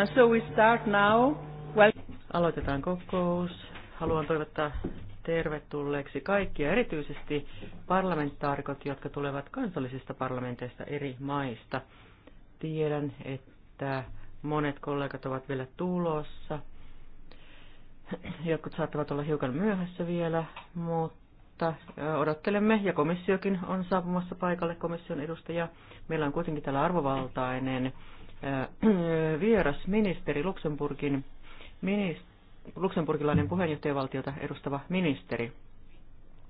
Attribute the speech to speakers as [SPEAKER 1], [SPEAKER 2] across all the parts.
[SPEAKER 1] And so we start now. Well... Aloitetaan kokous. Haluan toivottaa tervetulleeksi kaikkia, erityisesti parlamentaarikot, jotka tulevat kansallisista parlamenteista eri maista. Tiedän, että monet kollegat ovat vielä tulossa. Jotkut saattavat olla hiukan myöhässä vielä, mutta odottelemme, ja komissiokin on saapumassa paikalle, komission edustaja. Meillä on kuitenkin täällä arvovaltainen Äh, vieras ministeri, Luxemburgin, luxemburgilainen puheenjohtajavaltiota edustava ministeri.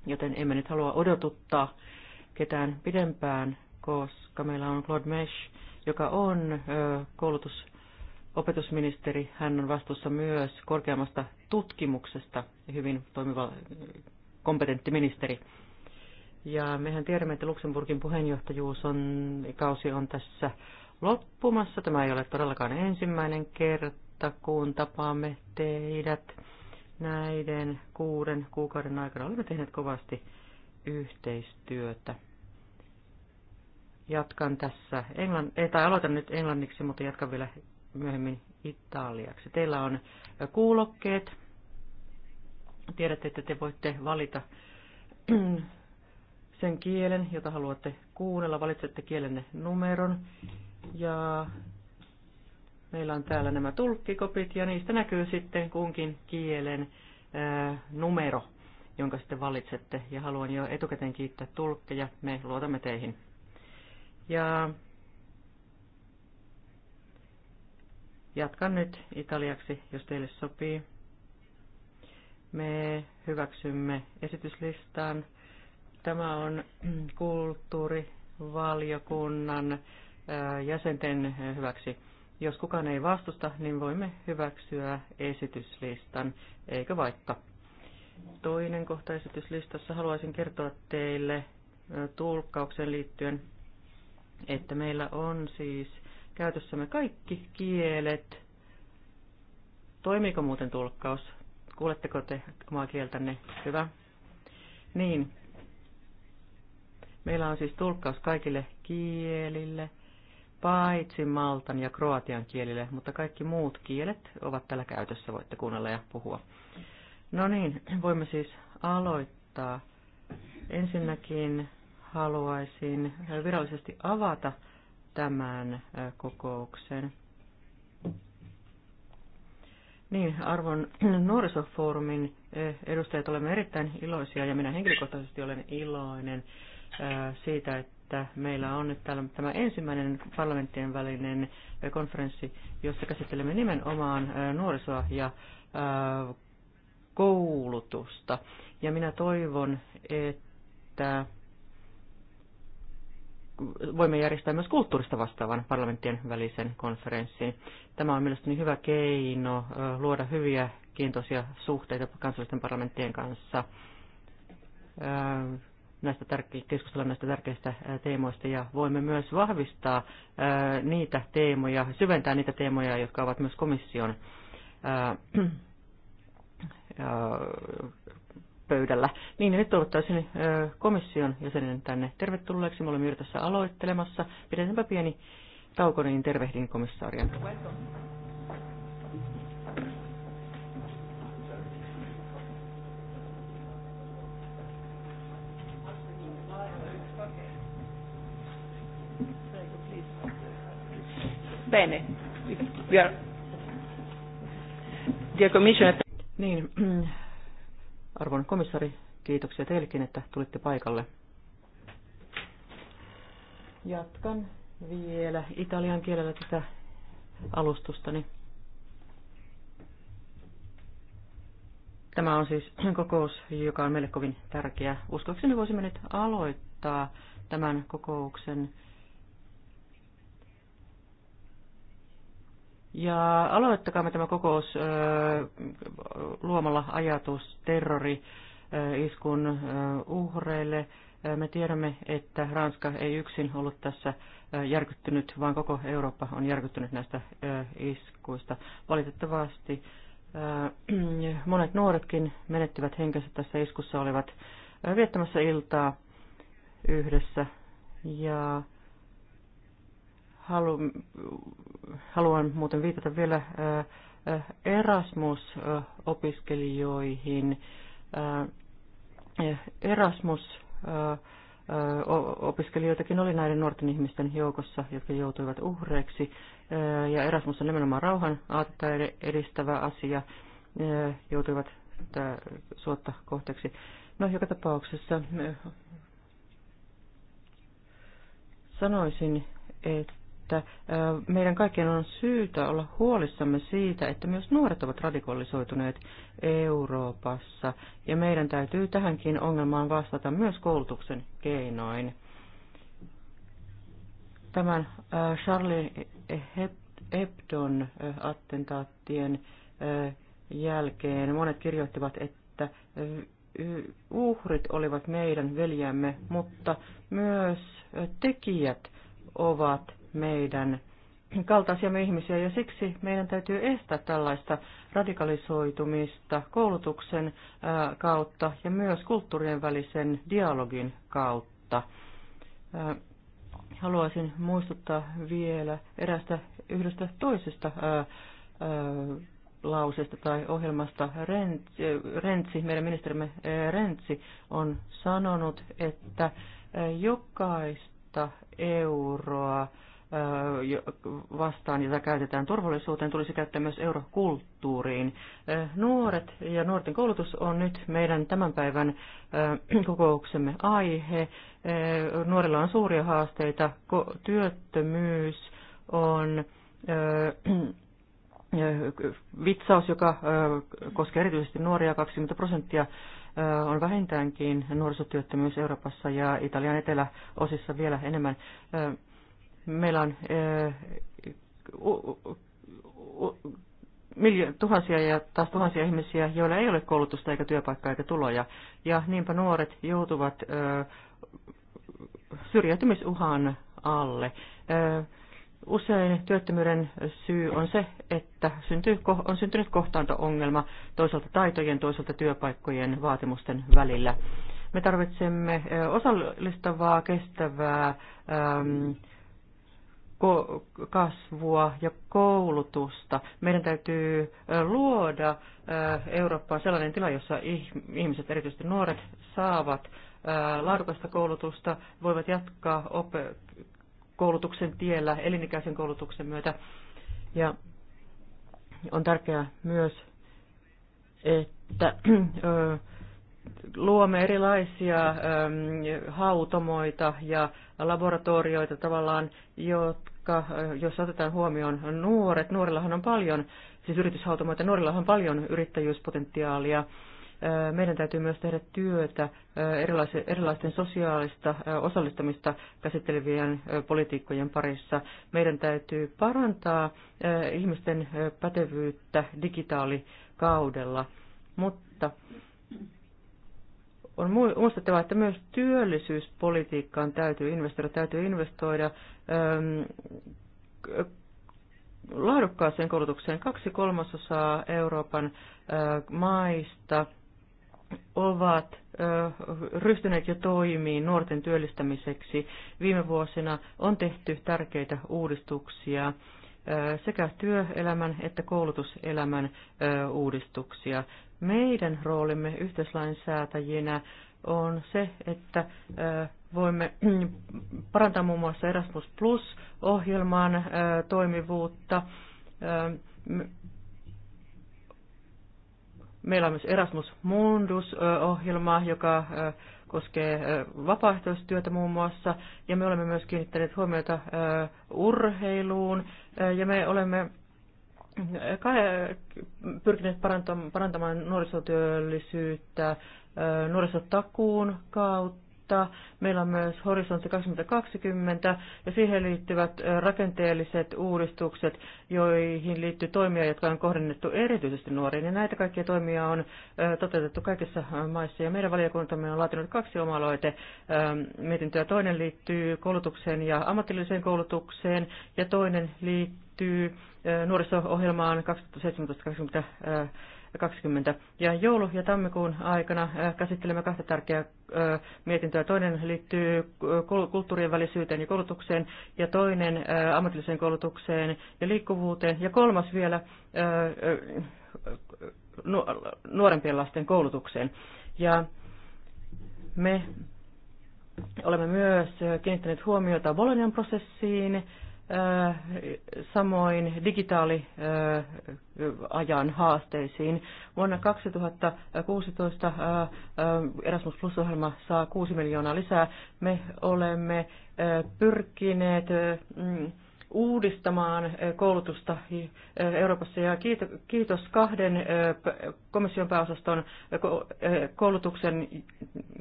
[SPEAKER 1] Joten emme nyt halua odotuttaa ketään pidempään, koska meillä on Claude Mesh, joka on äh, koulutus- opetusministeri. Hän on vastuussa myös korkeammasta tutkimuksesta ja hyvin toimiva äh, kompetentti ministeri. Ja mehän tiedämme, että Luxemburgin puheenjohtajuus on, kausi on tässä loppumassa. Tämä ei ole todellakaan ensimmäinen kerta, kun tapaamme teidät näiden kuuden kuukauden aikana. Olemme tehneet kovasti yhteistyötä. Jatkan tässä, englann, ei, eh, tai aloitan nyt englanniksi, mutta jatkan vielä myöhemmin italiaksi. Teillä on kuulokkeet. Tiedätte, että te voitte valita sen kielen, jota haluatte kuunnella. Valitsette kielenne numeron ja meillä on täällä nämä tulkkikopit ja niistä näkyy sitten kunkin kielen numero, jonka sitten valitsette. Ja haluan jo etukäteen kiittää tulkkeja. Me luotamme teihin. Ja jatkan nyt italiaksi, jos teille sopii. Me hyväksymme esityslistan. Tämä on kulttuurivaliokunnan jäsenten hyväksi. Jos kukaan ei vastusta, niin voimme hyväksyä esityslistan, eikö vaikka. Toinen kohta esityslistassa haluaisin kertoa teille tulkkaukseen liittyen, että meillä on siis käytössämme kaikki kielet. Toimiiko muuten tulkkaus? Kuuletteko te omaa kieltänne? Hyvä. Niin. Meillä on siis tulkkaus kaikille kielille – paitsi maltan ja kroatian kielille, mutta kaikki muut kielet ovat tällä käytössä, voitte kuunnella ja puhua. No niin, voimme siis aloittaa. Ensinnäkin haluaisin virallisesti avata tämän kokouksen. Niin, arvon nuorisofoorumin edustajat, olemme erittäin iloisia ja minä henkilökohtaisesti olen iloinen siitä, että että meillä on nyt täällä tämä ensimmäinen parlamenttien välinen konferenssi, jossa käsittelemme nimenomaan nuorisoa ja koulutusta. Ja minä toivon, että voimme järjestää myös kulttuurista vastaavan parlamenttien välisen konferenssin. Tämä on mielestäni hyvä keino luoda hyviä kiintoisia suhteita kansallisten parlamenttien kanssa näistä keskustella näistä tärkeistä teemoista ja voimme myös vahvistaa niitä teemoja, syventää niitä teemoja, jotka ovat myös komission pöydällä. Niin, ja nyt toivottaisin komission jäsenen tänne tervetulleeksi. Me olemme juuri aloittelemassa. Pidetäänpä pieni tauko, niin tervehdin komissaarian.
[SPEAKER 2] Welcome.
[SPEAKER 3] Bene.
[SPEAKER 1] Dear Commissioner. Niin, arvon komissari, kiitoksia teillekin, että tulitte paikalle. Jatkan vielä italian kielellä tätä alustustani. Tämä on siis kokous, joka on meille kovin tärkeä. Uskoakseni voisimme nyt aloittaa tämän kokouksen Ja me tämä kokous luomalla ajatus terrori iskun uhreille. Me tiedämme, että Ranska ei yksin ollut tässä järkyttynyt, vaan koko Eurooppa on järkyttynyt näistä iskuista. Valitettavasti monet nuoretkin menettivät henkensä tässä iskussa, olivat viettämässä iltaa yhdessä. Ja Haluan, haluan muuten viitata vielä Erasmus-opiskelijoihin. Erasmus-opiskelijoitakin oli näiden nuorten ihmisten joukossa, jotka joutuivat uhreiksi. Ja Erasmus on nimenomaan rauhan aatetta edistävä asia. Joutuivat suotta kohteeksi. No, joka tapauksessa sanoisin, että että meidän kaikkien on syytä olla huolissamme siitä, että myös nuoret ovat radikalisoituneet Euroopassa, ja meidän täytyy tähänkin ongelmaan vastata myös koulutuksen keinoin. Tämän Charlie Hebdon attentaattien jälkeen monet kirjoittivat, että uhrit olivat meidän veljämme, mutta myös tekijät ovat meidän kaltaisiamme ihmisiä ja siksi meidän täytyy estää tällaista radikalisoitumista koulutuksen kautta ja myös kulttuurien välisen dialogin kautta. Haluaisin muistuttaa vielä erästä yhdestä toisesta lausesta tai ohjelmasta. Rentsi, meidän ministerimme Rentsi on sanonut, että jokaista euroa vastaan, jota käytetään turvallisuuteen, tulisi käyttää myös eurokulttuuriin. Nuoret ja nuorten koulutus on nyt meidän tämän päivän kokouksemme aihe. Nuorilla on suuria haasteita. Työttömyys on vitsaus, joka koskee erityisesti nuoria, 20 prosenttia on vähintäänkin nuorisotyöttömyys Euroopassa ja Italian eteläosissa vielä enemmän. Meillä on tuhansia ja taas tuhansia ihmisiä, joilla ei ole koulutusta eikä työpaikkaa eikä tuloja. Ja niinpä nuoret joutuvat syrjäytymisuhan alle. Usein työttömyyden syy on se, että syntyy, on syntynyt kohtaanto-ongelma toisaalta taitojen, toisaalta työpaikkojen vaatimusten välillä. Me tarvitsemme osallistavaa, kestävää, ähm, kasvua ja koulutusta. Meidän täytyy luoda Eurooppaan sellainen tila, jossa ihmiset, erityisesti nuoret, saavat laadukasta koulutusta, voivat jatkaa koulutuksen tiellä elinikäisen koulutuksen myötä. Ja on tärkeää myös, että luomme erilaisia hautomoita ja laboratorioita tavallaan, jos otetaan huomioon nuoret, nuorillahan on paljon, siis yrityshautomoita, nuorillahan on paljon yrittäjyyspotentiaalia. Meidän täytyy myös tehdä työtä erilaisten sosiaalista osallistamista käsittelevien politiikkojen parissa. Meidän täytyy parantaa ihmisten pätevyyttä digitaalikaudella, mutta on muistettava, että myös työllisyyspolitiikkaan täytyy investoida, täytyy investoida ähm, laadukkaaseen koulutukseen. Kaksi kolmasosaa Euroopan äh, maista ovat äh, ryhtyneet jo toimiin nuorten työllistämiseksi. Viime vuosina on tehty tärkeitä uudistuksia sekä työelämän että koulutuselämän uudistuksia. Meidän roolimme yhteislainsäätäjinä on se, että voimme parantaa muun muassa Erasmus Plus-ohjelman toimivuutta. Meillä on myös Erasmus Mundus-ohjelma, joka koskee vapaaehtoistyötä muun muassa, ja me olemme myös kiinnittäneet huomiota urheiluun, ja me olemme pyrkineet parantamaan nuorisotyöllisyyttä nuorisotakuun kautta kohtaa. Meillä on myös horisontti 2020 ja siihen liittyvät rakenteelliset uudistukset, joihin liittyy toimia, jotka on kohdennettu erityisesti nuoriin. Ja näitä kaikkia toimia on toteutettu kaikissa maissa ja meidän valiokuntamme on laatinut kaksi omaloite mietintöä. Toinen liittyy koulutukseen ja ammatilliseen koulutukseen ja toinen liittyy nuoriso-ohjelmaan 2017 20. Ja joulu- ja tammikuun aikana äh, käsittelemme kahta tärkeää äh, mietintöä. Toinen liittyy äh, kulttuurien välisyyteen ja koulutukseen, ja toinen ammatilliseen koulutukseen ja liikkuvuuteen, ja kolmas vielä nuorempien lasten koulutukseen. Ja me olemme myös kiinnittäneet huomiota Bolognan prosessiin, samoin digitaaliajan haasteisiin. Vuonna 2016 Erasmus Plus-ohjelma saa 6 miljoonaa lisää. Me olemme pyrkineet mm, uudistamaan koulutusta Euroopassa. Ja kiitos kahden komission pääosaston koulutuksen,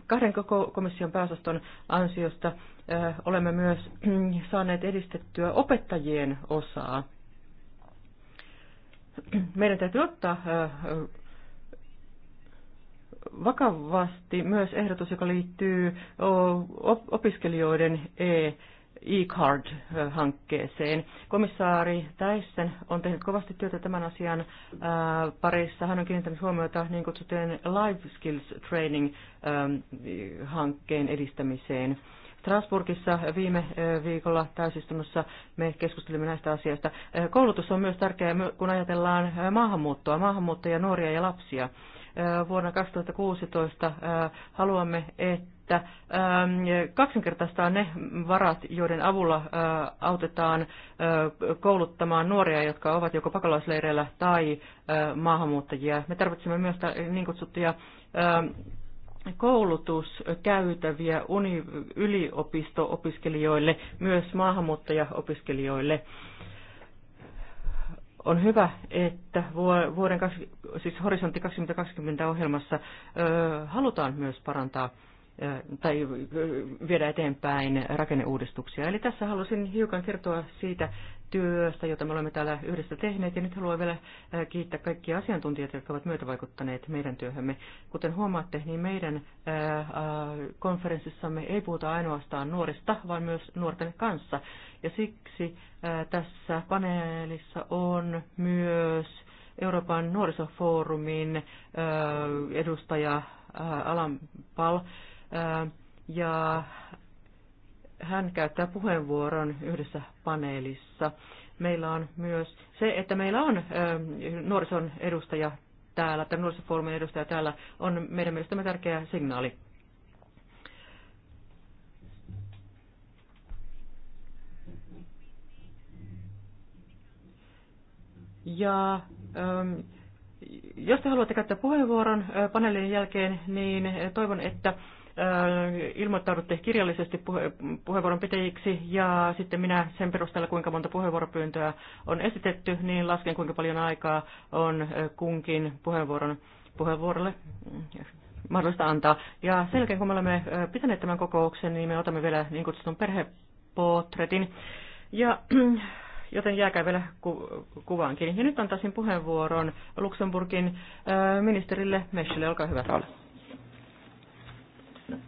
[SPEAKER 1] kahden komission pääosaston ansiosta olemme myös saaneet edistettyä opettajien osaa. Meidän täytyy ottaa vakavasti myös ehdotus, joka liittyy opiskelijoiden e e-card-hankkeeseen. Komissaari Täissen on tehnyt kovasti työtä tämän asian äh, parissa. Hän on kiinnittänyt huomiota niin kutsuteen Life Skills Training-hankkeen ähm, edistämiseen. Strasbourgissa viime äh, viikolla täysistunnossa me keskustelimme näistä asioista. Äh, koulutus on myös tärkeää, kun ajatellaan maahanmuuttoa, maahanmuuttajia, nuoria ja lapsia vuonna 2016 haluamme, että kaksinkertaistaan ne varat, joiden avulla autetaan kouluttamaan nuoria, jotka ovat joko pakolaisleireillä tai maahanmuuttajia. Me tarvitsemme myös niin kutsuttuja koulutuskäytäviä yliopisto-opiskelijoille, myös maahanmuuttajaopiskelijoille. opiskelijoille on hyvä, että vuoden, siis horisontti 2020 ohjelmassa halutaan myös parantaa tai viedä eteenpäin rakenneuudistuksia. Eli tässä halusin hiukan kertoa siitä työstä, jota me olemme täällä yhdessä tehneet, ja nyt haluan vielä kiittää kaikkia asiantuntijoita, jotka ovat myötävaikuttaneet meidän työhömme. Kuten huomaatte, niin meidän konferenssissamme ei puhuta ainoastaan nuorista, vaan myös nuorten kanssa, ja siksi tässä paneelissa on myös Euroopan nuorisofoorumin edustaja Alan Pal, ja hän käyttää puheenvuoron yhdessä paneelissa. Meillä on myös se, että meillä on nuorison edustaja täällä, tai nuorisofoorumin edustaja täällä, on meidän mielestämme tärkeä signaali. Ja ähm, jos te haluatte käyttää puheenvuoron paneelin jälkeen, niin toivon, että ilmoittaudutte kirjallisesti puhe, puheenvuoron pitäjiksi ja sitten minä sen perusteella, kuinka monta puheenvuoropyyntöä on esitetty, niin lasken kuinka paljon aikaa on kunkin puheenvuoron, puheenvuorolle mahdollista antaa. Ja sen jälkeen, kun me olemme pitäneet tämän kokouksen, niin me otamme vielä niin kutsutun perhepotretin. Ja joten jääkää vielä ku, kuvaankin. Ja nyt antaisin puheenvuoron Luxemburgin ministerille Meschille. Olkaa hyvä. Raul.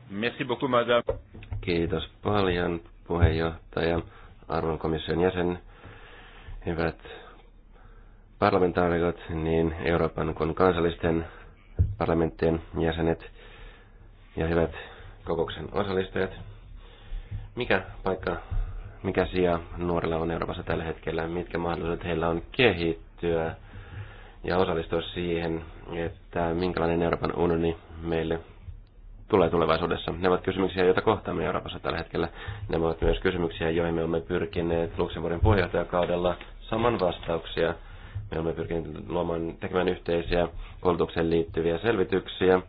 [SPEAKER 4] Merci beaucoup,
[SPEAKER 5] madame. Kiitos paljon, puheenjohtaja, arvon komission jäsen, hyvät parlamentaarikot, niin Euroopan kuin kansallisten parlamenttien jäsenet ja hyvät kokouksen osallistujat. Mikä paikka, mikä sija nuorilla on Euroopassa tällä hetkellä? Mitkä mahdollisuudet heillä on kehittyä ja osallistua siihen, että minkälainen Euroopan unioni meille tulee tulevaisuudessa. Ne ovat kysymyksiä, joita kohtaamme Euroopassa tällä hetkellä. Ne ovat myös kysymyksiä, joihin me olemme pyrkineet Luxemburgin puheenjohtajakaudella saman vastauksia. Me olemme pyrkineet luomaan, tekemään yhteisiä koulutukseen liittyviä selvityksiä.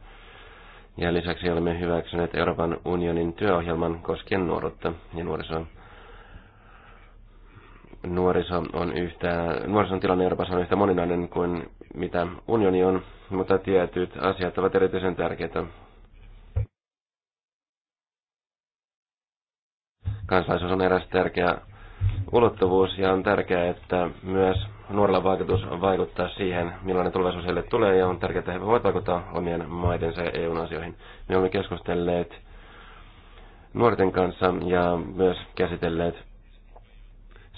[SPEAKER 5] Ja lisäksi olemme hyväksyneet Euroopan unionin työohjelman koskien nuoruutta ja nuorisoa. Nuoriso on yhtä, nuorison tilanne Euroopassa on yhtä moninainen kuin mitä unioni on, mutta tietyt asiat ovat erityisen tärkeitä kansalaisuus on eräs tärkeä ulottuvuus ja on tärkeää, että myös nuorilla vaikutus vaikuttaa siihen, millainen tulevaisuus heille tulee ja on tärkeää, että he voivat vaikuttaa omien maidensa ja EUn asioihin. Me olemme keskustelleet nuorten kanssa ja myös käsitelleet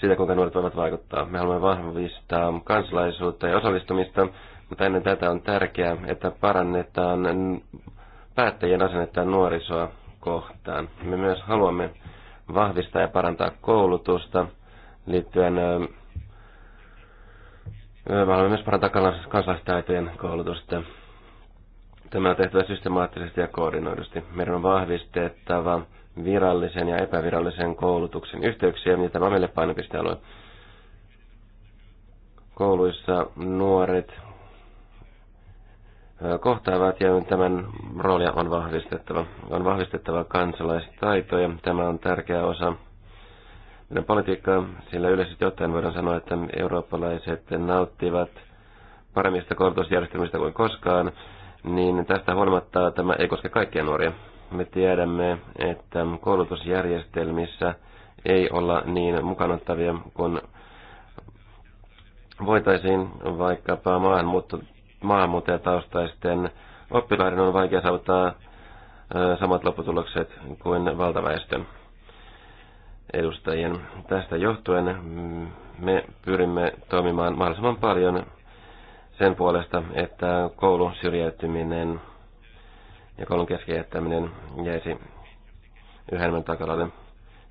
[SPEAKER 5] sitä, kuinka nuoret voivat vaikuttaa. Me haluamme vahvistaa kansalaisuutta ja osallistumista, mutta ennen tätä on tärkeää, että parannetaan päättäjien asennetta nuorisoa kohtaan. Me myös haluamme vahvistaa ja parantaa koulutusta liittyen me haluamme myös parantaa kansalaistaitojen koulutusta. Tämä on tehtävä systemaattisesti ja koordinoidusti. Meidän on vahvistettava virallisen ja epävirallisen koulutuksen yhteyksiä, ja tämä on meille painopistealue. Kouluissa nuoret kohtaavat ja tämän roolia on vahvistettava. On vahvistettava kansalaistaitoja. Tämä on tärkeä osa meidän politiikkaa, sillä yleisesti ottaen voidaan sanoa, että eurooppalaiset nauttivat paremmista koulutusjärjestelmistä kuin koskaan, niin tästä huolimatta tämä ei koske kaikkia nuoria. Me tiedämme, että koulutusjärjestelmissä ei olla niin mukanottavia kuin voitaisiin vaikkapa maahanmuutto maahanmuuttajataustaisten oppilaiden on vaikea saavuttaa samat lopputulokset kuin valtaväestön edustajien. Tästä johtuen mm, me pyrimme toimimaan mahdollisimman paljon sen puolesta, että koulun syrjäytyminen ja koulun keskeyttäminen jäisi yhä enemmän takalalle.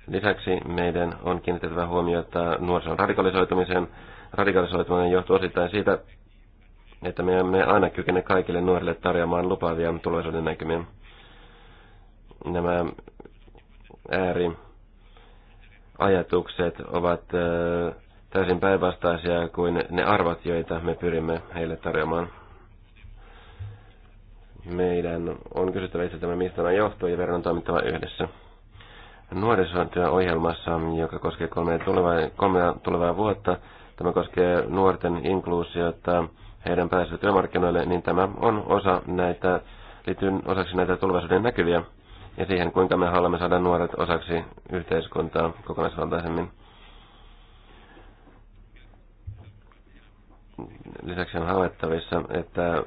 [SPEAKER 5] Lisäksi meidän on kiinnitettävä huomiota nuorison radikalisoitumiseen. Radikalisoituminen johtuu osittain siitä, että me emme aina kykene kaikille nuorille tarjoamaan lupaavia tulevaisuuden näkymiä. Nämä ääri ajatukset ovat täysin päinvastaisia kuin ne arvot, joita me pyrimme heille tarjoamaan. Meidän on kysyttävä itse tämä, mistä tämä johtuu, ja verran toimittava yhdessä. Nuorisotyöohjelmassa, joka koskee kolmea tulevaa, kolmea tulevaa vuotta, tämä koskee nuorten inkluusiota, heidän pääsyä työmarkkinoille, niin tämä on osa näitä, liittyy osaksi näitä tulevaisuuden näkyviä ja siihen, kuinka me haluamme saada nuoret osaksi yhteiskuntaa kokonaisvaltaisemmin. Lisäksi on havaittavissa, että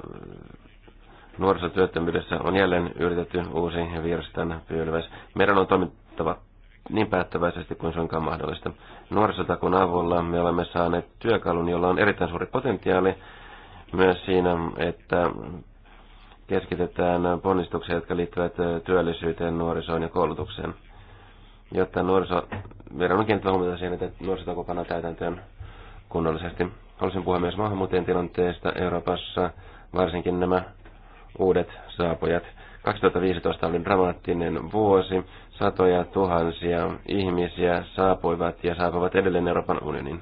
[SPEAKER 5] nuorisotyöttömyydessä on jälleen yritetty uusi virstan pylväs. Meidän on toimittava niin päättäväisesti kuin suinkaan mahdollista. Nuorisotakun avulla me olemme saaneet työkalun, jolla on erittäin suuri potentiaali myös siinä, että keskitetään ponnistuksia, jotka liittyvät työllisyyteen, nuorisoon ja koulutukseen, jotta nuoriso, verran kiinnittää huomiota siihen, että nuorisotaku pannaan täytäntöön kunnollisesti. Haluaisin puhua myös maahanmuuttajien tilanteesta Euroopassa, varsinkin nämä uudet saapujat. 2015 oli dramaattinen vuosi. Satoja tuhansia ihmisiä saapuivat ja saapuvat edelleen Euroopan unionin.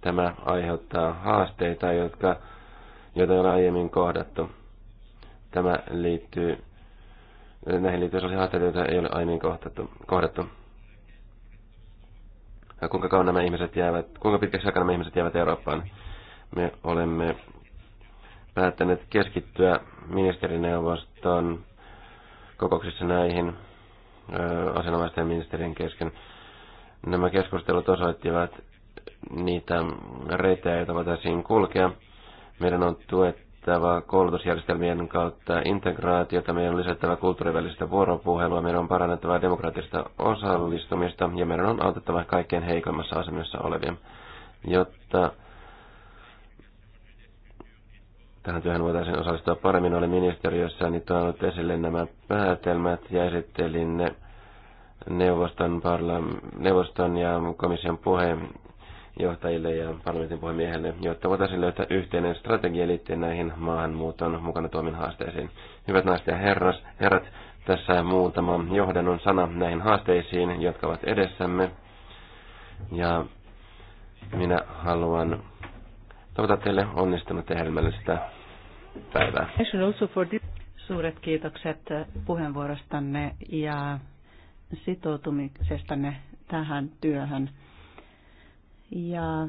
[SPEAKER 5] Tämä aiheuttaa haasteita, jotka joita ei ole aiemmin kohdattu. Tämä liittyy, näihin liittyy sellaisia haasteita, joita ei ole aiemmin kohdattu. kohdattu. Ja kuinka kauan nämä ihmiset jäävät, kuinka pitkäksi aikaa nämä ihmiset jäävät Eurooppaan? Me olemme päättäneet keskittyä ministerineuvoston kokouksissa näihin asianomaisten ministerien kesken. Nämä keskustelut osoittivat niitä reittejä, joita voitaisiin kulkea meidän on tuettava koulutusjärjestelmien kautta integraatiota, meidän on lisättävä kulttuurivälistä vuoropuhelua, meidän on parannettava demokraattista osallistumista ja meidän on autettava kaikkein heikoimmassa asemassa olevia, jotta tähän työhön voitaisiin osallistua paremmin. Olen ministeriössä niin tuonut esille nämä päätelmät ja esittelin ne neuvoston, parla- neuvoston ja komission puheen johtajille ja parlamentin puhemiehelle, jotta voitaisiin löytää yhteinen strategia liittyen näihin maahanmuuton mukana tuomin haasteisiin. Hyvät naiset ja herras, herrat, tässä muutama johdannon sana näihin haasteisiin, jotka ovat edessämme. Ja minä haluan toivottaa teille onnistunut ja helmällistä päivää.
[SPEAKER 2] Suuret kiitokset puheenvuorostanne ja sitoutumisestanne tähän työhön. Ja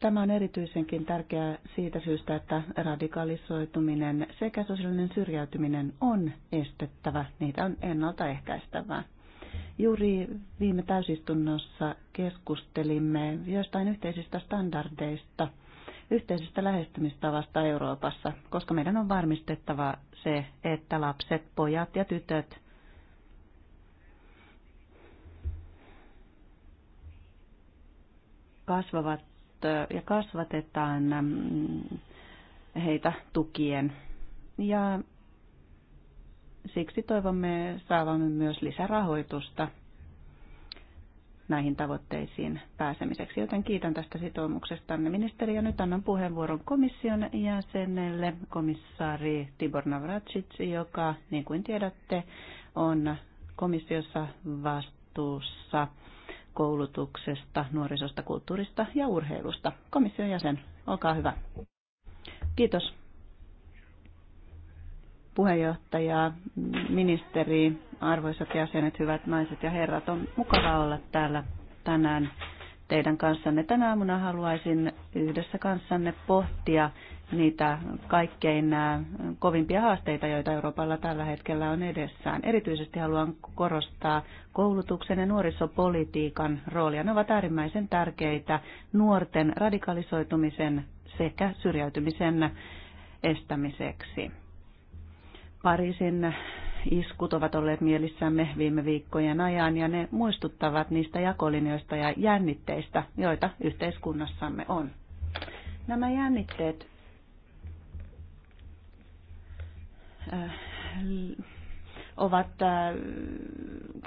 [SPEAKER 2] Tämä on erityisenkin tärkeää siitä syystä, että radikalisoituminen sekä sosiaalinen syrjäytyminen on estettävä, niitä on ennaltaehkäistävää. Juuri viime täysistunnossa keskustelimme joistain yhteisistä standardeista, yhteisestä lähestymistavasta Euroopassa, koska meidän on varmistettava se, että lapset, pojat ja tytöt kasvavat ja kasvatetaan heitä tukien. Ja siksi toivomme saavamme myös lisärahoitusta näihin tavoitteisiin pääsemiseksi, joten kiitän tästä sitoumuksesta, ministeri ja nyt annan puheenvuoron komission jäsenelle, komissaari Tibor Navracic, joka niin kuin tiedätte on komissiossa vastuussa koulutuksesta, nuorisosta, kulttuurista ja urheilusta. Komission jäsen, olkaa hyvä. Kiitos. Puheenjohtaja, ministeri, arvoisat jäsenet, hyvät naiset ja herrat, on mukava olla täällä tänään teidän kanssanne. Tänä aamuna haluaisin yhdessä kanssanne pohtia niitä kaikkein kovimpia haasteita, joita Euroopalla tällä hetkellä on edessään. Erityisesti haluan korostaa koulutuksen ja nuorisopolitiikan roolia. Ne ovat äärimmäisen tärkeitä nuorten radikalisoitumisen sekä syrjäytymisen estämiseksi. Pariisin iskut ovat olleet mielissämme viime viikkojen ajan ja ne muistuttavat niistä jakolinjoista ja jännitteistä, joita yhteiskunnassamme on. Nämä jännitteet Äh, ovat äh,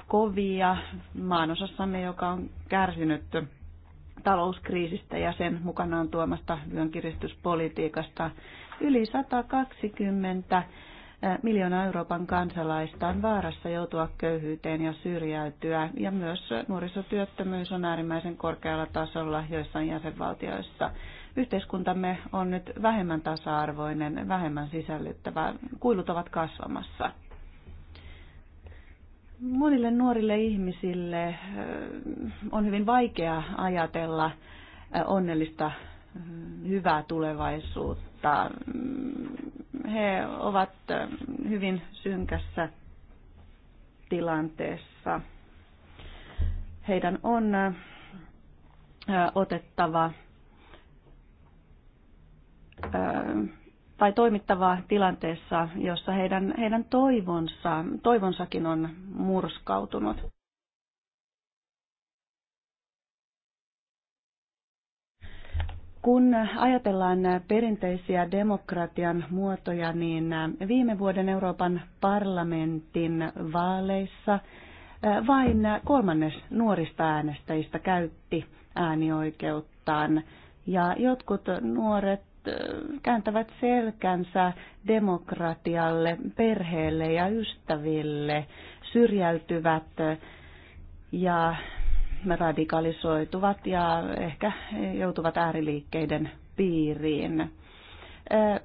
[SPEAKER 2] kovia maanosassamme, joka on kärsinyt talouskriisistä ja sen mukanaan tuomasta vyönkiristyspolitiikasta. Yli 120 äh, miljoonaa Euroopan kansalaista on vaarassa joutua köyhyyteen ja syrjäytyä, ja myös nuorisotyöttömyys on äärimmäisen korkealla tasolla joissain jäsenvaltioissa yhteiskuntamme on nyt vähemmän tasa-arvoinen, vähemmän sisällyttävä. Kuilut ovat kasvamassa. Monille nuorille ihmisille eh, on hyvin vaikea ajatella eh, onnellista eh, hyvää tulevaisuutta. He ovat hyvin synkässä tilanteessa. Heidän on otettava tai toimittava tilanteessa, jossa heidän, heidän toivonsa, toivonsakin on murskautunut. Kun ajatellaan perinteisiä demokratian muotoja, niin viime vuoden Euroopan parlamentin vaaleissa vain kolmannes nuorista äänestäjistä käytti äänioikeuttaan. Ja jotkut nuoret Äh, kääntävät selkänsä demokratialle, perheelle ja ystäville, syrjäytyvät ja radikalisoituvat ja ehkä joutuvat ääriliikkeiden piiriin. Äh,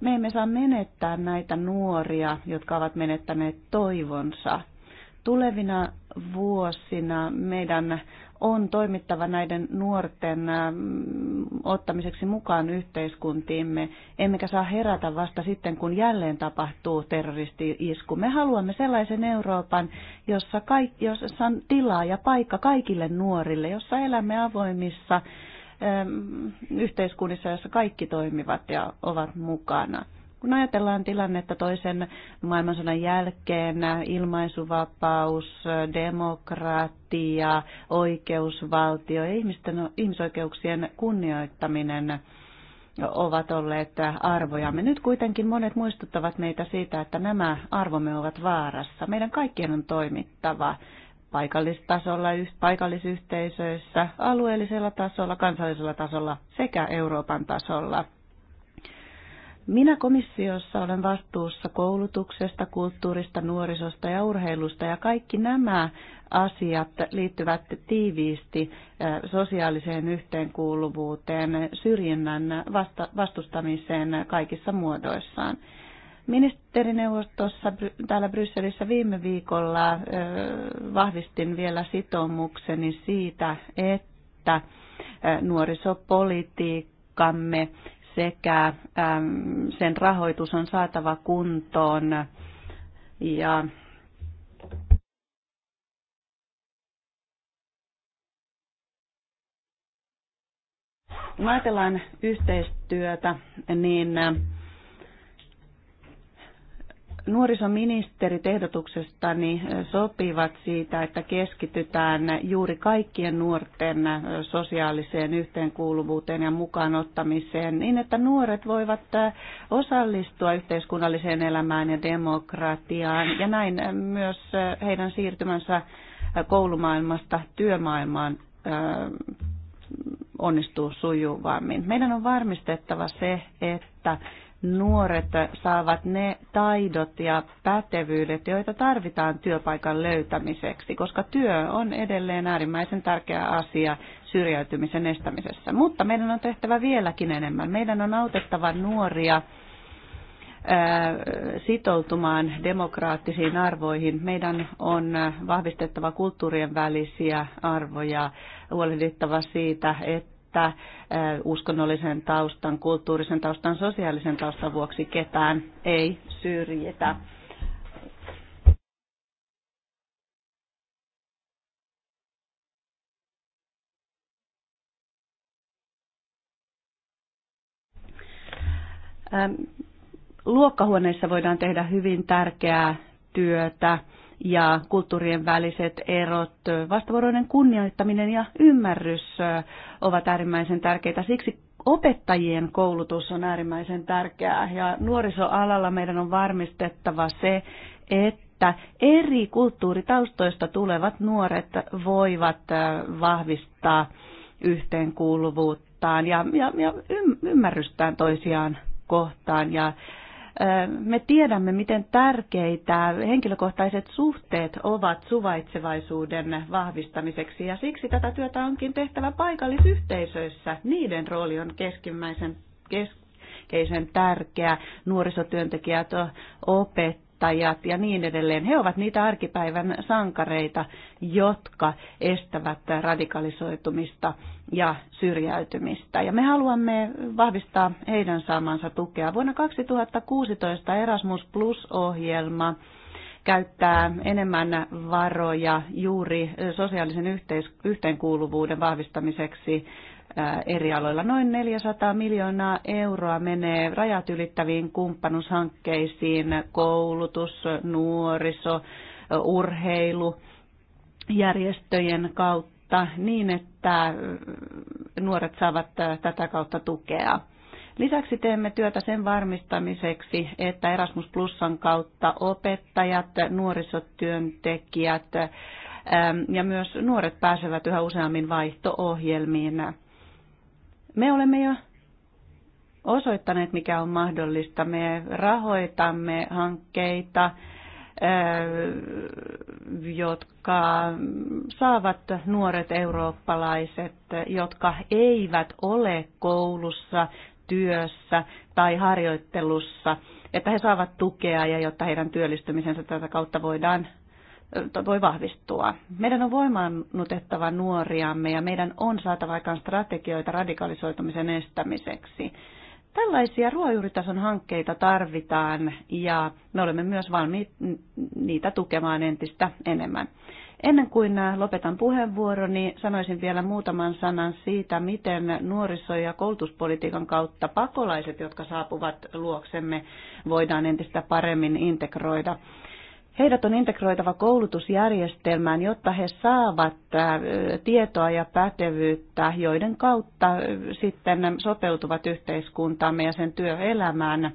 [SPEAKER 2] me emme saa menettää näitä nuoria, jotka ovat menettäneet toivonsa. Tulevina vuosina meidän on toimittava näiden nuorten ähm, ottamiseksi mukaan yhteiskuntiimme, emmekä saa herätä vasta sitten, kun jälleen tapahtuu terroristi-isku. Me haluamme sellaisen Euroopan, jossa, kaik, jossa on tilaa ja paikka kaikille nuorille, jossa elämme avoimissa ähm, yhteiskunnissa, jossa kaikki toimivat ja ovat mukana. Kun ajatellaan tilannetta toisen maailmansodan jälkeen, ilmaisuvapaus, demokratia, oikeusvaltio ja ihmisten, ihmisoikeuksien kunnioittaminen ovat olleet arvojamme. Nyt kuitenkin monet muistuttavat meitä siitä, että nämä arvomme ovat vaarassa. Meidän kaikkien on toimittava paikallistasolla, paikallisyhteisöissä, alueellisella tasolla, kansallisella tasolla sekä Euroopan tasolla – minä komissiossa olen vastuussa koulutuksesta, kulttuurista, nuorisosta ja urheilusta ja kaikki nämä asiat liittyvät tiiviisti äh, sosiaaliseen yhteenkuuluvuuteen, syrjinnän vasta- vastustamiseen kaikissa muodoissaan. Ministerineuvostossa täällä Brysselissä viime viikolla äh, vahvistin vielä sitoumukseni siitä, että äh, nuorisopolitiikkamme sekä ähm, sen rahoitus on saatava kuntoon. Ja kun ajatellaan yhteistyötä, niin nuorisoministerit ehdotuksestani eh, sopivat siitä, että keskitytään juuri kaikkien nuorten eh, sosiaaliseen yhteenkuuluvuuteen ja mukaanottamiseen niin, että nuoret voivat eh, osallistua yhteiskunnalliseen elämään ja demokratiaan ja näin myös heidän siirtymänsä koulumaailmasta työmaailmaan onnistuu sujuvammin. Meidän on varmistettava se, että nuoret saavat ne taidot ja pätevyydet, joita tarvitaan työpaikan löytämiseksi, koska työ on edelleen äärimmäisen tärkeä asia syrjäytymisen estämisessä. Mutta meidän on tehtävä vieläkin enemmän. Meidän on autettava nuoria sitoutumaan demokraattisiin arvoihin. Meidän on vahvistettava kulttuurien välisiä arvoja, huolehdittava siitä, että että uskonnollisen taustan, kulttuurisen taustan, sosiaalisen taustan vuoksi ketään ei syrjitä. Luokkahuoneissa voidaan tehdä hyvin tärkeää työtä ja kulttuurien väliset erot, vastavuoroinen kunnioittaminen ja ymmärrys ovat äärimmäisen tärkeitä. Siksi opettajien koulutus on äärimmäisen tärkeää ja nuorisoalalla meidän on varmistettava se, että eri kulttuuritaustoista tulevat nuoret voivat äh, vahvistaa yhteenkuuluvuuttaan ja, ja, ja ymmärrystään toisiaan kohtaan ja me tiedämme, miten tärkeitä henkilökohtaiset suhteet ovat suvaitsevaisuuden vahvistamiseksi ja siksi tätä työtä onkin tehtävä paikallisyhteisöissä. Niiden rooli on keskimmäisen keskeisen tärkeä. Nuorisotyöntekijät, opettavat opettajat ja niin edelleen. He ovat niitä arkipäivän sankareita, jotka estävät radikalisoitumista ja syrjäytymistä. Ja me haluamme vahvistaa heidän saamansa tukea. Vuonna 2016 Erasmus Plus-ohjelma käyttää enemmän varoja juuri sosiaalisen yhteis- yhteenkuuluvuuden vahvistamiseksi Äh, eri aloilla. Noin 400 miljoonaa euroa menee rajat ylittäviin kumppanushankkeisiin, koulutus, nuoriso, äh, urheilu, järjestöjen kautta niin, että äh, nuoret saavat tätä kautta tukea. Lisäksi teemme työtä sen varmistamiseksi, että Erasmus Plusan kautta opettajat, nuorisotyöntekijät ähm, ja myös nuoret pääsevät yhä useammin vaihto-ohjelmiin. Me olemme jo osoittaneet, mikä on mahdollista. Me rahoitamme hankkeita, jotka saavat nuoret eurooppalaiset, jotka eivät ole koulussa, työssä tai harjoittelussa, että he saavat tukea ja jotta heidän työllistymisensä tätä kautta voidaan voi vahvistua. Meidän on voimannutettava nuoriamme ja meidän on saatava aikaan strategioita radikalisoitumisen estämiseksi. Tällaisia ruojuuritason hankkeita tarvitaan ja me olemme myös valmiit niitä tukemaan entistä enemmän. Ennen kuin lopetan puheenvuoroni, sanoisin vielä muutaman sanan siitä, miten nuoriso- ja koulutuspolitiikan kautta pakolaiset, jotka saapuvat luoksemme, voidaan entistä paremmin integroida Heidät on integroitava koulutusjärjestelmään, jotta he saavat tietoa ja pätevyyttä, joiden kautta sitten sopeutuvat yhteiskuntaamme ja sen työelämään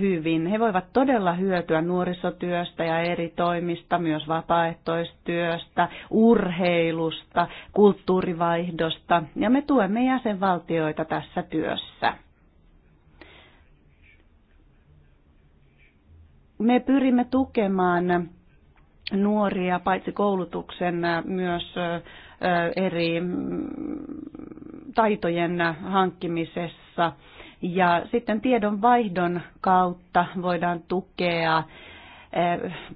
[SPEAKER 2] hyvin. He voivat todella hyötyä nuorisotyöstä ja eri toimista, myös vapaaehtoistyöstä, urheilusta, kulttuurivaihdosta ja me tuemme jäsenvaltioita tässä työssä. Me pyrimme tukemaan nuoria paitsi koulutuksen äh, myös äh, eri mm, taitojen hankkimisessa. Ja sitten tiedonvaihdon kautta voidaan tukea äh,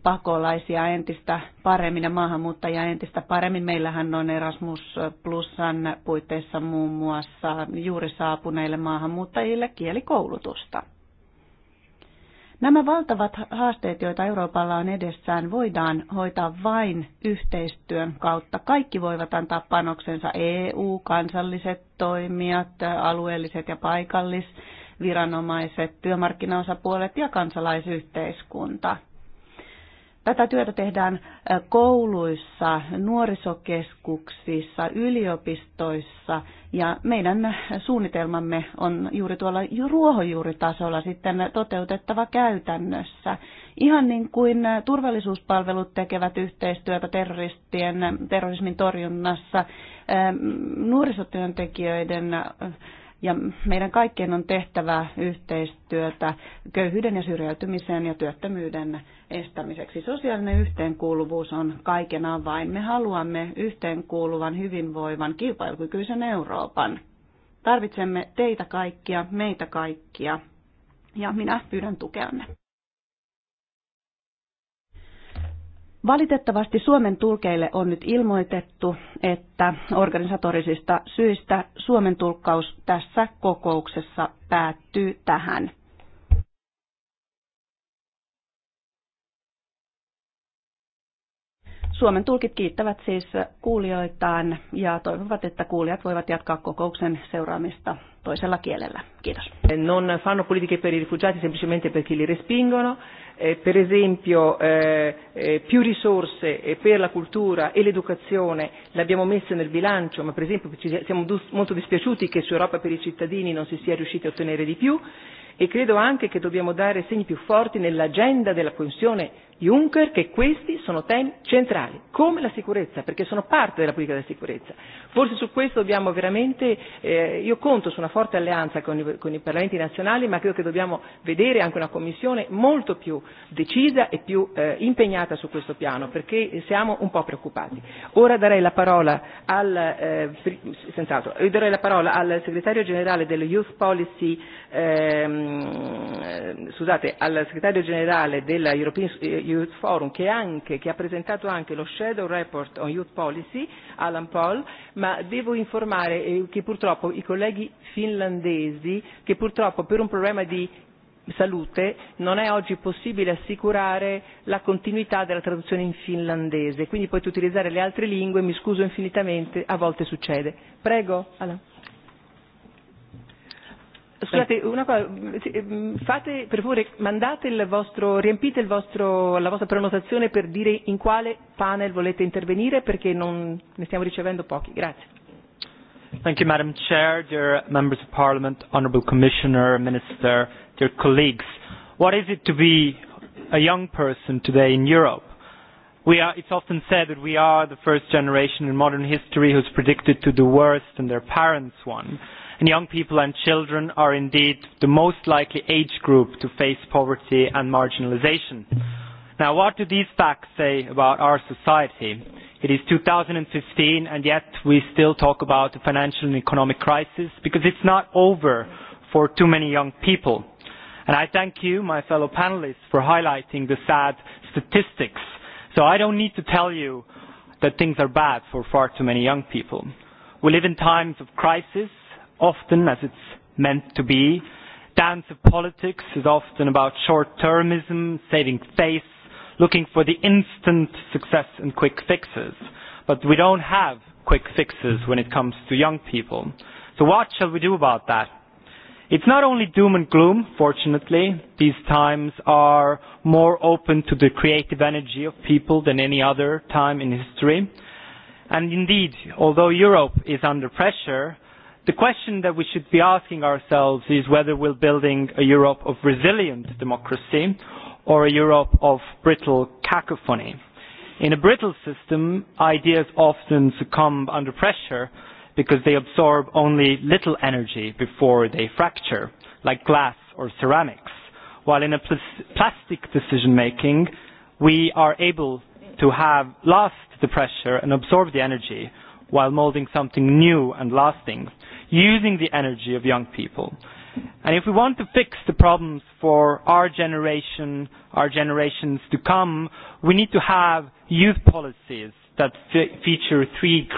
[SPEAKER 2] pakolaisia entistä paremmin ja maahanmuuttajia entistä paremmin. Meillähän on Erasmus Plusan puitteissa muun muassa juuri saapuneille maahanmuuttajille kielikoulutusta. Nämä valtavat haasteet, joita Euroopalla on edessään, voidaan hoitaa vain yhteistyön kautta. Kaikki voivat antaa panoksensa EU, kansalliset toimijat, alueelliset ja paikallisviranomaiset, viranomaiset, työmarkkinaosapuolet ja kansalaisyhteiskunta – Tätä työtä tehdään kouluissa, nuorisokeskuksissa, yliopistoissa ja meidän suunnitelmamme on juuri tuolla ruohonjuuritasolla sitten toteutettava käytännössä. Ihan niin kuin turvallisuuspalvelut tekevät yhteistyötä terroristien, terrorismin torjunnassa, nuorisotyöntekijöiden ja meidän kaikkien on tehtävä yhteistyötä köyhyyden ja syrjäytymisen ja työttömyyden estämiseksi. Sosiaalinen yhteenkuuluvuus on kaiken avain. Me haluamme yhteenkuuluvan, hyvinvoivan, kilpailukykyisen Euroopan. Tarvitsemme teitä kaikkia, meitä kaikkia ja minä pyydän tukeanne. Valitettavasti Suomen tulkeille on nyt ilmoitettu, että organisatorisista syistä Suomen tulkkaus tässä kokouksessa päättyy tähän. Suomen tulkit kiittävät siis kuulijoitaan ja toivovat, että kuulijat voivat jatkaa kokouksen seuraamista
[SPEAKER 3] toisella kielellä. Kiitos. Non fanno politiche per i rifugiati semplicemente perché li respingono eh, per esempio eh, eh, più risorse eh, per la cultura e l'educazione le abbiamo messe nel bilancio, ma per esempio ci siamo dus- molto dispiaciuti che su Europa per i cittadini non si sia riusciti a ottenere di più e credo anche che dobbiamo dare segni più forti nell'agenda della Commissione Juncker che questi sono temi centrali, come la sicurezza, perché sono parte della politica della sicurezza. Forse su questo dobbiamo veramente, eh, io conto su una forte alleanza con i, con i parlamenti nazionali, ma credo che dobbiamo vedere anche una Commissione molto più decisa e più eh, impegnata su questo piano, perché siamo un po' preoccupati. Ora darei la parola al, eh, senz'altro, io darei la parola al segretario generale dello Youth Policy, ehm, scusate, al segretario generale della European eh, Youth Forum che, anche, che ha presentato anche lo Shadow Report on Youth Policy, Alan Paul, ma devo informare eh, che purtroppo i colleghi finlandesi, che purtroppo per un problema di salute non è oggi possibile assicurare la continuità della traduzione in finlandese, quindi potete utilizzare le altre lingue, mi scuso infinitamente, a volte succede. Prego, Alan. Scusate, una cosa, mm, fate per favore, mandate il vostro, riempite il vostro, la vostra prenotazione per dire in quale panel volete intervenire perché non, ne stiamo ricevendo pochi. Grazie.
[SPEAKER 6] Thank you, Madam Chair, dear members of Parliament, Honourable Commissioner, Minister, dear colleagues. What is it to be a young person today in Europe? We are, it's often said that we are the first generation in modern history who's predicted to do worse than their parents' one and young people and children are indeed the most likely age group to face poverty and marginalisation. Now, what do these facts say about our society? It is 2015 and yet we still talk about the financial and economic crisis because it's not over for too many young people. And I thank you, my fellow panelists, for highlighting the sad statistics. So I don't need to tell you that things are bad for far too many young people. We live in times of crisis often as it's meant to be. Dance of politics is often about short-termism, saving face, looking for the instant success and quick fixes. But we don't have quick fixes when it comes to young people. So what shall we do about that? It's not only doom and gloom, fortunately. These times are more open to the creative energy of people than any other time in history. And indeed, although Europe is under pressure, The question that we should be asking ourselves is whether we're building a Europe of resilient democracy or a Europe of brittle cacophony. In a brittle system, ideas often succumb under pressure because they absorb only little energy before they fracture, like glass or ceramics. While in a pl plastic decision making, we are able to have lost the pressure and absorb the energy, while molding something new and lasting, using the energy of young people. And if we want to fix the problems for our generation, our generations to come, we need to have youth policies that f- feature three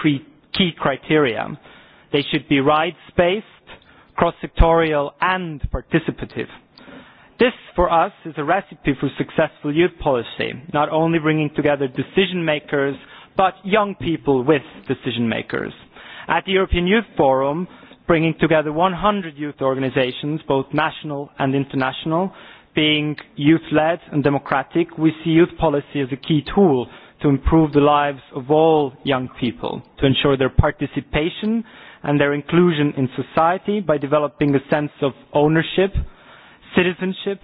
[SPEAKER 6] key criteria. They should be rights-based, cross-sectorial and participative. This, for us, is a recipe for successful youth policy, not only bringing together decision makers but young people with decision makers. At the European Youth Forum, bringing together 100 youth organizations, both national and international, being youth-led and democratic, we see youth policy as a key tool to improve the lives of all young people, to ensure their participation and their inclusion in society by developing a sense of ownership, citizenship,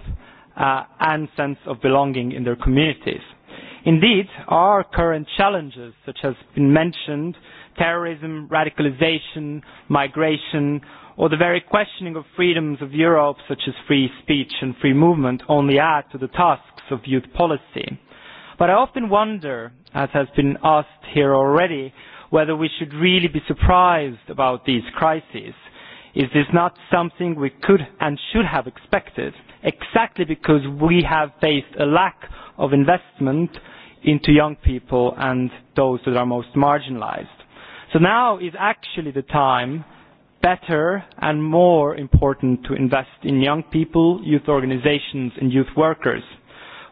[SPEAKER 6] uh, and sense of belonging in their communities. Indeed, our current challenges, such as been mentioned, terrorism, radicalization, migration, or the very questioning of freedoms of Europe, such as free speech and free movement, only add to the tasks of youth policy. But I often wonder, as has been asked here already, whether we should really be surprised about these crises Is this not something we could and should have expected, exactly because we have faced a lack of investment into young people and those that are most marginalized? So now is actually the time better and more important to invest in young people, youth organizations and youth workers.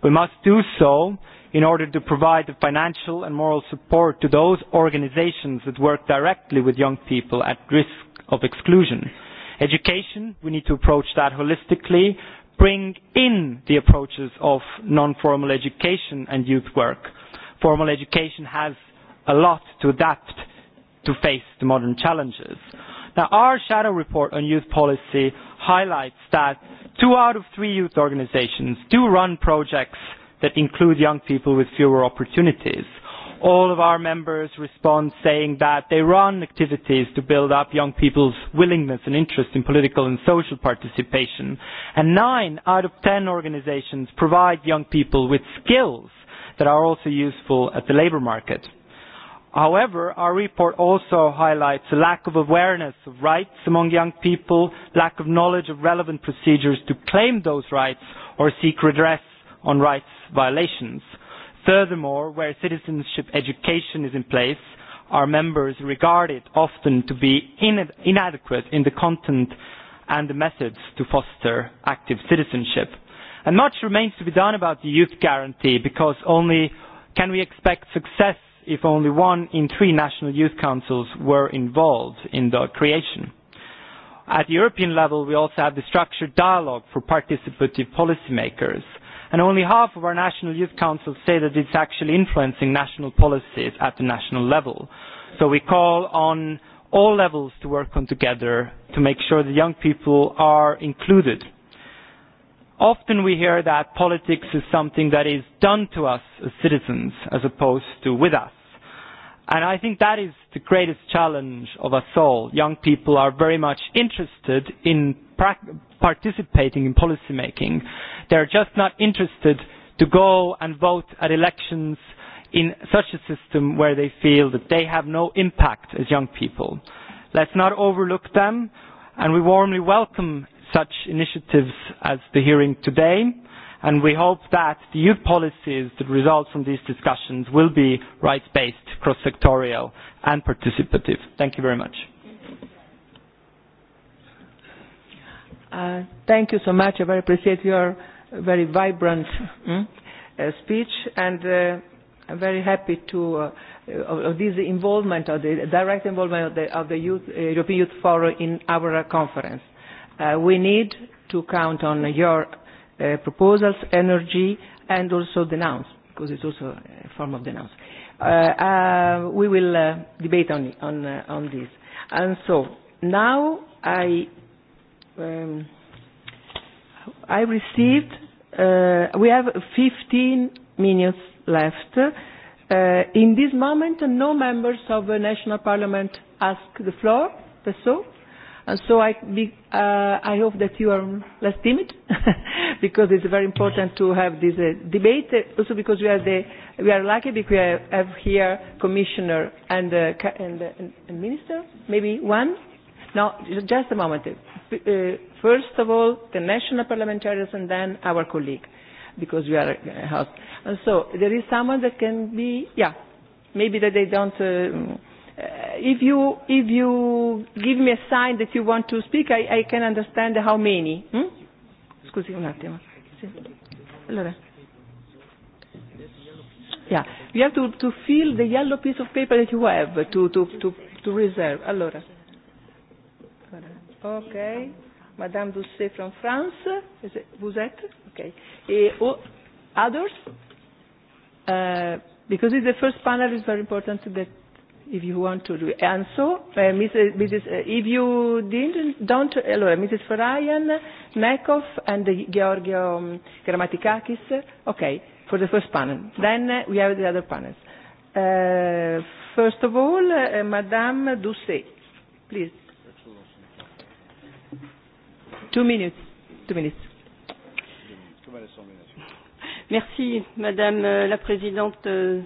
[SPEAKER 6] We must do so in order to provide the financial and moral support to those organizations that work directly with young people at risk of exclusion. Education, we need to approach that holistically, bring in the approaches of non-formal education and youth work. Formal education has a lot to adapt to face the modern challenges. Now, our shadow report on youth policy highlights that two out of three youth organizations do run projects that include young people with fewer opportunities all of our members respond saying that they run activities to build up young people's willingness and interest in political and social participation. And nine out of ten organizations provide young people with skills that are also useful at the labor market. However, our report also highlights a lack of awareness of rights among young people, lack of knowledge of relevant procedures to claim those rights or seek redress on rights violations. Furthermore, where citizenship education is in place, our members regard it often to be in inadequate in the content and the methods to foster active citizenship. And much remains to be done about the youth guarantee because only can we expect success if only one in three national youth councils were involved in the creation. At the European level, we also have the structured dialogue for participative policymakers – and only half of our national youth councils say that it's actually influencing national policies at the national level. So we call on all levels to work on together to make sure that young people are included. Often we hear that politics is something that is done to us as citizens as opposed to with us And I think that is the greatest challenge of us all. Young people are very much interested in participating in policy making. They're just not interested to go and vote at elections in such a system where they feel that they have no impact as young people. Let's not overlook them, and we warmly welcome such initiatives as the hearing today and we hope that the youth policies that result from these discussions will be rights-based, cross-sectorial and participative. Thank you very much.
[SPEAKER 3] Uh, thank you so much. I very appreciate your very vibrant mm, uh, speech and uh, I'm very happy to uh, of, of this involvement, of the direct involvement of the, of the youth, uh, European Youth Forum in our conference. Uh, we need to count on your uh, proposals, energy, and also denounce, because it's also a form of denounce. Uh, uh, we will uh, debate on, on, uh, on this. And so now I, um, I received, uh, we have 15 minutes left. Uh, in this moment, no members of the national parliament ask the floor. That's so. And so I, be, uh, I hope that you are less timid, because it's very important to have this uh, debate. Uh, also because we are the, we are lucky because we have here commissioner and uh, and, uh, and, and minister, maybe one. No, just a moment. Uh, uh, first of all, the national parliamentarians, and then our colleague, because we are a house. And so there is someone that can be, yeah, maybe that they don't. Uh, Uh, if you if you give me a sign that you want to speak, I, I can understand how many. Hmm? Scusi un attimo. Sì. Allora. Yeah, you have to, to fill the yellow piece of paper that you have to, to, to, to reserve. Allora. Ok. Madame Doucet from France. is it Vous êtes? Ok. E oh, others? Uh, because it's the first panel, it's very important that if you want to answer. Uh, Mrs., Mrs., uh, if you didn't, don't, allora, Mrs. Farayan, Mekov, and uh, Georgio um, Grammaticakis, okay, for the first panel. Then uh, we have the other panels. Uh, first of all, uh, Madame Doucet, please. Two minutes. Two minutes.
[SPEAKER 7] Merci, Madame euh, la Présidente euh,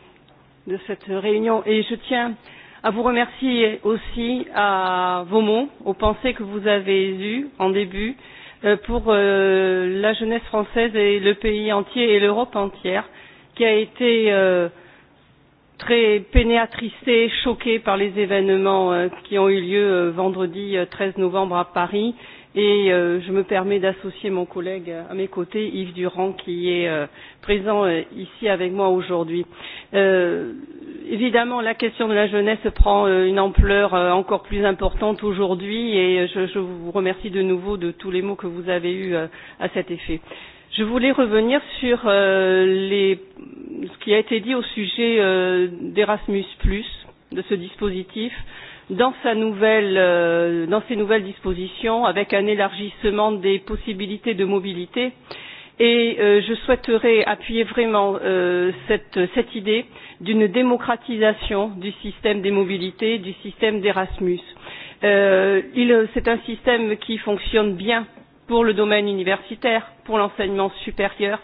[SPEAKER 7] de cette réunion et je tiens à vous remercier aussi à vos mots, aux pensées que vous avez eues en début euh, pour euh, la jeunesse française et le pays entier et l'Europe entière, qui a été euh, très peinée, attristée, choquée par les événements qui ont eu lieu vendredi 13 novembre à Paris. Et je me permets d'associer mon collègue à mes côtés, Yves Durand, qui est présent ici avec moi aujourd'hui évidemment, la question de la jeunesse prend euh, une ampleur euh, encore plus importante aujourd'hui et euh, je, je vous remercie de nouveau de tous les mots que vous avez eus à cet effet. Je voulais revenir sur euh, les, ce qui a été dit au sujet euh, d'Erasmus, de ce dispositif, dans, sa nouvelle, euh, dans ses nouvelles dispositions, avec un élargissement des possibilités de mobilité. Euh, et euh, je souhaiterais appuyer vraiment euh, cette, cette idée d'une démocratisation du système des mobilités, du système d'Erasmus. Euh, C'est un système qui fonctionne bien pour le domaine universitaire, pour l'enseignement supérieur,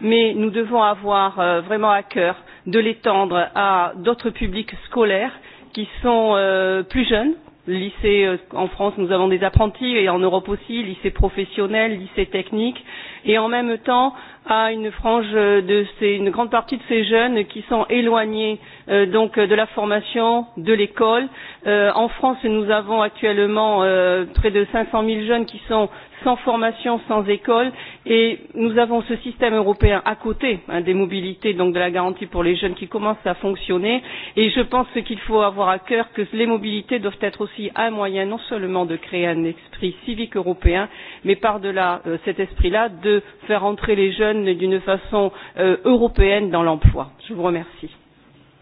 [SPEAKER 7] mais nous devons avoir euh, vraiment à cœur de l'étendre à d'autres publics scolaires qui sont euh, plus jeunes, lycée euh, en France, nous avons des apprentis et en Europe aussi, lycée professionnel, lycée technique, et en même temps à une frange de ces, une grande partie de ces jeunes qui sont éloignés euh, donc de la formation, de l'école. Euh, en France, nous avons actuellement euh, près de 500 000 jeunes qui sont sans formation, sans école. Et nous avons ce système européen à côté hein, des mobilités, donc de la garantie pour les jeunes qui commence à fonctionner. Et je pense qu'il faut avoir à cœur que les mobilités doivent être aussi un moyen non seulement de créer un esprit civique européen, mais par-delà euh, cet esprit-là, de faire entrer les jeunes d'une façon euh, européenne dans l'emploi. Je vous remercie.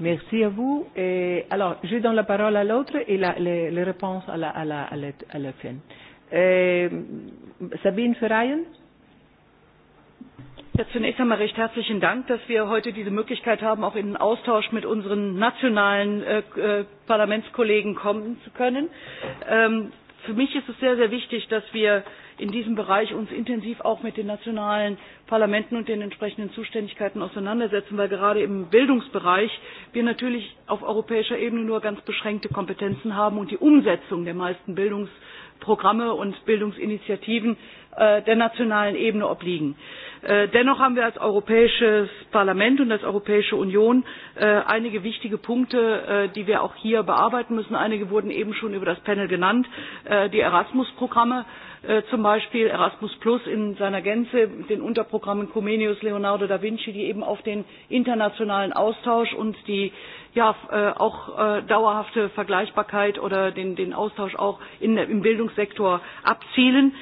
[SPEAKER 3] Merci à vous. Et alors, je donne la parole à l'autre et la, les, les réponses à la, à la, à la, à la fin. Et... Euh, Sabine Ferreien?
[SPEAKER 8] Ja, zunächst einmal recht herzlichen Dank, dass wir heute diese Möglichkeit haben, auch in den Austausch mit unseren nationalen äh, äh, Parlamentskollegen kommen zu können. Ähm, für mich ist es sehr, sehr wichtig, dass wir in diesem Bereich uns intensiv auch mit den nationalen Parlamenten und den entsprechenden Zuständigkeiten auseinandersetzen, weil gerade im Bildungsbereich wir natürlich auf europäischer Ebene nur ganz beschränkte Kompetenzen haben und die Umsetzung der meisten Bildungs- Programme und Bildungsinitiativen äh, der nationalen Ebene obliegen. Äh, dennoch haben wir als Europäisches Parlament und als Europäische Union äh, einige wichtige Punkte, die wir auch hier bearbeiten müssen. Einige wurden eben schon über das Panel genannt. Die Erasmus-Programme zum Beispiel, Erasmus Plus in seiner Gänze, den Unterprogrammen Comenius, Leonardo da Vinci, die eben auf den internationalen Austausch und die ja äh, auch äh, dauerhafte Vergleichbarkeit oder den, den Austausch auch in, im Bildungssektor abzielen.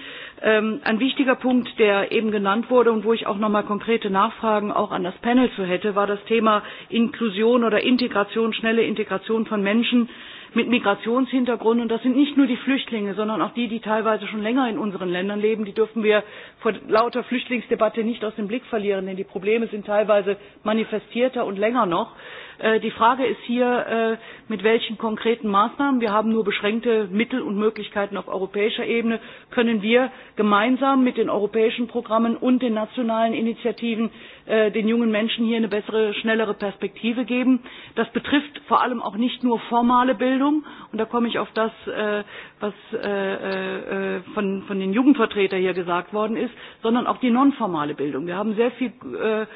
[SPEAKER 8] Ähm, ein wichtiger Punkt, der eben genannt wurde und wo ich auch nochmal konkrete Nachfragen auch an das Panel zu hätte, war das Thema Inklusion oder Integration, schnelle Integration von Menschen mit Migrationshintergrund. Und das sind nicht nur die Flüchtlinge, sondern auch die, die teilweise schon länger in unseren Ländern leben. Die dürfen wir vor lauter Flüchtlingsdebatte nicht aus dem Blick verlieren, denn die Probleme sind teilweise manifestierter und länger noch. Äh, die Frage ist hier, äh, mit welchen konkreten Maßnahmen, wir haben nur beschränkte Mittel und Möglichkeiten auf europäischer Ebene, können wir gemeinsam mit den europäischen Programmen und den nationalen Initiativen äh, den jungen Menschen hier eine bessere, schnellere Perspektive geben. Das betrifft vor allem auch nicht nur formale Bildung, und da komme ich auf das, äh, was äh, äh, von, von den Jugendvertretern hier gesagt worden ist, sondern auch die nonformale Bildung. Wir haben sehr viel äh, äh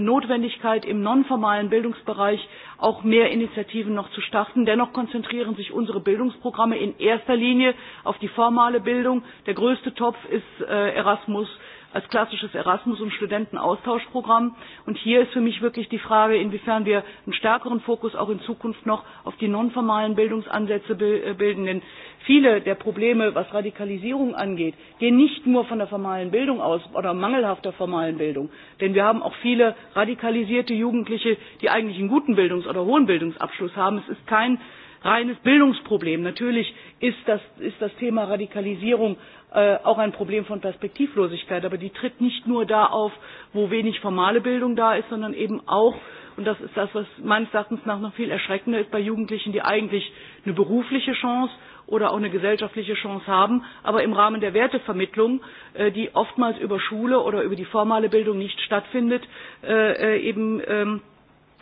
[SPEAKER 8] Notwendigkeit im nonformalen Bildungsbereich auch mehr Initiativen noch zu starten. Dennoch konzentrieren sich unsere Bildungsprogramme in erster Linie auf die formale Bildung. Der größte Topf ist äh, Erasmus als klassisches Erasmus- und Studentenaustauschprogramm. Und hier ist für mich wirklich die Frage, inwiefern wir einen stärkeren Fokus auch in Zukunft noch auf die nonformalen Bildungsansätze äh, bilden. Denn viele der Probleme, was Radikalisierung angeht, gehen nicht nur von der formalen Bildung aus oder mangelhafter formalen Bildung. Denn wir haben auch viele radikalisierte Jugendliche, die eigentlich einen guten Bildungs- oder hohen Bildungsabschluss haben. Es ist kein reines Bildungsproblem. Natürlich ist das, ist das Thema Radikalisierung äh, auch ein Problem von Perspektivlosigkeit, aber die tritt nicht nur da auf, wo wenig formale Bildung da ist, sondern eben auch, und das ist das, was meines Erachtens nach noch viel erschreckender ist bei Jugendlichen, die eigentlich eine berufliche Chance oder auch eine gesellschaftliche Chance haben, aber im Rahmen der Wertevermittlung, äh, die oftmals über Schule oder über die formale Bildung nicht stattfindet, äh, äh eben ähm,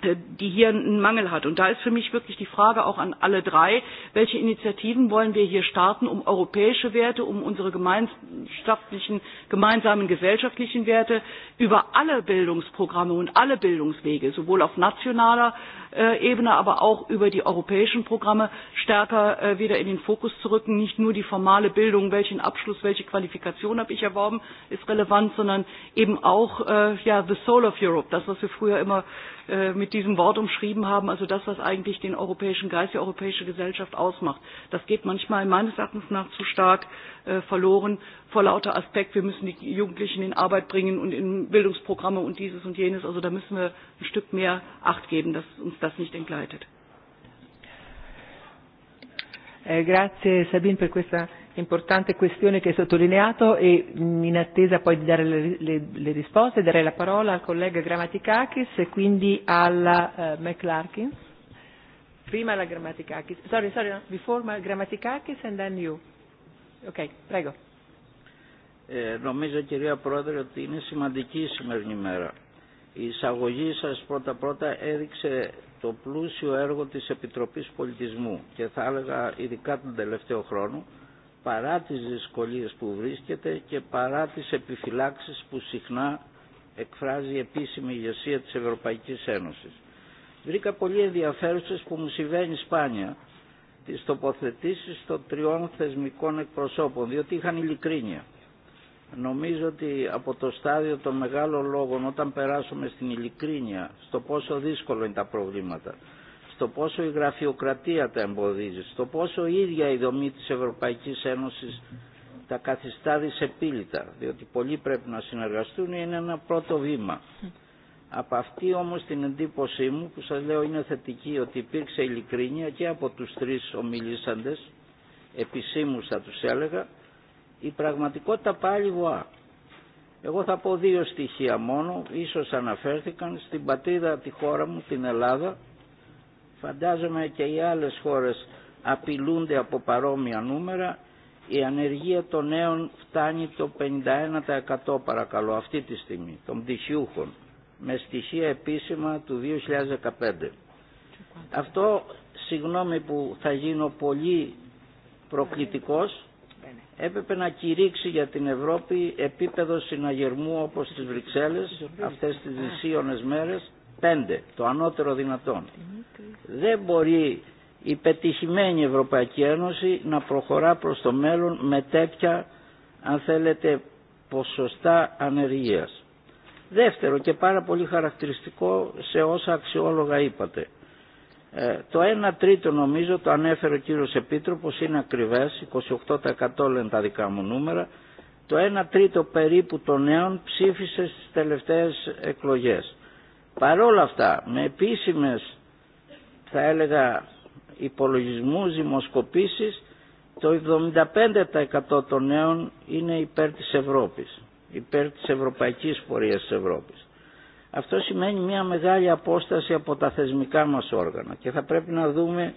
[SPEAKER 8] Äh, die hier einen Mangel hat. Und da ist für mich wirklich die Frage auch an alle drei, welche Initiativen wollen wir hier starten, um europäische Werte, um unsere gemeinschaftlichen, gemeinsamen gesellschaftlichen Werte über alle Bildungsprogramme und alle Bildungswege, sowohl auf nationaler äh, Äh, Ebene, aber auch über die europäischen Programme stärker äh, wieder in den Fokus zu rücken. Nicht nur die formale Bildung, welchen Abschluss, welche Qualifikation habe ich erworben, ist relevant, sondern eben auch äh, ja, the soul of Europe, das, was wir früher immer mit diesem Wort umschrieben haben, also das, was eigentlich den europäischen Geist, die europäische Gesellschaft ausmacht. Das geht manchmal meines Erachtens nach zu stark verloren vor lauter Aspekt, wir müssen die Jugendlichen in Arbeit bringen und in Bildungsprogramme und dieses und jenes. Also da müssen wir ein Stück mehr Acht geben, dass uns das nicht entgleitet.
[SPEAKER 3] Eh, grazie Sabine per questa importante questione che hai sottolineato e mm, in attesa poi di dare le, le, le risposte darei la parola al collega Grammaticakis e quindi alla uh, McClarkin. Prima la Grammaticakis. Sorry, sorry, no. before Grammaticakis and then you. Ok, prego.
[SPEAKER 9] Ε, νομίζω κυρία Πρόεδρε ότι είναι σημαντική η σημερινή μέρα. Η εισαγωγή σας πρώτα πρώτα έδειξε το πλούσιο έργο της Επιτροπής Πολιτισμού και θα έλεγα ειδικά τον τελευταίο χρόνο παρά τις δυσκολίες που βρίσκεται και παρά τις επιφυλάξεις που συχνά εκφράζει η επίσημη ηγεσία της Ευρωπαϊκής Ένωσης. Βρήκα πολύ ενδιαφέρουσες που μου συμβαίνει σπάνια τις τοποθετήσεις των τριών θεσμικών εκπροσώπων, διότι είχαν ειλικρίνεια νομίζω ότι από το στάδιο των μεγάλων λόγων όταν περάσουμε στην ειλικρίνεια στο πόσο δύσκολο είναι τα προβλήματα στο πόσο η γραφειοκρατία τα εμποδίζει στο πόσο η ίδια η δομή της Ευρωπαϊκής Ένωσης τα καθιστά δυσεπίλητα διότι πολλοί πρέπει να συνεργαστούν είναι ένα πρώτο βήμα από αυτή όμως την εντύπωσή μου που σας λέω είναι θετική ότι υπήρξε ειλικρίνεια και από τους τρεις ομιλήσαντες επισήμους θα τους έλεγα η πραγματικότητα πάλι βοά. Εγώ θα πω δύο στοιχεία μόνο, ίσως αναφέρθηκαν, στην πατρίδα τη χώρα μου, την Ελλάδα, φαντάζομαι και οι άλλες χώρες απειλούνται από παρόμοια νούμερα, η ανεργία των νέων φτάνει το 51% παρακαλώ αυτή τη στιγμή των πτυχιούχων με στοιχεία επίσημα του 2015. Αυτό συγγνώμη που θα γίνω πολύ προκλητικός έπρεπε να κηρύξει για την Ευρώπη επίπεδο συναγερμού όπως στις Βρυξέλλες αυτές τις δυσίωνες μέρες πέντε, το ανώτερο δυνατόν. Δεν μπορεί η πετυχημένη Ευρωπαϊκή Ένωση να προχωρά προς το μέλλον με τέτοια, αν θέλετε, ποσοστά ανεργίας. Δεύτερο και πάρα πολύ χαρακτηριστικό σε όσα αξιόλογα είπατε – το 1 τρίτο νομίζω το ανέφερε ο κύριος Επίτροπος είναι ακριβές, 28% λένε τα δικά μου νούμερα το 1 τρίτο περίπου των νέων ψήφισε στις τελευταίες εκλογές. Παρόλα αυτά με επίσημες θα έλεγα υπολογισμούς, δημοσκοπήσεις το 75% των νέων είναι υπέρ της Ευρώπης, υπέρ της ευρωπαϊκής πορείας της Ευρώπης. Αυτό σημαίνει μια μεγάλη απόσταση από τα θεσμικά μας όργανα και θα πρέπει να δούμε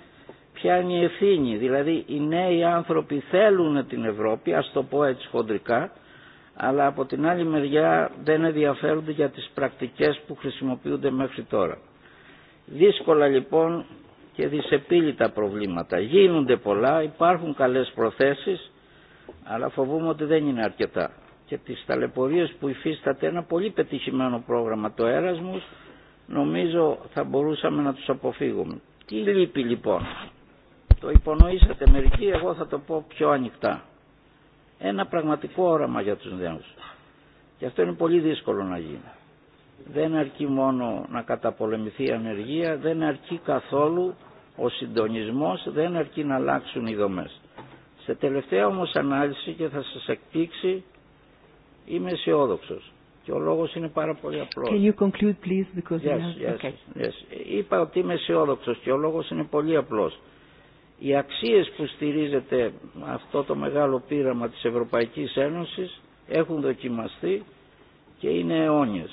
[SPEAKER 9] ποια είναι η ευθύνη. Δηλαδή οι νέοι άνθρωποι θέλουν την Ευρώπη, ας το πω έτσι χοντρικά, αλλά από την άλλη μεριά δεν ενδιαφέρονται για τις πρακτικές που χρησιμοποιούνται μέχρι τώρα. Δύσκολα λοιπόν και δυσεπίλητα προβλήματα. Γίνονται πολλά, υπάρχουν καλές προθέσεις, αλλά φοβούμαι ότι δεν είναι αρκετά και τις ταλαιπωρίες που υφίσταται ένα πολύ πετυχημένο πρόγραμμα το Έρασμος νομίζω θα μπορούσαμε να τους αποφύγουμε. Τι λείπει λοιπόν. Το υπονοήσατε μερικοί, εγώ θα το πω πιο ανοιχτά. Ένα πραγματικό όραμα για τους νέους. Και αυτό είναι πολύ δύσκολο να γίνει. Δεν αρκεί μόνο να καταπολεμηθεί η ανεργία, δεν αρκεί καθόλου ο συντονισμός, δεν αρκεί να αλλάξουν οι δομές. Σε τελευταία όμως ανάλυση και θα σας εκπλήξει Είμαι αισιόδοξο. Και ο λόγο είναι πάρα πολύ απλό. Can
[SPEAKER 3] you conclude, please, because yes, you have... yes,
[SPEAKER 9] okay. yes. Είπα ότι είμαι αισιόδοξο και ο λόγο είναι πολύ απλό. Οι αξίε που στηρίζεται αυτό το μεγάλο πείραμα τη Ευρωπαϊκή Ένωση έχουν δοκιμαστεί και είναι αιώνιε.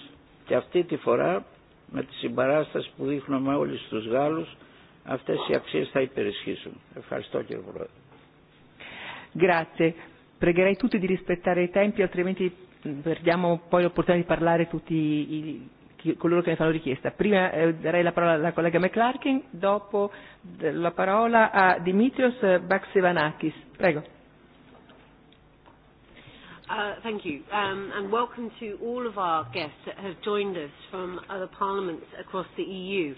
[SPEAKER 9] Και αυτή τη φορά, με τη συμπαράσταση που δείχνουμε όλοι στους Γάλλους, αυτές οι αξίες θα υπερισχύσουν. Ευχαριστώ κύριε Πρόεδρε.
[SPEAKER 3] Grazie. Pregherei tutti di rispettare i tempi, altrimenti mm, perdiamo poi l'opportunità di parlare tutti i, chi, coloro che ne fanno richiesta. Prima eh, darei la parola alla collega McClarkin, dopo eh, la parola a Dimitrios Baxevanakis. Prego.
[SPEAKER 10] Uh, thank you, um, and welcome to all of our guests that have joined us from other parliaments across the EU.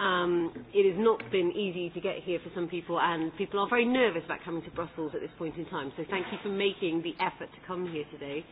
[SPEAKER 10] Um, it has not been easy to get here for some people, and people are very nervous about coming to Brussels at this point in time, so thank you for making the effort to come here today.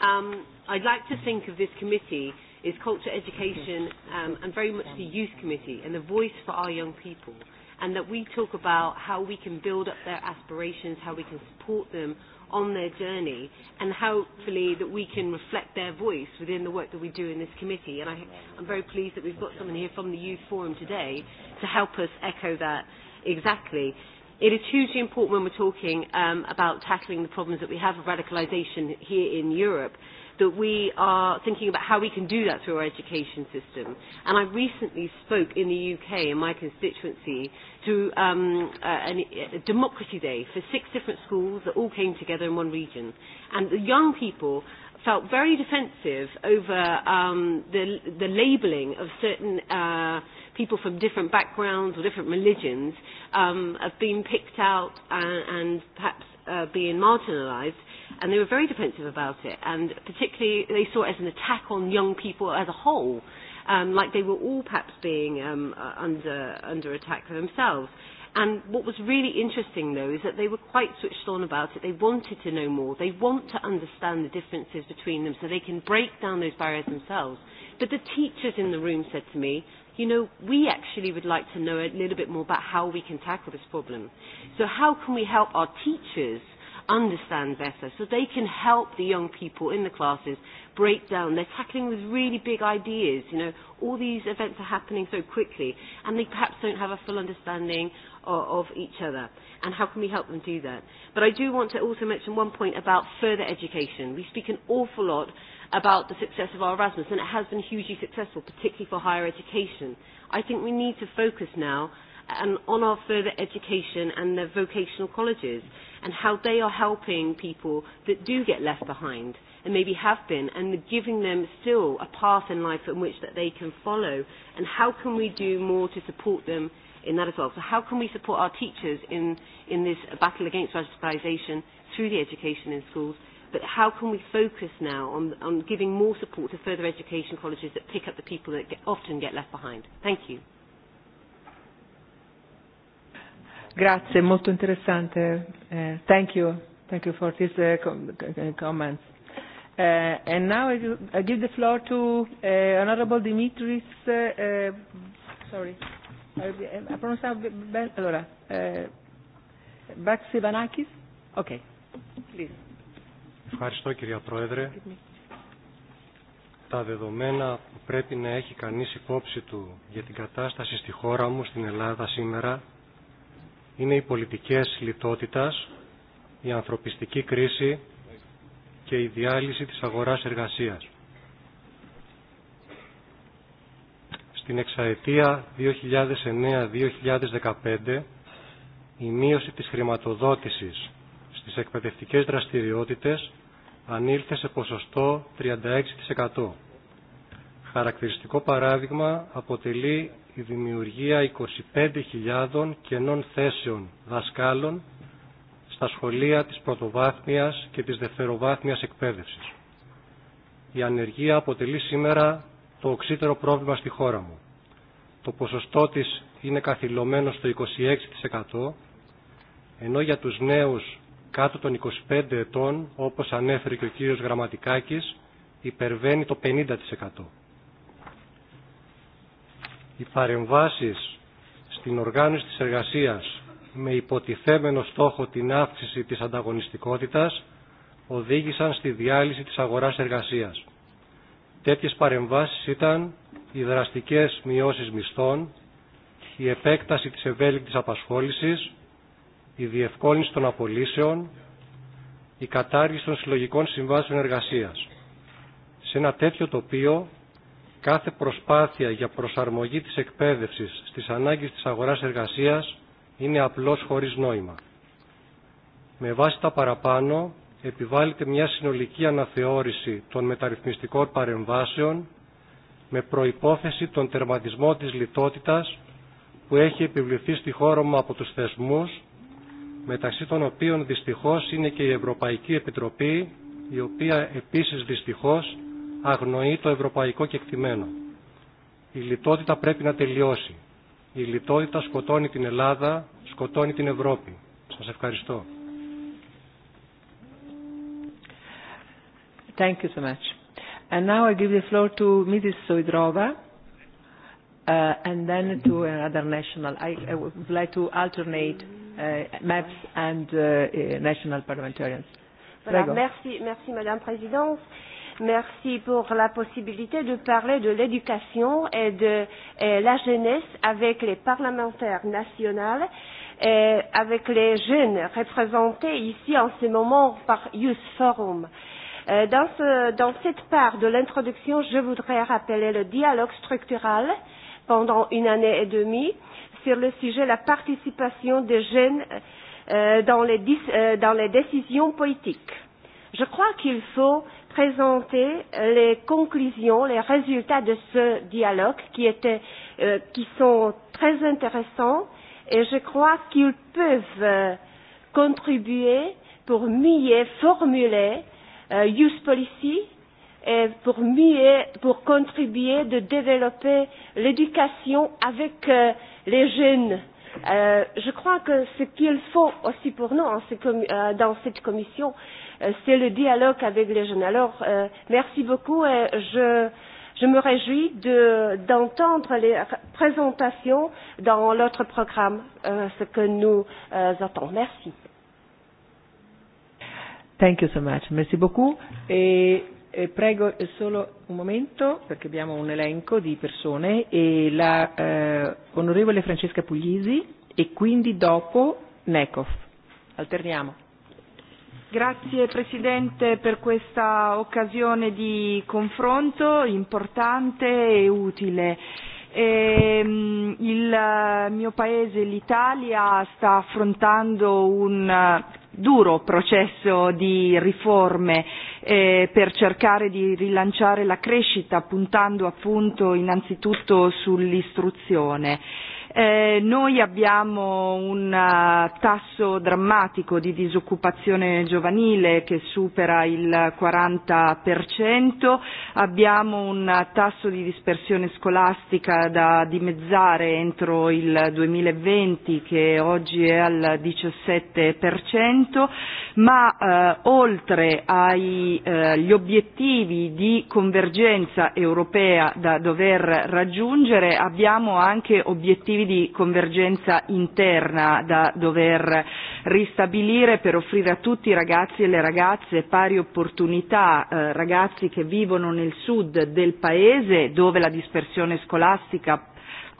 [SPEAKER 10] Um, I'd like to think of this committee as culture, education, um, and very much the youth committee and the voice for our young people, and that we talk about how we can build up their aspirations, how we can support them on their journey and hopefully that we can reflect their voice within the work that we do in this committee. And I, I'm very pleased that we've got someone here from the Youth Forum today to help us echo that exactly. It is hugely important when we're talking um, about tackling the problems that we have of radicalisation here in Europe that we are thinking about how we can do that through our education system. And I recently spoke in the UK, in my constituency, to um, uh, a, a democracy day for six different schools that all came together in one region. And the young people felt very defensive over um, the, the labeling of certain uh, people from different backgrounds or different religions um, of being picked out and, and perhaps uh, being marginalized. And they were very defensive about it. And particularly, they saw it as an attack on young people as a whole um, like they were all perhaps being um, uh, under, under attack for themselves. And what was really interesting, though, is that they were quite switched on about it. They wanted to know more. They want to understand the differences between them so they can break down those barriers themselves. But the teachers in the room said to me, you know, we actually would like to know a little bit more about how we can tackle this problem. So how can we help our teachers understand better so they can help the young people in the classes breakdown. They're tackling with really big ideas. You know, all these events are happening so quickly, and they perhaps don't have a full understanding of, of each other. And how can we help them do that? But I do want to also mention one point about further education. We speak an awful lot about the success of our Erasmus, and it has been hugely successful, particularly for higher education. I think we need to focus now uh, and on our further education and the vocational colleges and how they are helping people that do get left behind and maybe have been, and giving them still a path in life in which that they can follow. And how can we do more to support them in that as well? So how can we support our teachers in, in this battle against radicalisation through the education in schools? But how can we focus now on, on giving more support to further education colleges that pick up the people that get, often get left behind? Thank you.
[SPEAKER 3] Grazie, molto interessante. Uh, thank you. Thank you for these uh, com eh, comments. Uh, and now I, I give the floor to uh, Honorable Dimitris. Uh, uh, sorry, I, I pronounced ben, allora, uh, Baxivanakis. Okay, please.
[SPEAKER 11] Ευχαριστώ κυρία Πρόεδρε. Τα δεδομένα που πρέπει να έχει κανείς υπόψη του για την κατάσταση στη χώρα μου, στην Ελλάδα σήμερα, είναι οι πολιτικές λιτότητας, η ανθρωπιστική κρίση και η διάλυση της αγοράς εργασίας. Στην εξαετία 2009-2015 η μείωση της χρηματοδότησης στις εκπαιδευτικές δραστηριότητες ανήλθε σε ποσοστό 36%. Χαρακτηριστικό παράδειγμα αποτελεί η δημιουργία 25.000 κενών θέσεων δασκάλων στα σχολεία της πρωτοβάθμιας και της δευτεροβάθμιας εκπαίδευσης. Η ανεργία αποτελεί σήμερα το οξύτερο πρόβλημα στη χώρα μου. Το ποσοστό της είναι καθυλωμένο στο 26%, ενώ για τους νέους κάτω των 25 ετών, όπως ανέφερε και ο κύριος Γραμματικάκης, υπερβαίνει το 50%. Οι παρεμβάσεις στην οργάνωση της εργασίας με υποτιθέμενο στόχο την αύξηση της ανταγωνιστικότητας οδήγησαν στη διάλυση της αγοράς εργασίας. Τέτοιες παρεμβάσεις ήταν οι δραστικές μειώσεις μισθών, η επέκταση της ευέλικτης απασχόλησης, η διευκόλυνση των απολύσεων, η κατάργηση των συλλογικών συμβάσεων εργασίας. Σε ένα τέτοιο τοπίο, κάθε προσπάθεια για προσαρμογή της εκπαίδευσης στις ανάγκες της αγοράς εργασίας είναι απλώς χωρίς νόημα. Με βάση τα παραπάνω επιβάλλεται μια συνολική αναθεώρηση των μεταρρυθμιστικών παρεμβάσεων με προϋπόθεση τον τερματισμό της λιτότητας που έχει επιβληθεί στη χώρα μου από τους θεσμούς μεταξύ των οποίων δυστυχώς είναι και η Ευρωπαϊκή Επιτροπή η οποία επίσης δυστυχώς αγνοεί το ευρωπαϊκό κεκτημένο. Η λιτότητα πρέπει να τελειώσει. Η λιτότητα σκοτώνει την Ελλάδα, σκοτώνει την Ευρώπη. Σας ευχαριστώ. Thank you so much. And now I
[SPEAKER 3] give the floor to Mrs. Soidrova uh, and then to another national. I, I would like to alternate uh, MEPs and uh, national parliamentarians. Voilà,
[SPEAKER 12] merci, merci Madame Présidente. Euh, Merci pour la possibilité de parler de l'éducation et de et la jeunesse avec les parlementaires nationaux et avec les jeunes représentés ici en ce moment par Youth Forum. Euh, dans, ce, dans cette part de l'introduction, je voudrais rappeler le dialogue structural pendant une année et demie sur le sujet de la participation des jeunes euh, dans, les, euh, dans les décisions politiques. Je crois qu'il faut euh, présenter euh, les conclusions, les résultats de ce dialogue qui, était, euh, qui sont très intéressants et je crois qu'ils peuvent euh, contribuer pour mieux formuler euh, Youth Policy et pour mieux, pour contribuer de développer l'éducation avec euh, les jeunes. Euh, je crois que ce qu'il faut aussi pour nous en ce, euh, dans cette commission, euh, Euh, c'est le dialogue avec les jeunes. Alors, euh, merci beaucoup et je, je me réjouis d'entendre de, les présentations dans l'autre programme, euh, ce que nous euh, attendons. Merci.
[SPEAKER 3] Thank you so much. Merci beaucoup. Et Eh, prego solo un momento perché abbiamo un elenco di persone e la eh, onorevole Francesca Puglisi e quindi dopo Nekov. Alterniamo.
[SPEAKER 13] Grazie Presidente per questa occasione di confronto importante e utile. E, il eh, mio paese, l'Italia, sta affrontando un eh, duro processo di riforme eh, per cercare di rilanciare la crescita puntando appunto innanzitutto sull'istruzione Eh, noi abbiamo un eh, tasso drammatico di disoccupazione giovanile che supera il 40%, abbiamo un tasso di dispersione scolastica da dimezzare entro il 2020 che oggi è al 17%, ma eh, oltre agli eh, obiettivi di convergenza europea da dover raggiungere abbiamo anche obiettivi obiettivi di convergenza interna da dover ristabilire per offrire a tutti i ragazzi e le ragazze pari opportunità, eh, ragazzi che vivono nel sud del paese dove la dispersione scolastica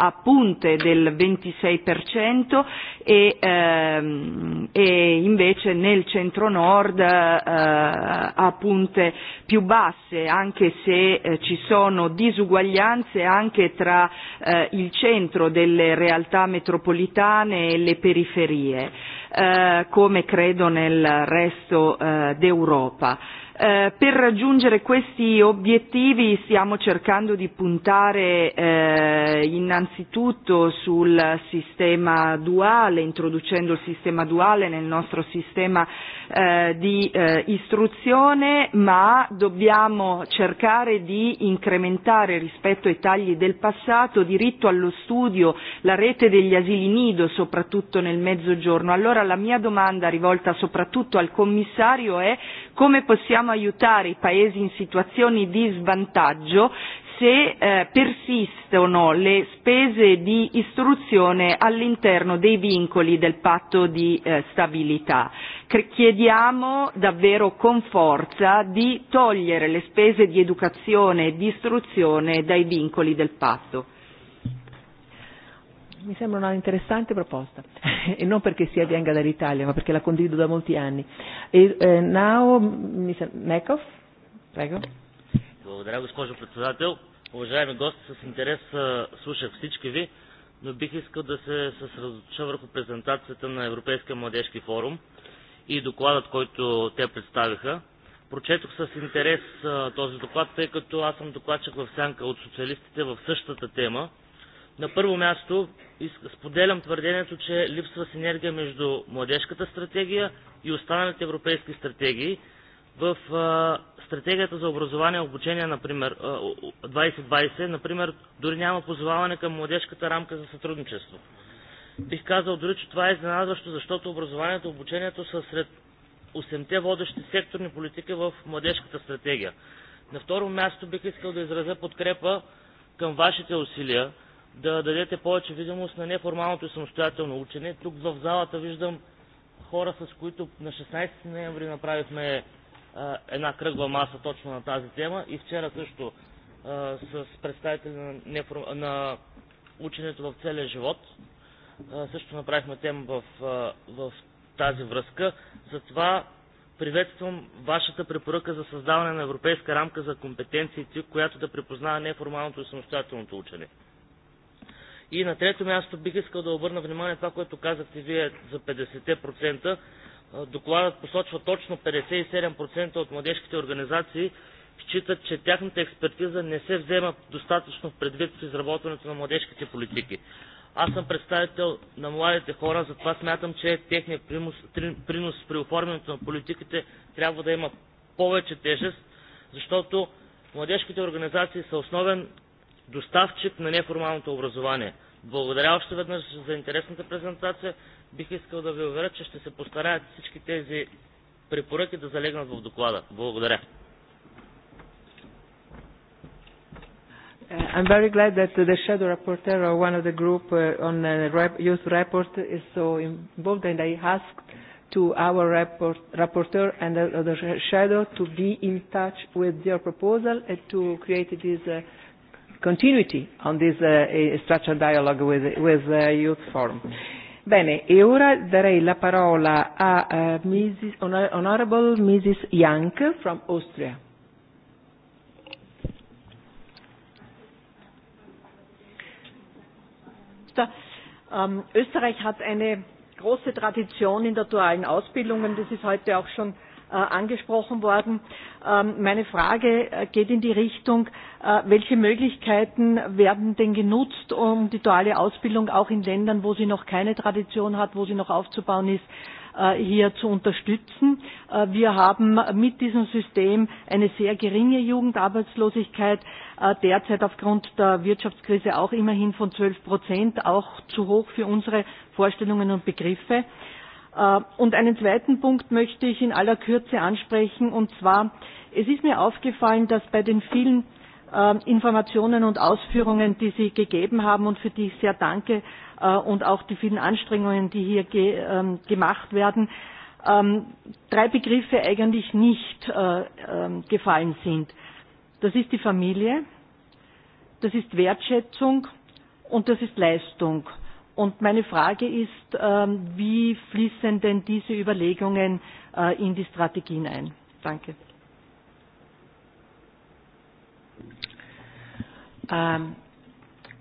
[SPEAKER 13] a punte del 26% e, ehm, e invece nel centro nord eh, a punte più basse, anche se eh, ci sono disuguaglianze anche tra eh, il centro delle realtà metropolitane e le periferie, eh, come credo nel resto eh, d'Europa. Eh, per raggiungere questi obiettivi stiamo cercando di puntare eh, innanzitutto sul sistema duale, introducendo il sistema duale nel nostro sistema eh, eh, di eh, istruzione, ma dobbiamo cercare di incrementare rispetto ai tagli del passato diritto allo studio, la rete degli asili nido soprattutto nel mezzogiorno. Allora la mia domanda rivolta soprattutto al commissario è come possiamo aiutare i paesi in situazioni di svantaggio se eh, persistono le spese di istruzione all'interno dei vincoli del patto di eh, stabilità. Chiediamo davvero con forza di togliere le spese di educazione e di istruzione dai vincoli del patto.
[SPEAKER 3] Mi sembra una interessante proposta, e non perché sia venga dall'Italia, ma perché la condivido da molti anni. E, eh, now, Mr. Mekov, prego.
[SPEAKER 14] Благодаря, госпожо председател. Уважаеми гости, с интерес слушах всички ви, но бих искал да се съсредоточа върху презентацията на Европейския младежки форум и докладът, който те представиха. Прочетох с интерес този доклад, тъй като аз съм докладчик в сянка от социалистите в същата тема. На първо място споделям твърдението, че липсва синергия между младежката стратегия и останалите европейски стратегии – в а, стратегията за образование и обучение, например, 2020, например, дори няма позоваване към младежката рамка за сътрудничество. Бих казал дори, че това е изненадващо, защото образованието и обучението са сред 8-те водещи секторни политики в младежката стратегия. На второ място бих искал да изразя подкрепа към вашите усилия да дадете повече видимост на неформалното и самостоятелно учене. Тук в залата виждам хора, с които на 16 ноември направихме една кръгла маса точно на тази тема и вчера също а, с представители на, нефор... на ученето в целия живот. а, Също направихме тема в, а, в тази връзка. Затова приветствам вашата препоръка за създаване на европейска рамка за компетенциите, която да припознава неформалното и самостоятелното учене. И на трето място бих искал да обърна внимание това, което казахте вие за 50%. Докладът посочва точно 57% от младежките организации считат, че тяхната експертиза не се взема достатъчно предвид в изработването на младежките политики. Аз съм представител на младите хора, затова смятам, че техният принос при оформянето на политиките трябва да има повече тежест, защото младежките организации са основен доставчик на неформалното образование. Благодаря още веднъж за интересната презентация бих искал да ви уверя, че ще се постараят всички тези препоръки да залегнат в доклада. Благодаря.
[SPEAKER 3] Uh, I'm very glad that the shadow rapporteur or one of the group uh, on the youth report is so involved and I asked to our rapporteur and the, shadow to be in touch with their proposal and to create this uh, continuity on this structured dialogue with, with youth forum. Bene, e ora darei la parola a uh, eh, Mrs. Honorable Mrs. Young from Austria.
[SPEAKER 15] um, Österreich hat eine große Tradition in der dualen Ausbildung und das ist heute auch schon Äh, angesprochen worden. Ähm, meine Frage äh, geht in die Richtung, äh, welche Möglichkeiten werden denn genutzt, um die duale Ausbildung auch in Ländern, wo sie noch keine Tradition hat, wo sie noch aufzubauen ist, hier zu unterstützen. Wir haben mit diesem System eine sehr geringe Jugendarbeitslosigkeit, derzeit aufgrund der Wirtschaftskrise auch immerhin von 12 Prozent, auch zu hoch für unsere Vorstellungen und Begriffe. Äh, und einen zweiten Punkt möchte ich in aller Kürze ansprechen. Und zwar, es ist mir aufgefallen, dass bei den vielen äh, Informationen und Ausführungen, die Sie gegeben haben und für die ich sehr danke äh, und auch die vielen Anstrengungen, die hier ge ähm, gemacht werden, ähm, drei Begriffe eigentlich nicht ähm, gefallen sind. Das ist die Familie, das ist Wertschätzung und das ist Leistung. Und meine Frage ist, ähm, wie fließen denn diese Überlegungen äh, in die
[SPEAKER 3] Strategien ein? Danke. Um,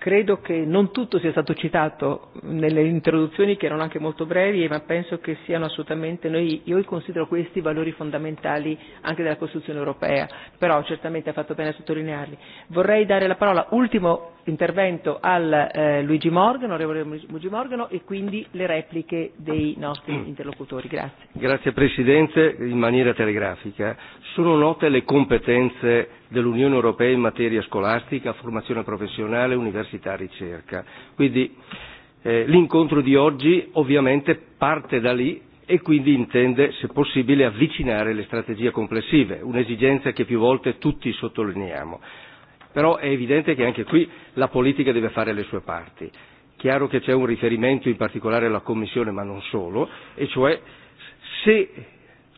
[SPEAKER 3] Credo che non tutto sia stato citato nelle introduzioni che erano anche molto brevi, ma penso che siano assolutamente noi, io considero questi valori fondamentali anche della Costituzione europea, però certamente ha fatto bene a sottolinearli. Vorrei dare la parola, ultimo intervento, al eh, Luigi Morgano, onorevole Luigi Morgano, e quindi le repliche dei nostri mm. interlocutori. Grazie.
[SPEAKER 16] Grazie Presidente, in maniera telegrafica. Sono note le competenze dell'Unione Europea in materia scolastica, formazione professionale, università università e ricerca. Quindi eh, l'incontro di oggi ovviamente parte da lì e quindi intende, se possibile, avvicinare le strategie complessive, un'esigenza che più volte tutti sottolineiamo. Però è evidente che anche qui la politica deve fare le sue parti. Chiaro che c'è un riferimento in particolare alla Commissione, ma non solo, e cioè se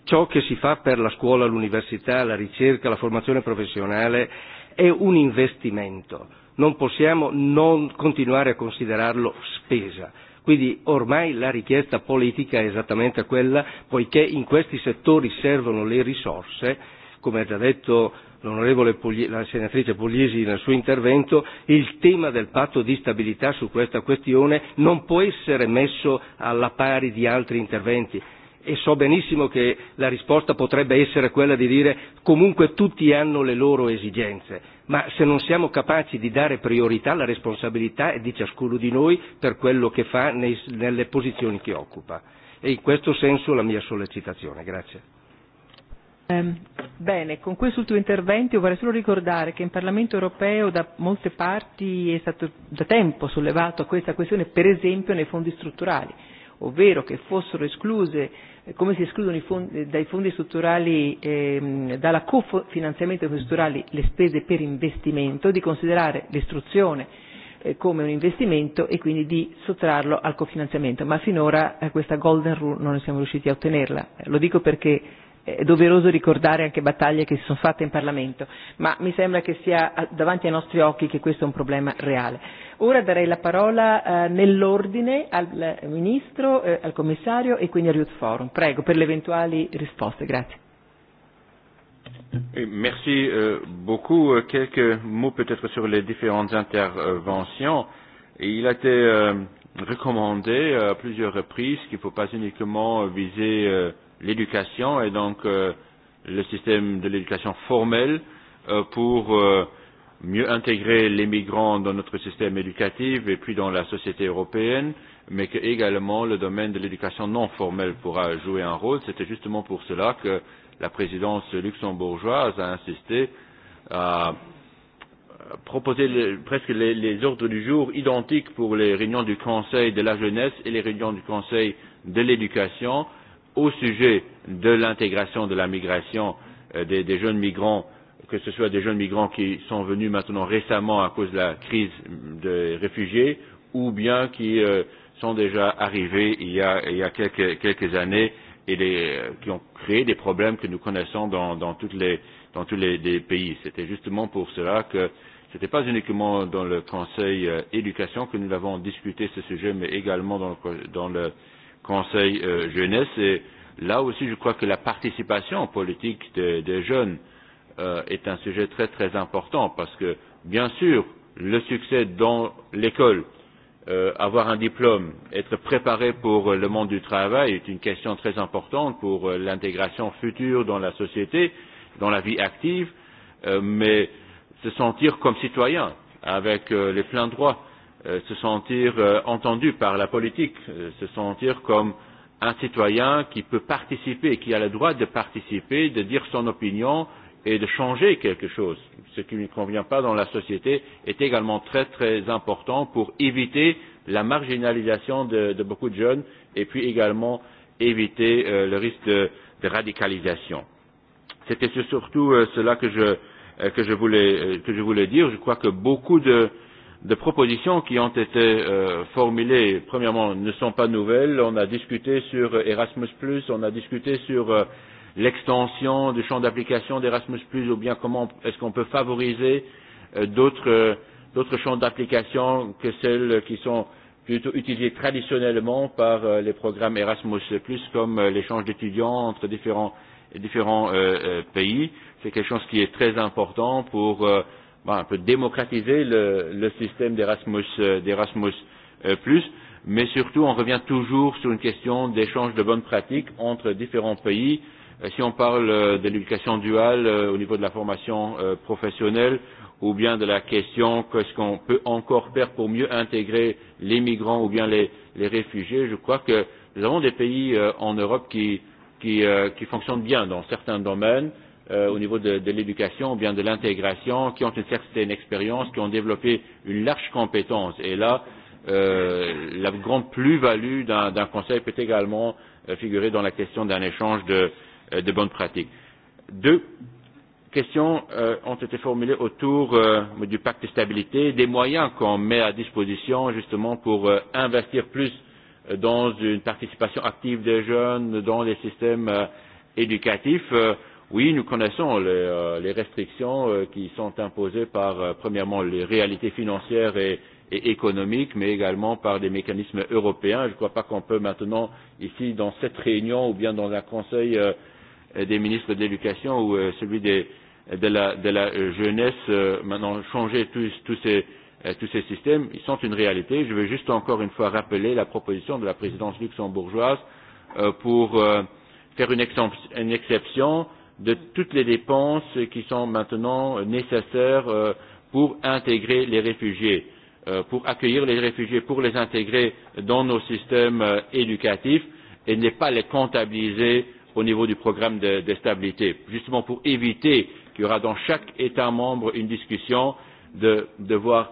[SPEAKER 16] ciò che si fa per la scuola, l'università, la ricerca, la formazione professionale è un investimento non possiamo non continuare a considerarlo spesa. Quindi ormai la richiesta politica è esattamente quella, poiché in questi settori servono le risorse, come ha già detto l'onorevole Pugliesi, la senatrice Pugliesi nel suo intervento, il tema del patto di stabilità su questa questione non può essere messo alla pari di altri interventi e so benissimo che la risposta potrebbe essere quella di dire comunque tutti hanno le loro esigenze, ma se non siamo capaci di dare priorità alla responsabilità è di ciascuno di noi per quello che fa nei, nelle posizioni che occupa. E in questo senso la mia sollecitazione. Grazie.
[SPEAKER 3] Eh, Bene, con questo ultimo intervento vorrei solo ricordare che in Parlamento europeo da molte parti è stato da tempo sollevato questa questione, per esempio nei fondi strutturali ovvero che fossero escluse eh, come si escludono i fondi, dai fondi strutturali, ehm, dalla cofinanziamento dei fondi strutturali le spese per investimento, di considerare l'istruzione eh, come un investimento e quindi di sottrarlo al cofinanziamento, ma finora eh, questa golden rule non siamo riusciti a ottenerla. Lo dico perché è doveroso ricordare anche battaglie che si sono fatte in Parlamento, ma mi sembra che sia davanti ai nostri occhi che questo è un problema reale. Ora darei la parola eh, nell'ordine al eh, Ministro, eh, al Commissario e quindi al Youth Forum. Prego, per le eventuali risposte. Grazie.
[SPEAKER 4] Eh, merci euh, beaucoup. Euh, quelques mots peut-être sur les différentes interventions. Il a été euh, recommandé à plusieurs reprises qu'il ne faut pas uniquement viser euh, l'éducation et donc euh, le système de l'éducation formelle euh, pour euh, mieux intégrer les migrants dans notre système éducatif et puis dans la société européenne, mais que également le domaine de l'éducation non formelle pourra jouer un rôle. C'était justement pour cela que la présidence luxembourgeoise a insisté à proposer le, presque les, les ordres du jour identiques pour les réunions du Conseil de la jeunesse et les réunions du Conseil de l'éducation au sujet de l'intégration de la migration euh, des, des jeunes migrants, que ce soit des jeunes migrants qui sont venus maintenant récemment à cause de la crise des réfugiés ou bien qui euh, sont déjà arrivés il y a, il y a quelques, quelques années et les, euh, qui ont créé des problèmes que nous connaissons dans, dans, toutes les, dans tous les, les pays. C'était justement pour cela que ce n'était pas uniquement dans le Conseil euh, éducation que nous avons discuté ce sujet, mais également dans le, dans le Conseil euh, jeunesse. Et là aussi, je crois que la participation politique des de jeunes euh, est un sujet très très important parce que, bien sûr, le succès dans l'école, euh, avoir un diplôme, être préparé pour le monde du travail est une question très importante pour euh, l'intégration future dans la société, dans la vie active, euh, mais se sentir comme citoyen avec euh, les pleins droits Euh, se sentir euh, entendu par la politique, euh, se sentir comme un citoyen qui peut participer, qui a le droit de participer, de dire son opinion et de changer quelque chose. Ce qui ne convient pas dans la société est également très très important pour éviter la marginalisation de, de beaucoup de jeunes et puis également éviter euh, le risque de, de radicalisation. C'était surtout euh, cela que je, euh, que, je voulais, euh, que je voulais dire. Je crois que beaucoup de, euh, de propositions qui ont été euh, formulées, premièrement, ne sont pas nouvelles. On a discuté sur Erasmus, on a discuté sur euh, l'extension du champ d'application d'Erasmus, ou bien comment est-ce qu'on peut favoriser euh, d'autres, euh, d'autres champs d'application que celles qui sont plutôt utilisées traditionnellement par euh, les programmes Erasmus, comme euh, l'échange d'étudiants entre différents, différents euh, euh, pays. C'est quelque chose qui est très important pour. Euh, bon, un peu démocratiser le, le système d'Erasmus, euh, d'Erasmus euh, mais surtout on revient toujours sur une question d'échange de bonnes pratiques entre différents pays. Euh, si on parle euh, de l'éducation duale euh, au niveau de la formation euh, professionnelle ou bien de la question qu'est-ce qu'on peut encore faire pour mieux intégrer les migrants ou bien les, les réfugiés, je crois que nous avons des pays euh, en Europe qui, qui, euh, qui fonctionnent bien dans certains domaines, euh, au niveau de, de l'éducation ou bien de l'intégration, qui ont une certaine expérience, qui ont développé une large compétence. Et là, euh, la grande plus-value d'un conseil peut également euh, figurer dans la question d'un échange de, euh, de bonnes pratiques. Deux questions euh, ont été formulées autour euh, du pacte de stabilité, des moyens qu'on met à disposition justement pour euh, investir plus euh, dans une participation active des jeunes dans les systèmes euh, éducatifs. Euh, Oui, nous connaissons les, euh, les restrictions euh, qui sont imposées par, euh, premièrement, les réalités financières et, et économiques, mais également par des mécanismes européens. Je ne crois pas qu'on peut maintenant, ici, dans cette réunion ou bien dans un conseil euh, des ministres de l'éducation ou euh, celui des, de, la, de la jeunesse, euh, maintenant changer tous, tous, ces, euh, tous ces systèmes. Ils sont une réalité. Je veux juste encore une fois rappeler la proposition de la présidence luxembourgeoise euh, pour euh, faire une, une exception de toutes les dépenses qui sont maintenant nécessaires euh, pour intégrer les réfugiés, euh, pour accueillir les réfugiés, pour les intégrer dans nos systèmes euh, éducatifs et ne pas les comptabiliser au niveau du programme de, de stabilité, justement pour éviter qu'il y aura dans chaque État membre une discussion de devoir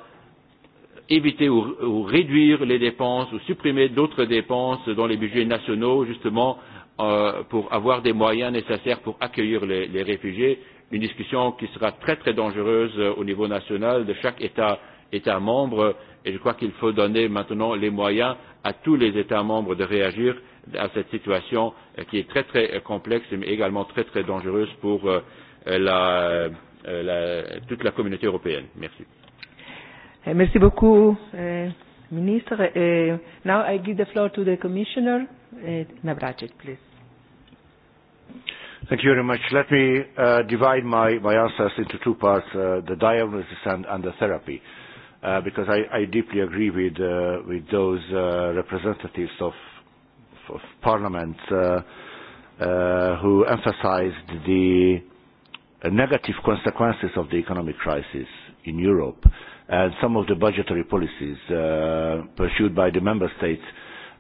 [SPEAKER 4] éviter ou, ou réduire les dépenses ou supprimer d'autres dépenses dans les budgets nationaux justement euh, pour avoir des moyens nécessaires pour accueillir les, les réfugiés, une discussion qui sera très très dangereuse euh, au niveau national de chaque État, État membre et je crois qu'il faut donner maintenant les moyens à tous les États membres de réagir à cette situation euh, qui est très très euh, complexe mais également très très dangereuse pour euh, la, la, toute la communauté européenne. Merci.
[SPEAKER 3] Eh, merci beaucoup, euh, Ministre. Uh, now I give the floor to the Commissioner, uh, eh, Navracek, please.
[SPEAKER 17] Thank you very much. Let me uh, divide my, my answers into two parts, uh, the diagnosis and, and the therapy, uh, because I, I deeply agree with, uh, with those uh, representatives of, of Parliament uh, uh, who emphasized the uh, negative consequences of the economic crisis in Europe and some of the budgetary policies uh, pursued by the member states.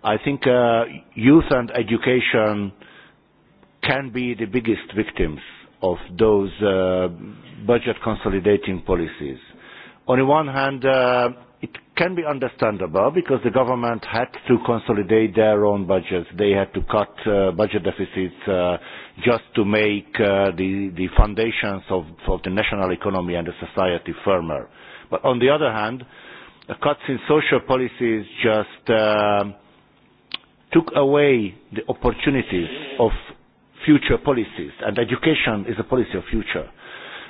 [SPEAKER 17] I think uh, youth and education can be the biggest victims of those uh, budget consolidating policies. On the one hand, uh, it can be understandable because the government had to consolidate their own budgets. They had to cut uh, budget deficits uh, just to make uh, the, the foundations of, of the national economy and the society firmer. But on the other hand, the cuts in social policies just uh, took away the opportunities of future policies, and education is a policy of future.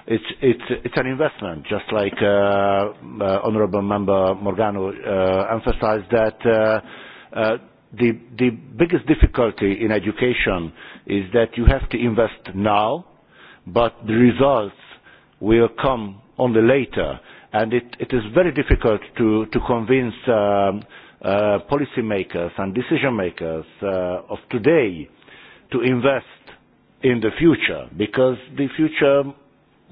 [SPEAKER 17] It's, it's, it's an investment, just like uh, uh, Honourable Member Morgano uh, emphasized that uh, uh, the, the biggest difficulty in education is that you have to invest now, but the results will come only later. And it, it is very difficult to, to convince um, uh, policymakers and decision makers uh, of today to invest in the future because the future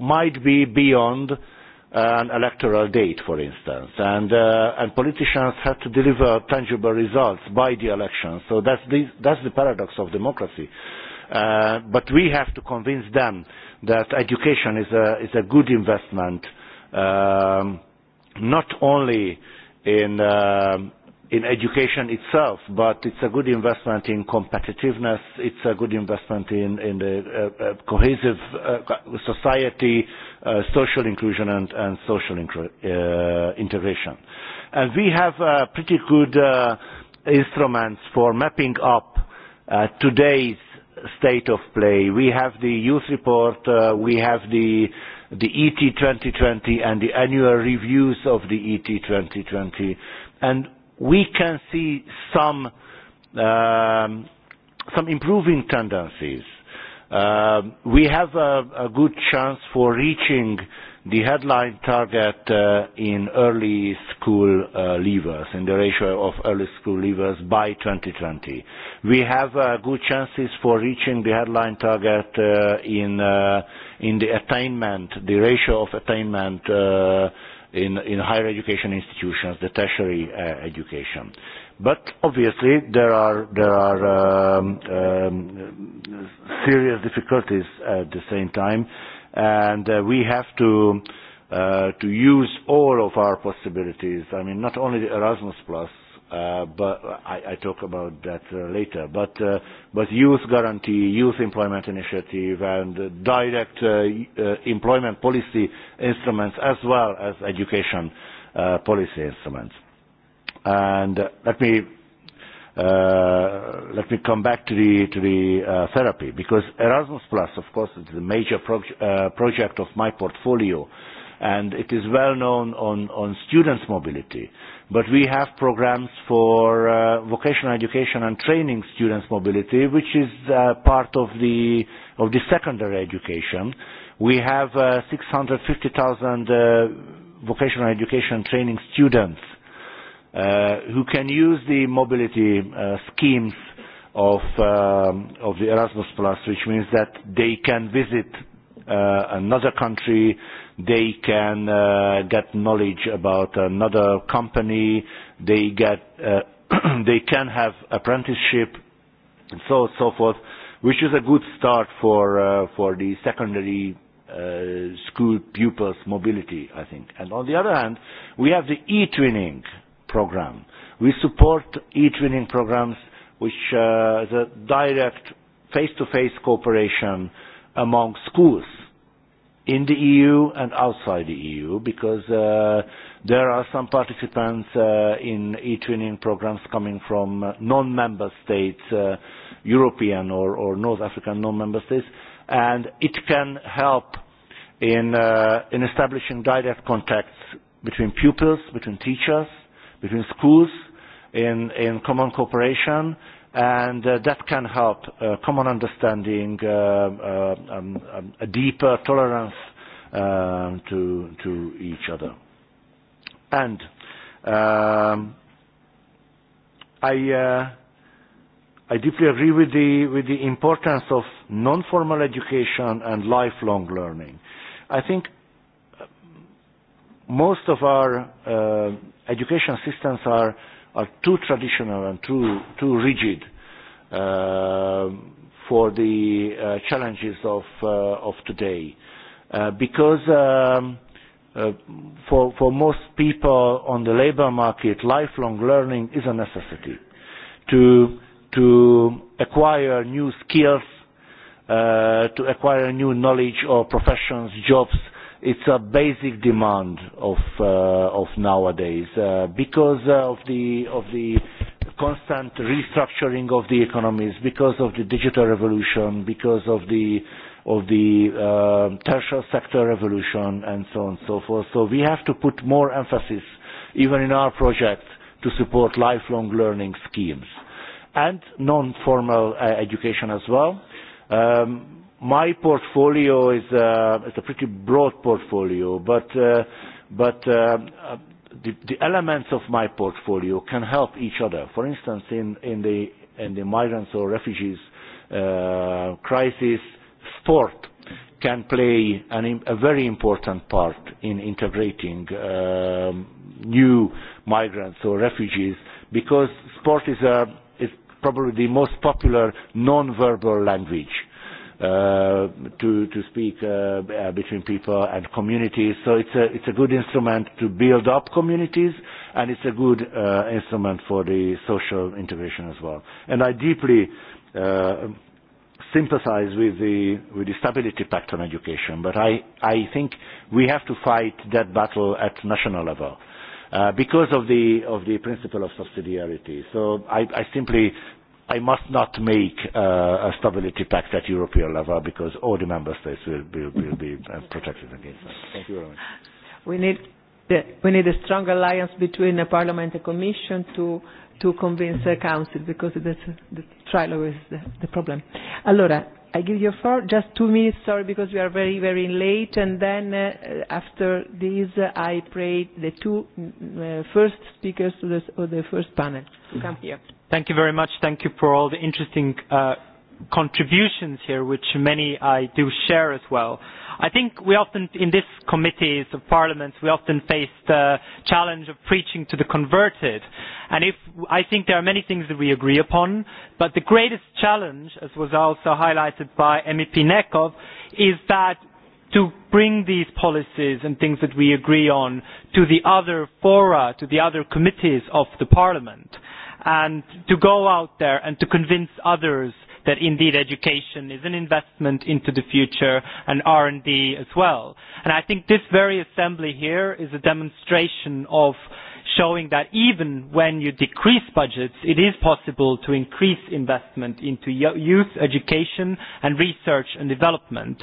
[SPEAKER 17] might be beyond an electoral date, for instance, and, uh, and politicians have to deliver tangible results by the election. So that's the, that's the paradox of democracy. Uh, but we have to convince them that education is a, is a good investment, um, not only in, uh, in education itself, but it's a good investment in competitiveness, it's a good investment in, in the uh, uh, cohesive uh, society, uh, social inclusion and, and social incre- uh, integration. And we have uh, pretty good uh, instruments for mapping up uh, today's state of play. We have the youth report, uh, we have the the ET 2020 and the annual reviews of the ET 2020 and we can see some um, some improving tendencies. Uh, we have a, a good chance for reaching the headline target uh, in early school uh, leavers, in the ratio of early school leavers by 2020. We have uh, good chances for reaching the headline target uh, in, uh, in the attainment, the ratio of attainment uh, in, in higher education institutions, the tertiary uh, education. But obviously there are, there are um, um, serious difficulties at the same time and uh, we have to, uh, to use all of our possibilities. I mean, not only the Erasmus Plus, Uh, but I, I talk about that uh, later. But uh, but youth guarantee, youth employment initiative, and uh, direct uh, uh, employment policy instruments as well as education uh, policy instruments. And uh, let me uh, let me come back to the to the uh, therapy because Erasmus Plus, of course, is the major pro- uh, project of my portfolio, and it is well known on on students' mobility but we have programs for uh, vocational education and training students mobility, which is uh, part of the, of the secondary education. We have uh, 650,000 uh, vocational education training students uh, who can use the mobility uh, schemes of, um, of the Erasmus Plus, which means that they can visit uh, another country, they can uh, get knowledge about another company, they get uh, they can have apprenticeship, and so so forth, which is a good start for uh, for the secondary uh, school pupils' mobility, I think. And on the other hand, we have the e-twinning program. We support e-twinning programs, which uh, is a direct face-to-face -face cooperation among schools in the EU and outside the EU because uh, there are some participants uh, in e-twinning programs coming from uh, non-member states, uh, European or, or North African non-member states, and it can help in, uh, in establishing direct contacts between pupils, between teachers, between schools, in, in common cooperation, and uh, that can help uh, common understanding, uh, uh, um, um, a deeper tolerance uh, to, to each other. And um, I, uh, I deeply agree with the, with the importance of non-formal education and lifelong learning. I think uh, most of our uh, education systems are are too traditional and too, too rigid uh, for the uh, challenges of, uh, of today. Uh, because um, uh, for, for most people on the labor market, lifelong learning is a necessity. To, to acquire new skills, uh, to acquire new knowledge or professions, jobs, uh, it's a basic demand of uh, of nowadays uh, because uh, of the of the constant restructuring of the economies because of the digital revolution because of the of the uh, tertiary sector revolution and so on and so forth so we have to put more emphasis even in our project to support lifelong learning schemes and non formal uh, education as well um, my portfolio is a, uh, it's a pretty broad portfolio, but uh, but uh, uh, the, the elements of my portfolio can help each other. For instance, in in the in the migrants or refugees uh, crisis, sport can play an, a very important part in integrating um, new migrants or refugees because sport is a is probably the most popular non-verbal language Uh, to to speak uh, uh, between people and communities. So it's a it's a good instrument to build up communities, and it's a good uh, instrument for the social integration as well. And I deeply uh, sympathize with the with the stability pact on education, but I I think we have to fight that battle at national level. Uh, because of the of the principle of subsidiarity. So I, I simply I must not make uh, a stability pact at European level because all the member states will be, will be uh, protected against that. Thank you very much.
[SPEAKER 3] We need, the, we need a strong alliance between the Parliament and Commission to, to convince the Council because that's, the trilogue is the, the problem. Allora, I give you floor, just two minutes, sorry, because we are very, very late. And then uh, after this, uh, I pray the two mm, uh, first speakers of the, of the first panel to come
[SPEAKER 1] here.
[SPEAKER 6] Thank you very much. Thank you for all the interesting uh, contributions here, which many I do share as well. I think we often, in this committees of parliaments, we often face the challenge of preaching to the converted. And if, I think there are many things that we agree upon, but the greatest challenge, as was also highlighted by MEP Nekov, is that to bring these policies and things that we agree on to the other fora, to the other committees of the parliament, and to go out there and to convince others that indeed education is an investment into the future and R&D as well. And I think this very assembly here is a demonstration of showing that even when you decrease budgets, it is possible to increase investment into youth education and research and development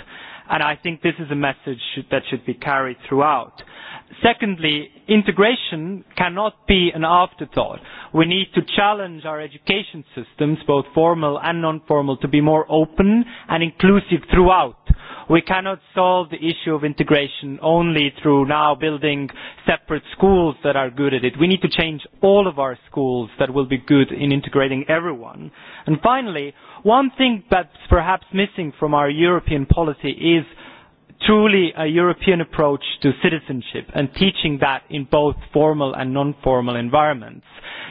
[SPEAKER 6] and I think this is a message should, that should be carried throughout. Secondly, integration cannot be an afterthought. We need to challenge our education systems, both formal and non-formal, to be more open and inclusive throughout We cannot solve the issue of integration only through now building separate schools that are good at it. We need to change all of our schools that will be good in integrating everyone. And finally, one thing that's perhaps missing from our European policy is truly a European approach to citizenship and teaching that in both formal and non-formal environments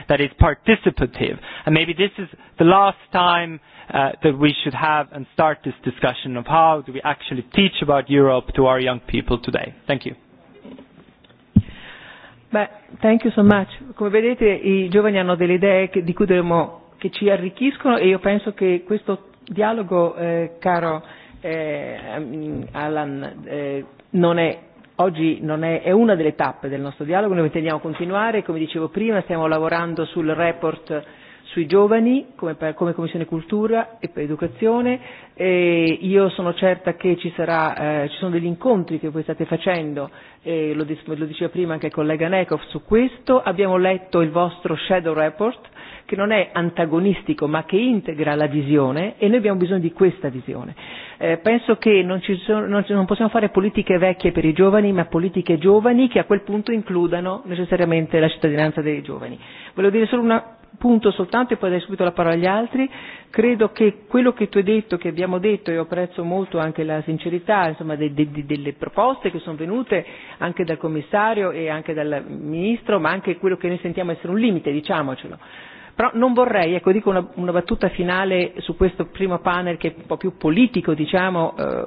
[SPEAKER 6] that is participative. And maybe this is the last time uh, that we should have and start this discussion of how do we actually teach about Europe to our young people today. Thank you.
[SPEAKER 3] Beh, thank you so much. Come vedete i giovani hanno delle idee che, di cui dovremmo, che ci arricchiscono e io penso che questo dialogo, eh, caro eh, Alan, eh, non è, oggi non è, è una delle tappe del nostro dialogo, noi intendiamo continuare, come dicevo prima stiamo lavorando sul report sui giovani come, per, come Commissione Cultura e per Educazione e io sono certa che ci, sarà, eh, ci sono degli incontri che voi state facendo, e lo, lo diceva prima anche il collega Nekov su questo, abbiamo letto il vostro shadow report che non è antagonistico ma che integra la visione e noi abbiamo bisogno di questa visione. Eh, penso che non, ci sono, non, ci, non possiamo fare politiche vecchie per i giovani ma politiche giovani che a quel punto includano necessariamente la cittadinanza dei giovani. Volevo dire solo un punto soltanto e poi dai subito la parola agli altri. Credo che quello che tu hai detto, che abbiamo detto, e apprezzo molto anche la sincerità insomma, de, de, de, delle proposte che sono venute anche dal commissario e anche dal ministro, ma anche quello che noi sentiamo essere un limite, diciamocelo Però non vorrei, ecco dico una, una battuta finale su questo primo panel che è un po' più politico, diciamo, eh,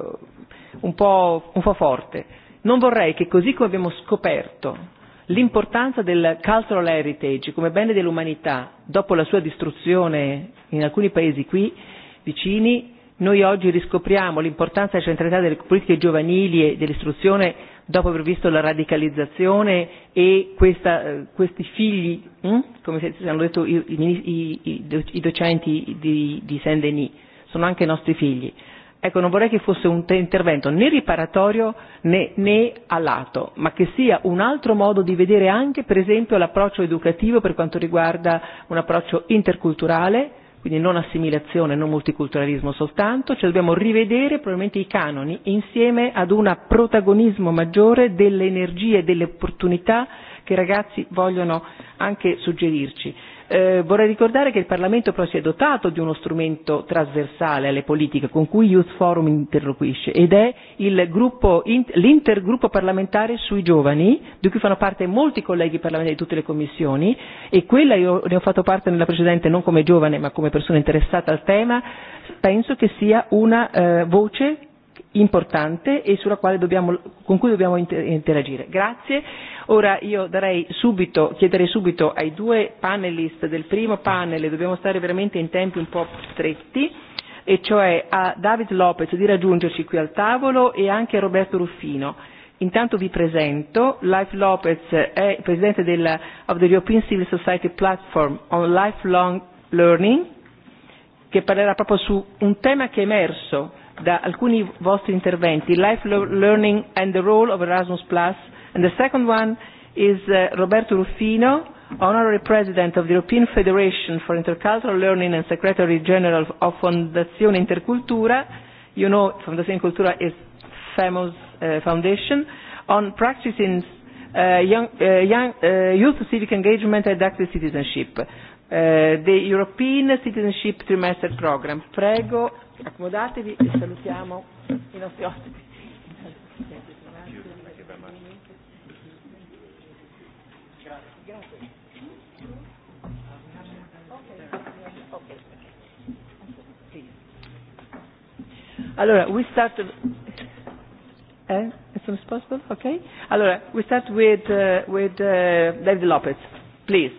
[SPEAKER 3] un, po', un po' forte. Non vorrei che così come abbiamo scoperto l'importanza del cultural heritage come bene dell'umanità dopo la sua distruzione in alcuni paesi qui vicini, noi oggi riscopriamo l'importanza e la centralità delle politiche giovanili e dell'istruzione dopo aver visto la radicalizzazione e questa, eh, questi figli, hm? come se, hanno detto i, i, i, i docenti di, di Saint-Denis, sono anche i nostri figli. Ecco, non vorrei che fosse un intervento né riparatorio né, né a lato, ma che sia un altro modo di vedere anche, per esempio, l'approccio educativo per quanto riguarda un approccio interculturale, quindi non assimilazione, non multiculturalismo soltanto, cioè dobbiamo rivedere probabilmente i canoni insieme ad un protagonismo maggiore delle energie e delle opportunità che i ragazzi vogliono anche suggerirci. Eh, vorrei ricordare che il Parlamento però si è dotato di uno strumento trasversale alle politiche con cui Youth Forum interloquisce ed è il gruppo, l'intergruppo parlamentare sui giovani di cui fanno parte molti colleghi parlamentari di tutte le commissioni e quella io ne ho fatto parte nella precedente non come giovane ma come persona interessata al tema penso che sia una eh, voce importante e sulla quale dobbiamo, con cui dobbiamo interagire. Grazie. Ora io darei subito, chiederei subito ai due panelist del primo panel, dobbiamo stare veramente in tempi un po' stretti, e cioè a David Lopez di raggiungerci qui al tavolo e anche a Roberto Ruffino. Intanto vi presento, Life Lopez è presidente del, of the European Civil Society Platform on Lifelong Learning, che parlerà proprio su un tema che è emerso da alcuni vostri interventi, life learning and the role of Erasmus+, and the second one is uh, Roberto Ruffino, Honorary President of the European Federation for Intercultural Learning and Secretary General of Fondazione Intercultura, you know Fondazione Cultura is famous uh, foundation, on practicing uh, young, uh, young, uh, youth civic engagement and active citizenship. Uh, the European Citizenship Trimester Program. Prego, Accomodatevi e salutiamo i
[SPEAKER 18] nostri ospiti.
[SPEAKER 3] Allora, we start eh, as soon as possible, okay? Allora, we start with, uh,
[SPEAKER 19] with uh, David Lopez, please.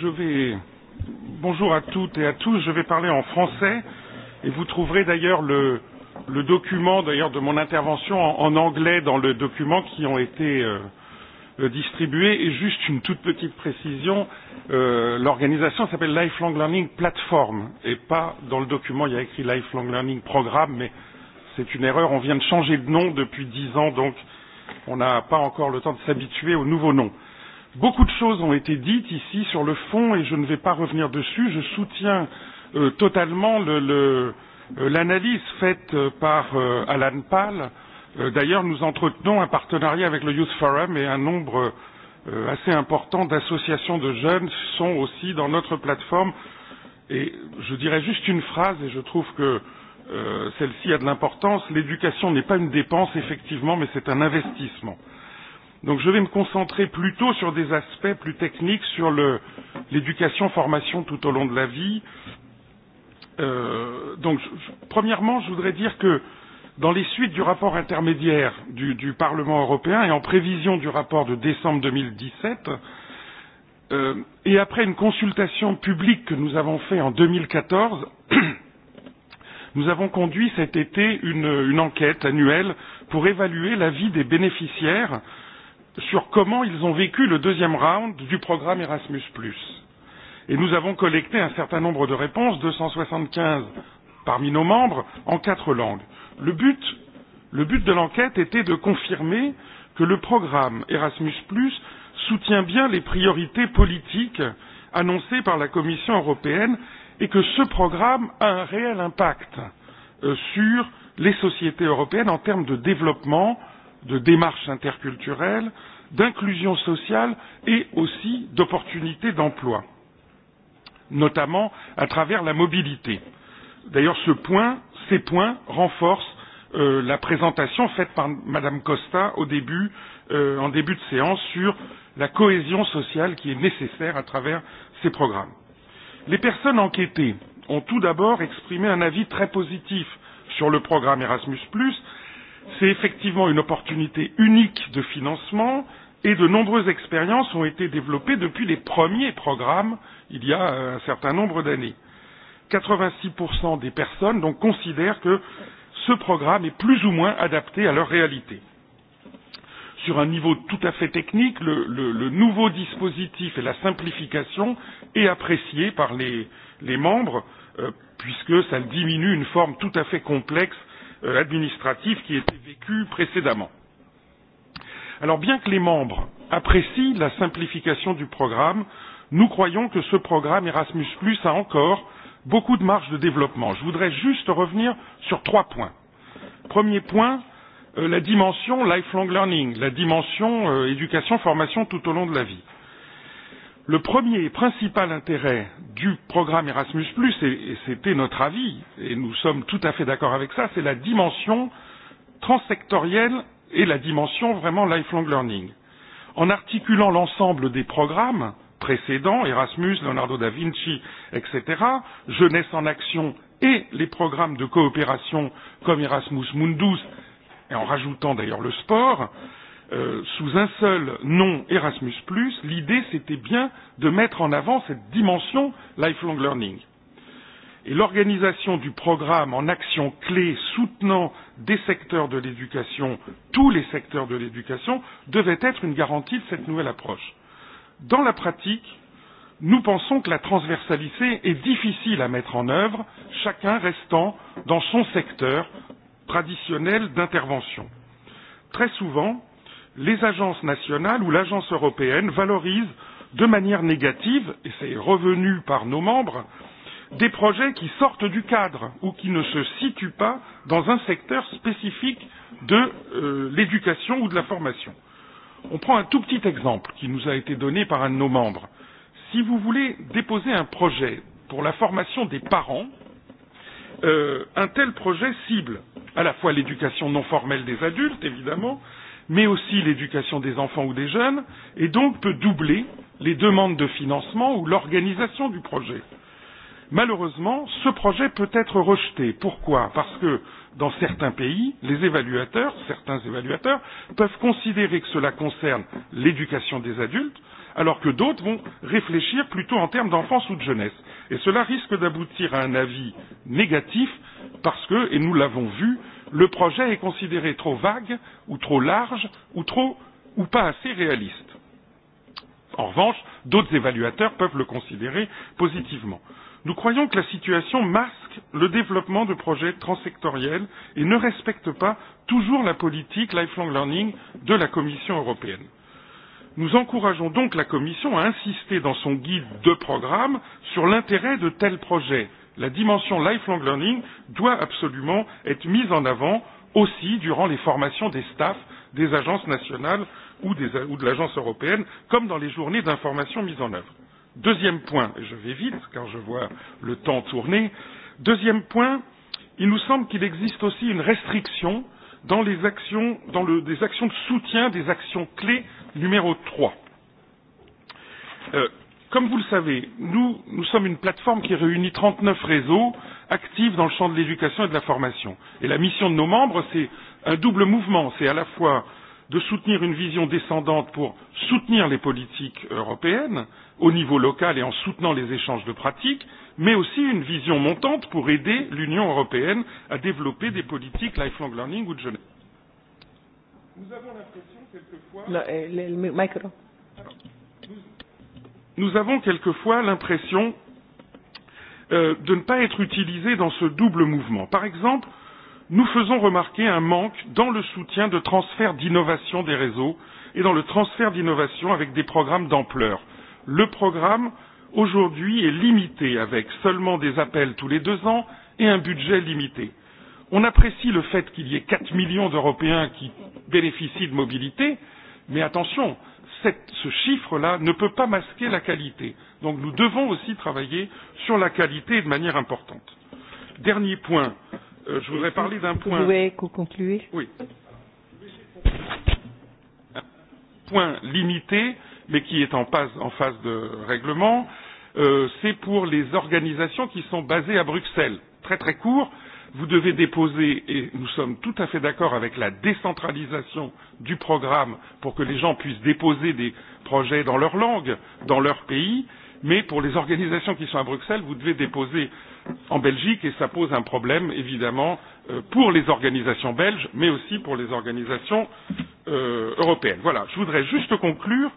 [SPEAKER 19] je vais Bonjour à toutes et à tous. Je vais parler en français et vous trouverez d'ailleurs le, le document d'ailleurs de mon intervention en, en anglais dans le document qui ont été euh, euh, distribués. Et juste une toute petite précision, euh, l'organisation s'appelle Lifelong Learning Platform et pas dans le document il y a écrit Lifelong Learning Programme, mais c'est une erreur. On vient de changer de nom depuis dix ans, donc on n'a pas encore le temps de s'habituer au nouveau nom. Euh, Beaucoup de choses ont été dites ici sur le fond et je ne vais pas revenir dessus. Je soutiens euh, totalement l'analyse le, le, euh, faite euh, par euh, Alan Pal. Euh, D'ailleurs, nous entretenons un partenariat avec le Youth Forum et un nombre euh, assez important d'associations de jeunes sont aussi dans notre plateforme. Et je dirais juste une phrase et je trouve que euh, celle-ci a de l'importance. L'éducation n'est pas une dépense, effectivement, mais c'est un investissement. Euh, Donc je vais me concentrer plutôt sur des aspects plus techniques, sur l'éducation-formation tout au long de la vie. Euh, donc, je, je, premièrement, je voudrais dire que dans les suites du rapport intermédiaire du, du Parlement européen et en prévision du rapport de décembre 2017, euh, et après une consultation publique que nous avons faite en 2014, nous avons conduit cet été une, une enquête annuelle pour évaluer l'avis des bénéficiaires euh, sur comment ils ont vécu le deuxième round du programme Erasmus. Et nous avons collecté un certain nombre de réponses, 275 parmi nos membres, en quatre langues. Le but, le but de l'enquête était de confirmer que le programme Erasmus soutient bien les priorités politiques annoncées par la Commission européenne et que ce programme a un réel impact euh, sur les sociétés européennes en termes de développement, de démarches interculturelles, d'inclusion sociale et aussi d'opportunités d'emploi, notamment à travers la mobilité. D'ailleurs, ce point, ces points renforcent euh, la présentation faite par Madame Costa au début, euh, en début de séance sur la cohésion sociale qui est nécessaire à travers ces programmes. Les personnes enquêtées ont tout d'abord exprimé un avis très positif sur le programme Erasmus, C'est effectivement une opportunité unique de financement et de nombreuses expériences ont été développées depuis les premiers programmes il y a euh, un certain nombre d'années. 86% des personnes donc considèrent que ce programme est plus ou moins adapté à leur réalité. Sur un niveau tout à fait technique, le, le, le nouveau dispositif et la simplification est apprécié par les, les membres euh, puisque ça diminue une forme tout à fait complexe euh, administratif qui étaient vécus précédemment. Alors bien que les membres apprécient la simplification du programme, nous croyons que ce programme Erasmus a encore beaucoup de marge de développement. Je voudrais juste revenir sur trois points. Premier point, euh, la dimension lifelong learning, la dimension euh, éducation formation tout au long de la vie. Le premier et principal intérêt du programme Erasmus, et c'était notre avis, et nous sommes tout à fait d'accord avec ça, c'est la dimension transsectorielle et la dimension vraiment lifelong learning. En articulant l'ensemble des programmes précédents, Erasmus, Leonardo da Vinci, etc., Jeunesse en action et les programmes de coopération comme Erasmus Mundus, et en rajoutant d'ailleurs le sport, Euh, sous un seul nom Erasmus, l'idée c'était bien de mettre en avant cette dimension lifelong learning. Et l'organisation du programme en actions clés soutenant des secteurs de l'éducation, tous les secteurs de l'éducation, devait être une garantie de cette nouvelle approche. Dans la pratique, nous pensons que la transversalité est difficile à mettre en œuvre, chacun restant dans son secteur traditionnel d'intervention. Très souvent, les agences nationales ou l'agence européenne valorisent de manière négative, et c'est revenu par nos membres, des projets qui sortent du cadre ou qui ne se situent pas dans un secteur spécifique de euh, l'éducation ou de la formation. On prend un tout petit exemple qui nous a été donné par un de nos membres. Si vous voulez déposer un projet pour la formation des parents, euh, un tel projet cible à la fois l'éducation non formelle des adultes, évidemment, mais aussi l'éducation des enfants ou des jeunes, et donc peut doubler les demandes de financement ou l'organisation du projet. Malheureusement, ce projet peut être rejeté. Pourquoi Parce que dans certains pays, les évaluateurs, certains évaluateurs, peuvent considérer que cela concerne l'éducation des adultes, alors que d'autres vont réfléchir plutôt en termes d'enfance ou de jeunesse. Et cela risque d'aboutir à un avis négatif parce que, et nous l'avons vu, euh, le projet est considéré trop vague ou trop large ou trop ou pas assez réaliste. En revanche, d'autres évaluateurs peuvent le considérer positivement. Nous croyons que la situation masque le développement de projets transsectoriels et ne respecte pas toujours la politique lifelong learning de la Commission européenne. Nous encourageons donc la Commission à insister dans son guide de programme sur l'intérêt de tels projets la dimension lifelong learning doit absolument être mise en avant aussi durant les formations des staffs des agences nationales ou, des, ou de l'agence européenne, comme dans les journées d'information mises en œuvre. Deuxième point, et je vais vite car je vois le temps tourner, deuxième point, il nous semble qu'il existe aussi une restriction dans les actions, dans le, des actions de soutien des actions clés numéro 3. Euh, Comme vous le savez, nous, nous sommes une plateforme qui réunit 39 réseaux actifs dans le champ de l'éducation et de la formation. Et la mission de nos membres, c'est un double mouvement. C'est à la fois de soutenir une vision descendante pour soutenir les politiques européennes au niveau local et en soutenant les échanges de pratiques, mais aussi une vision montante pour aider l'Union européenne à développer des politiques lifelong learning ou de jeunesse. Nous avons l'impression quelquefois. No, eh, le, le, micro nous avons quelquefois l'impression euh, de ne pas être utilisés dans ce double mouvement. Par exemple, nous faisons remarquer un manque dans le soutien de transfert d'innovation des réseaux et dans le transfert d'innovation avec des programmes d'ampleur. Le programme aujourd'hui est limité avec seulement des appels tous les deux ans et un budget limité. On apprécie le fait qu'il y ait 4 millions d'Européens qui bénéficient de mobilité, mais attention, cette, ce chiffre-là ne peut pas masquer la qualité. Donc nous devons aussi travailler sur la qualité de manière importante. Dernier point,
[SPEAKER 12] euh, je voudrais parler d'un point.
[SPEAKER 19] Vous pouvez conclure Oui. Un point limité, mais qui est en, passe, en phase de règlement, euh, c'est pour les organisations qui sont basées à Bruxelles. Très très court, euh, vous devez déposer, et nous sommes tout à fait d'accord avec la décentralisation du programme pour que les gens puissent déposer des projets dans leur langue, dans leur pays, mais pour les organisations qui sont à Bruxelles, vous devez déposer en Belgique et ça pose un problème évidemment euh, pour les organisations belges, mais aussi pour les organisations euh, européennes. Voilà, je voudrais juste conclure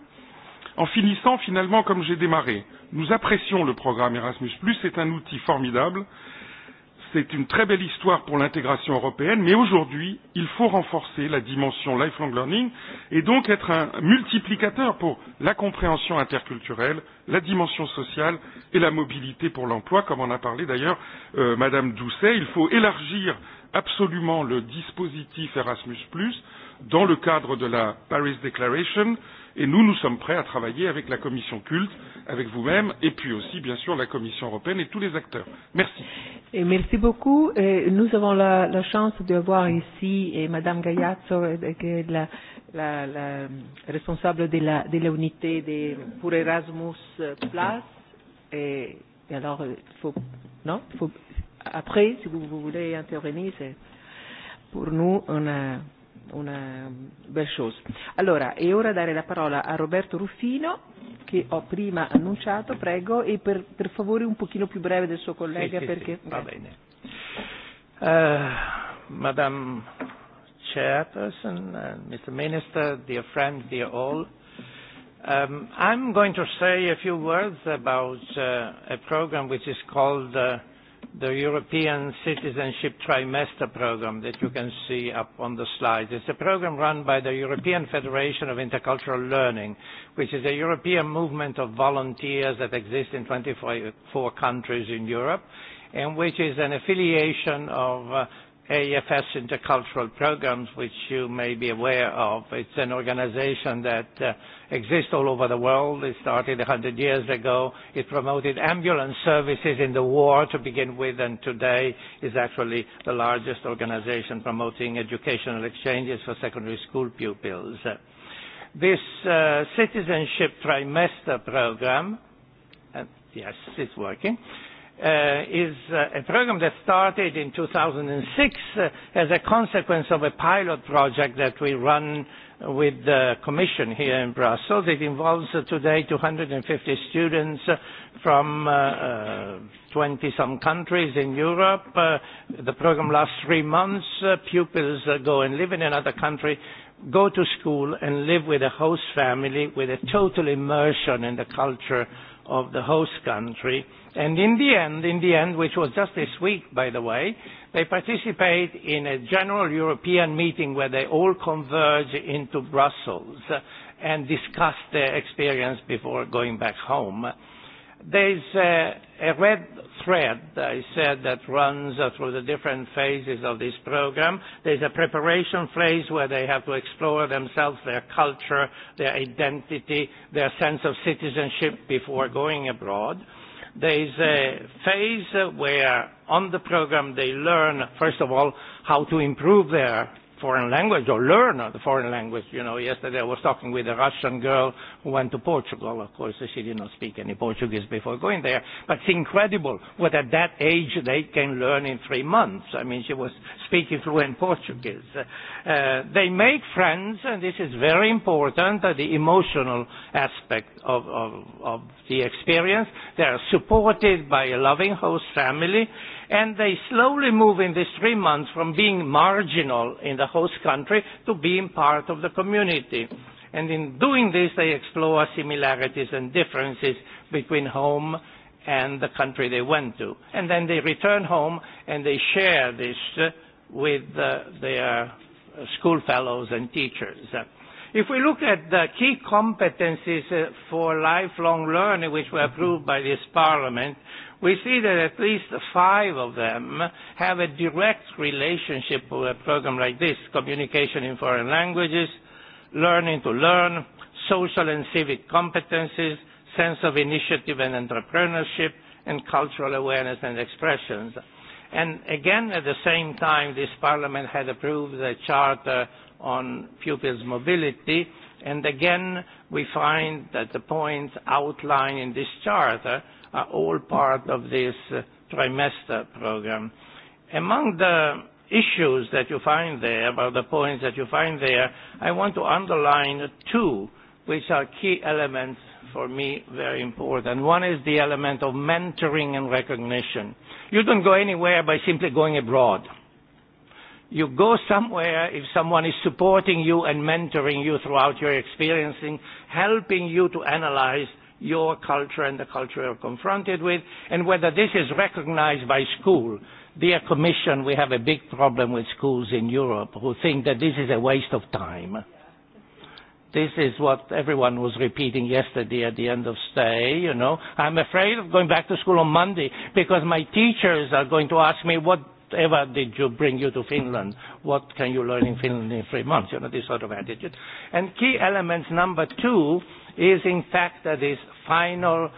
[SPEAKER 19] en finissant finalement comme j'ai démarré. Nous apprécions le programme Erasmus, c'est un outil formidable C'est une très belle histoire pour l'intégration européenne, mais aujourd'hui, il faut renforcer la dimension lifelong learning et donc être un multiplicateur pour la compréhension interculturelle, la dimension sociale et la mobilité pour l'emploi, comme en a parlé d'ailleurs euh, Madame Doucet. Il faut élargir absolument le dispositif Erasmus dans le cadre de la Paris Declaration et nous, nous sommes prêts à travailler avec la commission culte, avec vous-même et puis aussi, bien sûr, la commission européenne et tous les acteurs. Merci.
[SPEAKER 3] Et merci beaucoup. Et nous avons la, la chance d'avoir ici et Madame Gaiazzo, euh, la, la, la responsable de la, de l'unité de, pour Erasmus Plus. Et, et alors, euh, faut, non, faut, après, si vous, vous voulez intervenir, c'est, pour nous, on a una bel show. Allora, è ora dare la parola a Roberto Ruffino, che ho prima annunciato, prego, e per, per favore un pochino più breve del suo collega sì, sì, perché... Sì, va bene.
[SPEAKER 20] Uh, eh, Madame Chairperson, uh, eh, Mr. Minister, dear friends, dear all, um, I'm going to say a few words about uh, a program which is called uh, the European Citizenship Trimester program that you can see up on the slide. It's a program run by the European Federation of Intercultural Learning, which is a European movement of volunteers that exists in 24 countries in Europe, and which is an affiliation of uh, AFS Intercultural Programs, which you may be aware of. It's an organization that uh, exists all over the world. It started 100 years ago. It promoted ambulance services in the war to begin with, and today is actually the largest organization promoting educational exchanges for secondary school pupils. This uh, citizenship trimester program, uh, yes, it's working, uh, is uh, a program that started in 2006 uh, as a consequence of a pilot project that we run with the Commission here in Brussels. It involves uh, today 250 students uh, from uh, 20 uh, some countries in Europe. Uh, the program lasts three months. Uh, pupils uh, go and live in another country go to school and live with a host family with a total immersion in the culture of the host country. Uh, And in the end, in the end, which was just this week, by the way, they participate in a general European meeting where they all converge into Brussels and discuss their experience before going back home. There is a, a red thread, I said, that runs through the different phases of this program. There's a preparation phase where they have to explore themselves, their culture, their identity, their sense of citizenship before going abroad. There is a phase where on the program they learn, first of all, how to improve their foreign language or learn the foreign language. You know, yesterday I was talking with a Russian girl who went to Portugal. Of course, she did not speak any Portuguese before going there, but it's incredible what at that age they can learn in three months. I mean, she was speaking fluent Portuguese. Uh, they make friends, and this is very important, uh, the emotional aspect of, of, of the experience. They are supported by a loving host family, and they slowly move in these three months from being marginal in the host country to being part of the community. And in doing this, they explore similarities and differences between home and the country they went to. And then they return home and they share this with uh, their school fellows and teachers. If we look at the key competencies uh, for lifelong learning, which were approved by this parliament, we see that at least five of them have a direct relationship with a program like this, communication in foreign languages, learning to learn, social and civic competences, sense of initiative and entrepreneurship, and cultural awareness and expressions. And again, at the same time, this Parliament had approved the Charter on Pupils' Mobility, and again, we find that the points outlined in this Charter are all part of this uh, trimester program. Among the issues that you find there, about the points that you find there, I want to underline two, which are key elements for me very important. One is the element of mentoring and recognition. You don't go anywhere by simply going abroad. You go somewhere if someone is supporting you and mentoring you throughout your experiencing, helping you to analyze your culture and the culture you're confronted with, and whether this is recognized by school Dear Commission, we have a big problem with schools in Europe who think that this is a waste of time. This is what everyone was repeating yesterday at the end of stay, you know. I'm afraid of going back to school on Monday because my teachers are going to ask me what ever did you bring you to Finland? What can you learn in Finland in three months? You know, this sort of attitude. And key elements number two is in fact that this final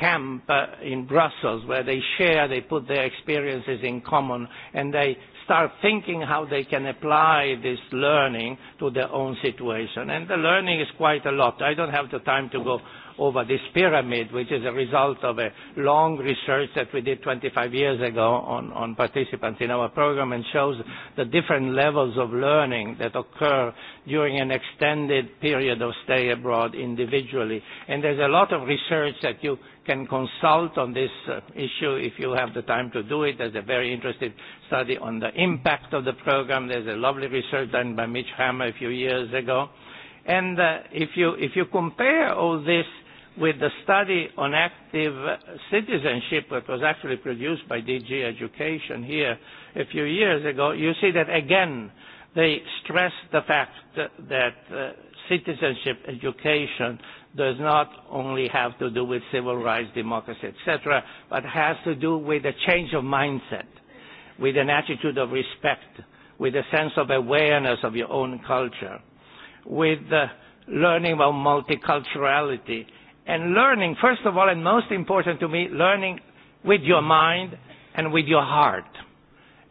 [SPEAKER 20] camp uh, in Brussels where they share, they put their experiences in common, and they start thinking how they can apply this learning to their own situation. And the learning is quite a lot. I don't have the time to go over this pyramid, which is a result of a long research that we did 25 years ago on, on participants in our program and shows the different levels of learning that occur during an extended period of stay abroad individually. And there's a lot of research that you can consult on this uh, issue if you have the time to do it. There's a very interesting study on the impact of the program. There's a lovely research done by Mitch Hammer a few years ago. And uh, if, you, if you compare all this with the study on active citizenship that was actually produced by DG Education here a few years ago, you see that again they stress the fact that uh, citizenship education does not only have to do with civil rights, democracy, etc., but has to do with a change of mindset, with an attitude of respect, with a sense of awareness of your own culture, with uh, learning about multiculturality, And learning, first of all, and most important to me, learning with your mind and with your heart.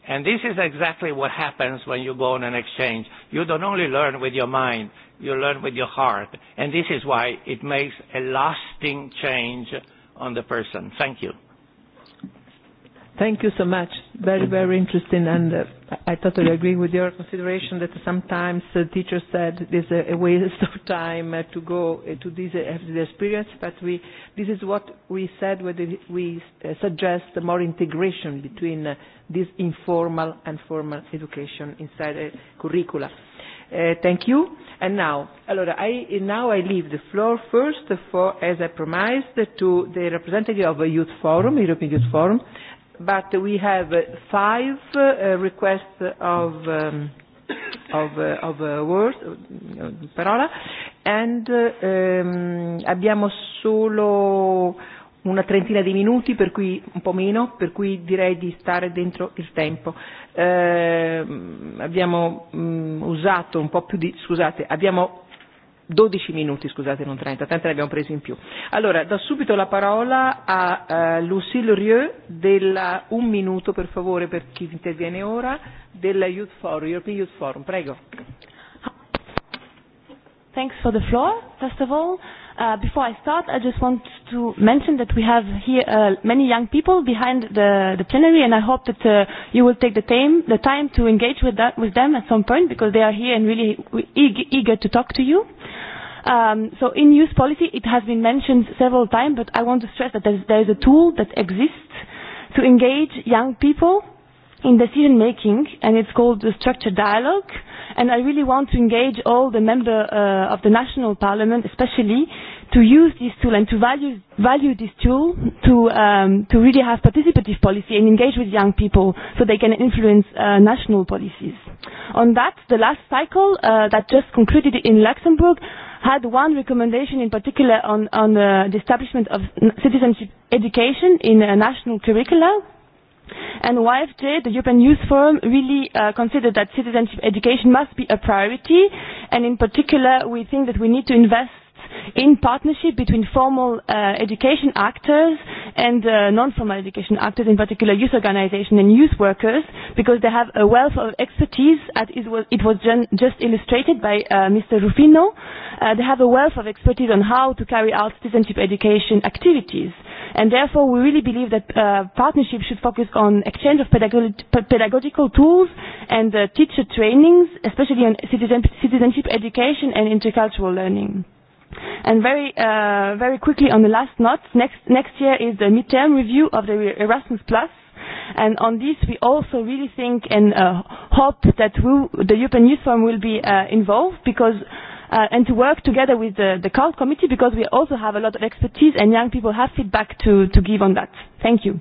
[SPEAKER 20] And this is exactly what happens when you go on an exchange. You don't only learn with your mind, you learn with your heart. And this is why it makes a lasting change on the person. Thank you.
[SPEAKER 3] Thank you so much very, very interesting, and uh, I totally agree with your consideration that sometimes uh, teachers said there's is a, waste of time uh, to go uh, to this, uh, experience, but we, this is what we said when we uh, suggest more integration between uh, this informal and formal education inside a curricula. Uh, thank you. And now, allora, I, now I leave the floor first for, as I promised, to the representative of a youth forum, European Youth Forum, but we have five uh, requests of um, of, uh, of uh, words, uh, parola, and uh, um, abbiamo solo una trentina di minuti, per cui un po' meno, per cui direi di stare dentro il tempo. Eh, abbiamo mh, mm, usato un po' più di, scusate, abbiamo 12 minuti, scusate, non 30, tanto ne abbiamo presi in più. Allora, do subito la parola a uh, Lucille Rieu, della, un minuto per favore per chi interviene ora, della Youth Forum, European Youth Forum. Prego. Thanks for the floor, first of
[SPEAKER 21] all. Uh, before I start, I just want to mention that we have here uh, many young people behind the, the plenary, and I hope that uh, you will take the time, the time to engage with, that, with them at some point because they are here and really eager to talk to you. Um, so in-use policy, it has been mentioned several times, but I want to stress that there is a tool that exists to engage young people in decision making, and it's called the structured dialogue. And I really want to engage all the members uh, of the national parliament, especially, to use this tool and to value, value this tool to, um, to really have participative policy and engage with young people so they can influence uh, national policies. On that, the last cycle uh, that just concluded in Luxembourg, had one recommendation in particular on, on uh, the establishment of citizenship education in a national curricula. And YFJ, the European Youth Forum, really uh, considered that citizenship education must be a priority. And in particular, we think that we need to invest in partnership between formal uh, education actors and uh, non-formal education actors, in particular youth organizations and youth workers, because they have a wealth of expertise, as it was, it was just illustrated by uh, Mr. Rufino. Uh, they have a wealth of expertise on how to carry out citizenship education activities. And therefore, we really believe that uh, partnership should focus on exchange of pedagogical pedagogical tools and uh, teacher trainings, especially on citizen, citizenship education and intercultural learning. And very, uh, very quickly on the last note, next, next year is the midterm review of the Erasmus Plus. And on this, we also really think and uh, hope that we, the European Youth Forum will be uh, involved because uh, and to work together with the, the CALT committee because we also have a lot of expertise and young people have feedback to, to give on that. Thank you.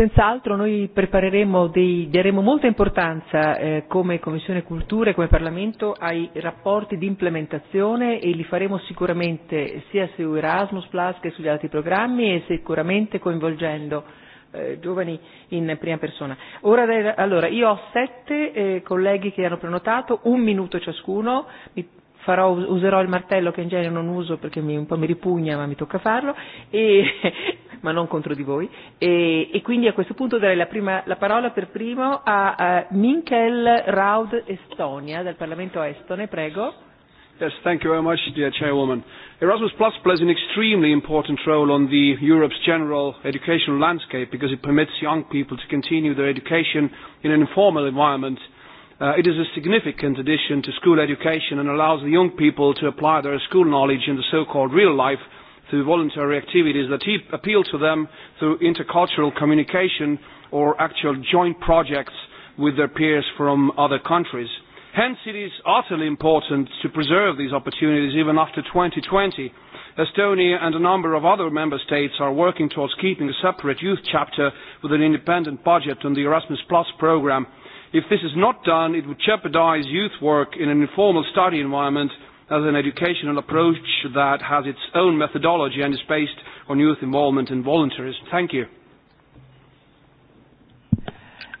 [SPEAKER 3] Senz'altro noi prepareremo dei, daremo molta importanza eh, come Commissione Cultura e come Parlamento ai rapporti di implementazione e li faremo sicuramente sia su Erasmus Plus che sugli altri programmi e sicuramente coinvolgendo eh, giovani in prima persona. Ora, allora, io ho sette eh, colleghi che hanno prenotato, un minuto ciascuno, mi farò, userò il martello che in genere non uso perché mi, un po' mi ripugna ma mi tocca farlo, e, ma non contro di voi. E, e quindi a questo punto darei la, prima, la parola per primo a, a Minkel Raud Estonia del Parlamento Estone, prego.
[SPEAKER 18] Yes, thank you very much, dear Chairwoman. Erasmus Plus plays an extremely important role on the Europe's general educational landscape because it permits young people to continue their education in an informal environment Uh, it is a significant addition to school education and allows the young people to apply their school knowledge in the so-called real life through voluntary activities that appeal to them through intercultural communication or actual joint projects with their peers from other countries. Hence, it is utterly important to preserve these opportunities even after 2020. Estonia and a number of other member states are working towards keeping a separate youth chapter with an independent budget on the Erasmus Plus programme If this is not done, it would jeopardize youth work in an informal study environment as an educational approach that has its own methodology and is based on youth involvement and volunteerism. Thank you.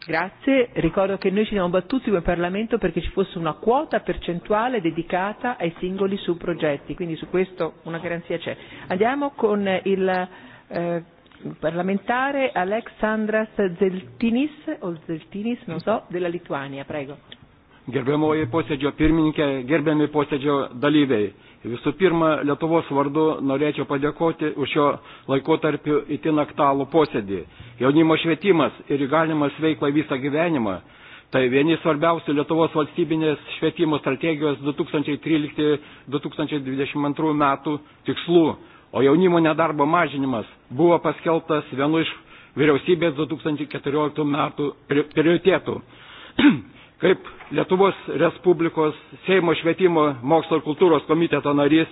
[SPEAKER 3] Grazie, ricordo che noi ci siamo battuti come Parlamento perché ci fosse una quota percentuale dedicata ai singoli subprogetti, quindi su questo una garanzia c'è. Andiamo con il eh, parlamentare Aleksandras Zeltinis, o Zeltinis, non so, della Lituania. Prego.
[SPEAKER 22] Gerbiamoji posėdžio pirmininkė, gerbiami posėdžio dalyviai. Visų pirma, Lietuvos vardu norėčiau padėkoti už šio laikotarpiu įtin aktualų posėdį. Jaunimo švietimas ir įgalimas veikla visą gyvenimą Tai vieni svarbiausių Lietuvos valstybinės švietimo strategijos 2013-2022 metų tikslų, o jaunimo nedarbo mažinimas buvo paskelbtas vienu iš vyriausybės 2014 metų prioritėtų. Kaip Lietuvos Respublikos Seimo švietimo mokslo ir kultūros komiteto narys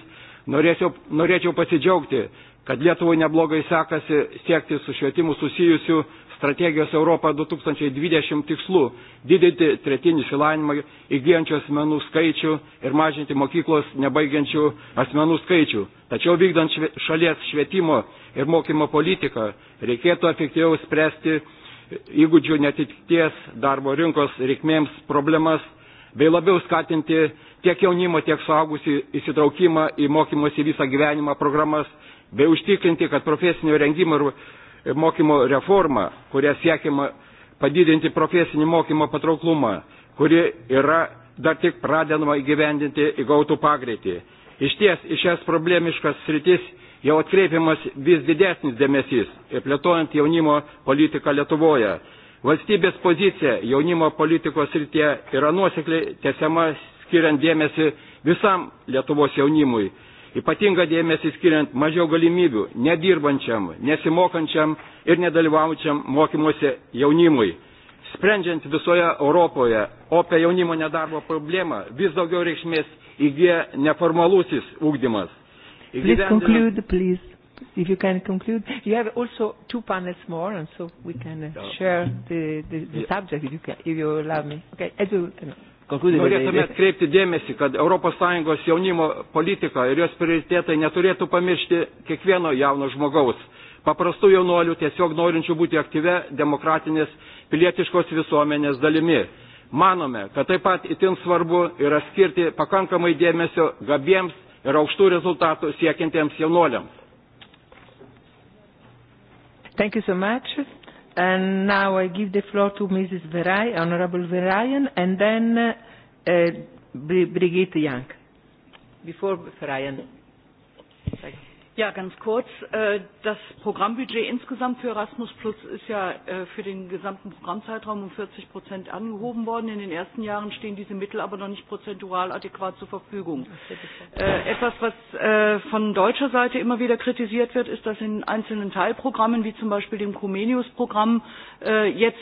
[SPEAKER 22] norėčiau, norėčiau pasidžiaugti, kad Lietuvoje neblogai sekasi siekti su švietimu susijusių strategijos Europa 2020 tikslų – didinti tretinį šilanimą įgyjančių asmenų skaičių ir mažinti mokyklos nebaigiančių asmenų skaičių. Tačiau vykdant šalies švietimo ir mokymo politiką reikėtų efektyviau spręsti įgūdžių netitikties darbo rinkos reikmėms problemas bei labiau skatinti tiek jaunimo, tiek suaugusių įsitraukimą į mokymosi visą gyvenimą programas, bei užtikrinti, kad profesinio rengimo ir mokymo reforma, kurią siekiama padidinti profesinį mokymo patrauklumą, kuri yra dar tik pradedama įgyvendinti įgautų pagreitį. Iš ties, iš šias problemiškas sritis jau atkreipiamas vis didesnis dėmesys ir plėtojant jaunimo politiką Lietuvoje. Valstybės pozicija jaunimo politikos srityje yra nuosekliai tiesiama skiriant dėmesį visam Lietuvos jaunimui ypatingą dėmesį skiriant mažiau galimybių nedirbančiam, nesimokančiam ir nedalyvaujančiam mokymuose jaunimui. Sprendžiant visoje Europoje opę jaunimo nedarbo problemą, vis daugiau reikšmės įgyja neformalusis ūkdymas. Please conclude,
[SPEAKER 3] please. If you can conclude. You have also two panels more, and so we can uh, share the, the, the subject if you, can, if you allow me. Okay, I do. No.
[SPEAKER 22] Norėtume atkreipti dėmesį, kad ES jaunimo politika ir jos prioritėtai neturėtų pamiršti kiekvieno jauno žmogaus, paprastų jaunuolių tiesiog norinčių būti aktyve demokratinės pilietiškos visuomenės dalimi. Manome, kad taip pat itin svarbu yra skirti pakankamai dėmesio gabiems ir aukštų rezultatų siekintiems jaunuoliams.
[SPEAKER 3] Thank you so much. And now I give the floor to Mrs. Veray, Honorable Verayan, and then uh, uh, Brigitte Young. Before Verayan.
[SPEAKER 15] Thank you. Ja, ganz kurz. Äh,
[SPEAKER 8] das Programmbudget insgesamt für Erasmus Plus ist ja äh, für den gesamten Programmzeitraum um 40 Prozent angehoben worden. In den ersten Jahren stehen diese Mittel aber noch nicht prozentual adäquat zur Verfügung. Äh, etwas, was von deutscher Seite immer wieder kritisiert wird, ist, dass in einzelnen Teilprogrammen, wie zum Beispiel dem Comenius-Programm, jetzt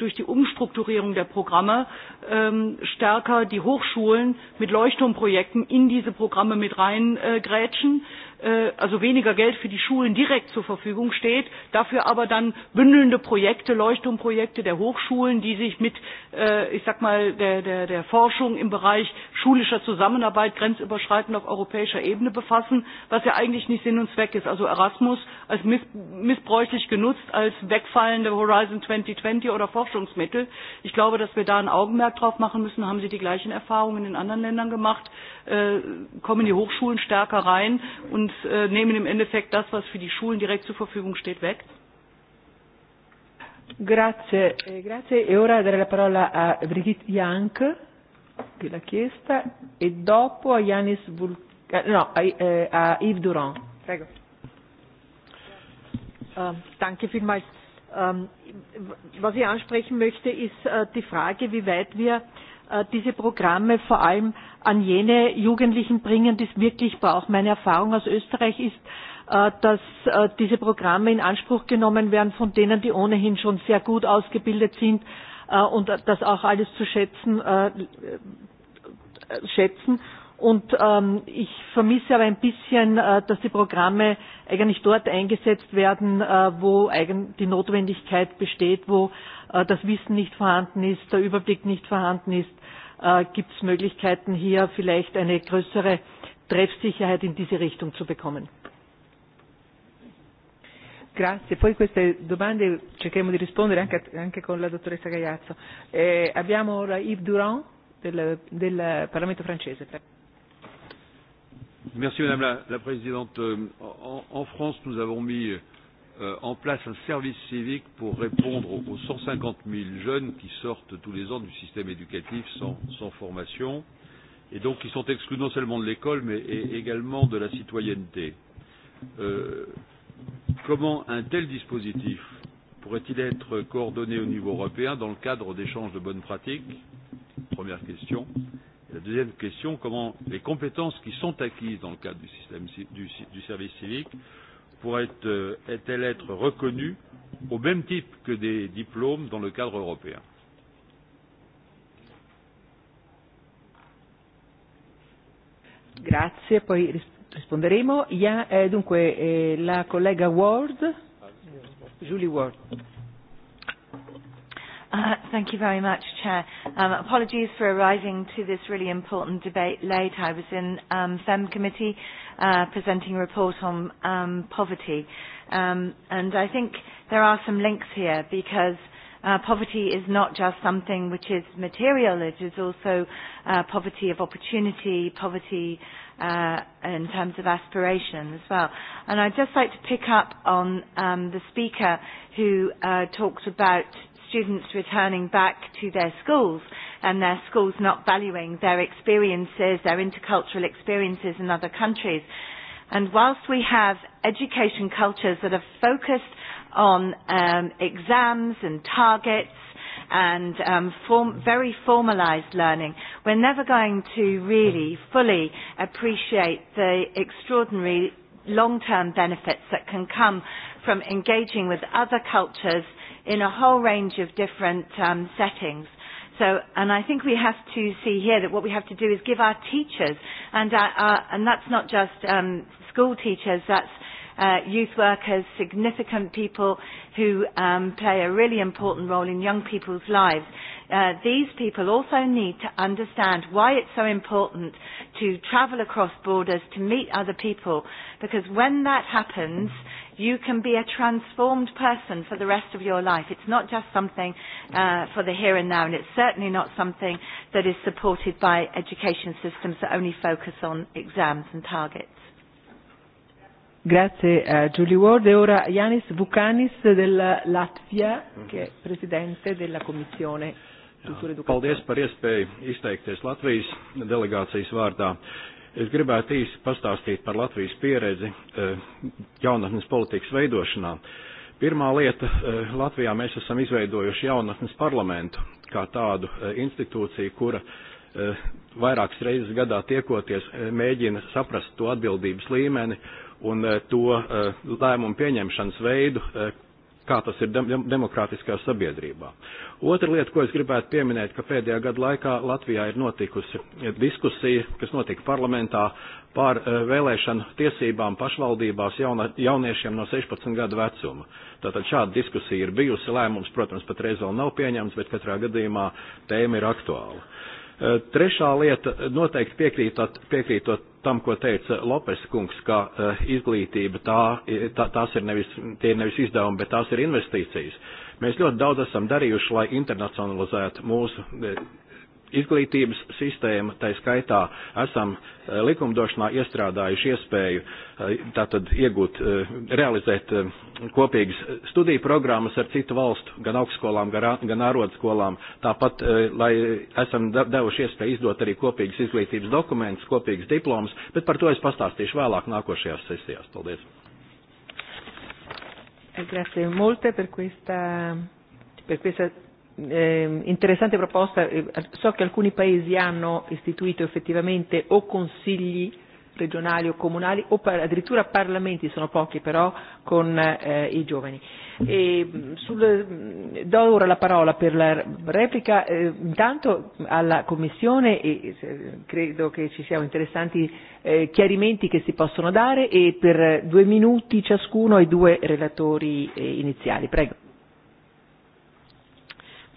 [SPEAKER 8] durch die Umstrukturierung der Programme ähm, stärker die Hochschulen mit Leuchtturmprojekten in diese Programme mit reingrätschen. Äh, Äh, also weniger Geld für die Schulen direkt zur Verfügung steht, dafür aber dann bündelnde Projekte, Leuchtturmprojekte der Hochschulen, die sich mit, äh, ich sag mal, der, der, der Forschung im Bereich schulischer Zusammenarbeit grenzüberschreitend auf europäischer Ebene befassen, was ja eigentlich nicht Sinn und Zweck ist. Also Erasmus als miss, missbräuchlich genutzt, als wegfallende Horizon 2020 oder Forschungsmittel. Ich glaube, dass wir da ein Augenmerk drauf machen müssen. Haben Sie die gleichen Erfahrungen in anderen Ländern gemacht? Äh, kommen die Hochschulen stärker rein und äh, nehmen im Endeffekt das, was für die Schulen direkt zur Verfügung steht, weg?
[SPEAKER 3] Grazie, eh, grazie. E ora dare la parola a Brigitte Young, che l'ha chiesta, e dopo a Yanis Vulcano eh, no, a, eh, a Yves Durand. Prego. Ähm, danke vielmals. Um, was ich ansprechen möchte, ist
[SPEAKER 15] äh, die Frage, wie weit wir Äh, diese Programme vor allem an jene Jugendlichen bringen, die es wirklich brauchen. Meine Erfahrung aus Österreich ist, äh, dass äh, diese Programme in Anspruch genommen werden von denen, die ohnehin schon sehr gut ausgebildet sind und das auch alles zu schätzen, schätzen. Und ähm, ich vermisse aber ein bisschen, äh, dass die Programme eigentlich dort eingesetzt werden, äh, wo eigen die Notwendigkeit besteht, wo äh, das Wissen nicht vorhanden ist, der Überblick nicht vorhanden ist Äh, gibt es Möglichkeiten, hier vielleicht eine
[SPEAKER 3] größere Treffsicherheit in diese Richtung zu bekommen. Grazie, poi queste domande cercheremo di rispondere anche, anche con la dottoressa Gaiazzo. Eh, abbiamo ora Yves Durand del, del Parlamento francese.
[SPEAKER 23] Merci Madame la, la Présidente. Euh, en, en France, nous avons mis euh, en place un service civique pour répondre aux, 150 000 jeunes qui sortent tous les ans du système éducatif sans, sans formation et donc qui sont exclus non seulement de l'école mais également de la citoyenneté. Euh, comment un tel dispositif pourrait-il être coordonné au niveau européen dans le cadre d'échanges de bonnes pratiques Première question. Et la deuxième question, comment les compétences qui sont acquises dans le cadre du, système, du, du service civique pourrait euh, elle être reconnue au même type que des diplômes dans le cadre européen
[SPEAKER 3] Grazie, poi risponderemo. Ja, eh, dunque, eh, la collega Ward, Julie Ward. Uh, thank
[SPEAKER 24] you very much, Chair. Um, apologies for arriving to this really important debate late. I was in um, FEM committee uh, presenting a report on um, poverty. Um, and I think there are some links here because uh, poverty is not just something which is material, it is also uh, poverty of opportunity, poverty uh, in terms of aspiration as well. And I'd just like to pick up on um, the speaker who uh, talked about students returning back to their schools and their schools not valuing their experiences, their intercultural experiences in other countries. And whilst we have education cultures that are focused on um, exams and targets and um, form, very formalised learning, we're never going to really fully appreciate the extraordinary long-term benefits that can come from engaging with other cultures in a whole range of different um, settings. So, and I think we have to see here that what we have to do is give our teachers, and, our, uh, our, uh, and that's not just um, school teachers, that's uh, youth workers, significant people who um, play a really important role in young people's lives. Uh, these people also need to understand why it's so important to travel across borders to meet other people, because when that happens, you can be a transformed person for the rest of your life. It's not just something uh, for the here and now, and it's certainly not something that is supported by education systems that only focus
[SPEAKER 3] on exams and targets. Grazie a eh, Julie Ward e ora Yanis Vukanis della Latvia, mm-hmm. che è presidente della Commissione
[SPEAKER 5] Kultūra
[SPEAKER 25] Paldies par iespēju izteikties Latvijas delegācijas vārdā. Es gribētu īsi pastāstīt par Latvijas pieredzi eh, jaunatnes politikas veidošanā. Pirmā lieta eh, Latvijā mēs esam izveidojuši jaunatnes parlamentu kā tādu eh, institūciju, kura vairākas reizes gadā tiekoties mēģina saprast to atbildības līmeni un to lēmumu pieņemšanas veidu, kā tas ir demokrātiskā sabiedrībā. Otra lieta, ko es gribētu pieminēt, ka pēdējā gada laikā Latvijā ir notikusi diskusija, kas notika parlamentā par eh, vēlēšanu tiesībām pašvaldībās jauna, jauniešiem no 16 gadu vecuma. Tātad šāda diskusija ir bijusi, lēmums, protams, patreiz vēl nav pieņemts, bet katrā gadījumā tēma ir aktuāla. Eh, trešā lieta noteikti piekrītot, piekrītot tam, ko teica Lopes kungs, ka eh, izglītība tā, tā, tās ir nevis, tie ir nevis izdevumi, bet tās ir investīcijas. Mēs ļoti daudz esam darījuši, lai internacionalizētu mūsu eh, izglītības sistēma, tai skaitā esam eh, likumdošanā iestrādājuši iespēju eh, tātad iegūt, eh, realizēt kopīgas studiju programmas ar citu valstu, gan augstskolām, gan ārodskolām. Tāpat, lai esam devuši iespēju izdot arī kopīgas izglītības dokumentus, kopīgas diplomas, bet par to es pastāstīšu vēlāk nākošajās sesijās. Paldies!
[SPEAKER 3] Grazie molte per questa, per questa eh, interessante proposta. Eh, so che alcuni paesi hanno istituito effettivamente o consigli regionali o comunali o par- addirittura parlamenti, sono pochi però, con eh, i giovani. E mm, sul, mm, do ora la parola per la replica eh, intanto alla Commissione e eh, se, credo che ci siano interessanti eh, chiarimenti che si possono dare e per due minuti ciascuno ai e due relatori eh, iniziali. Prego.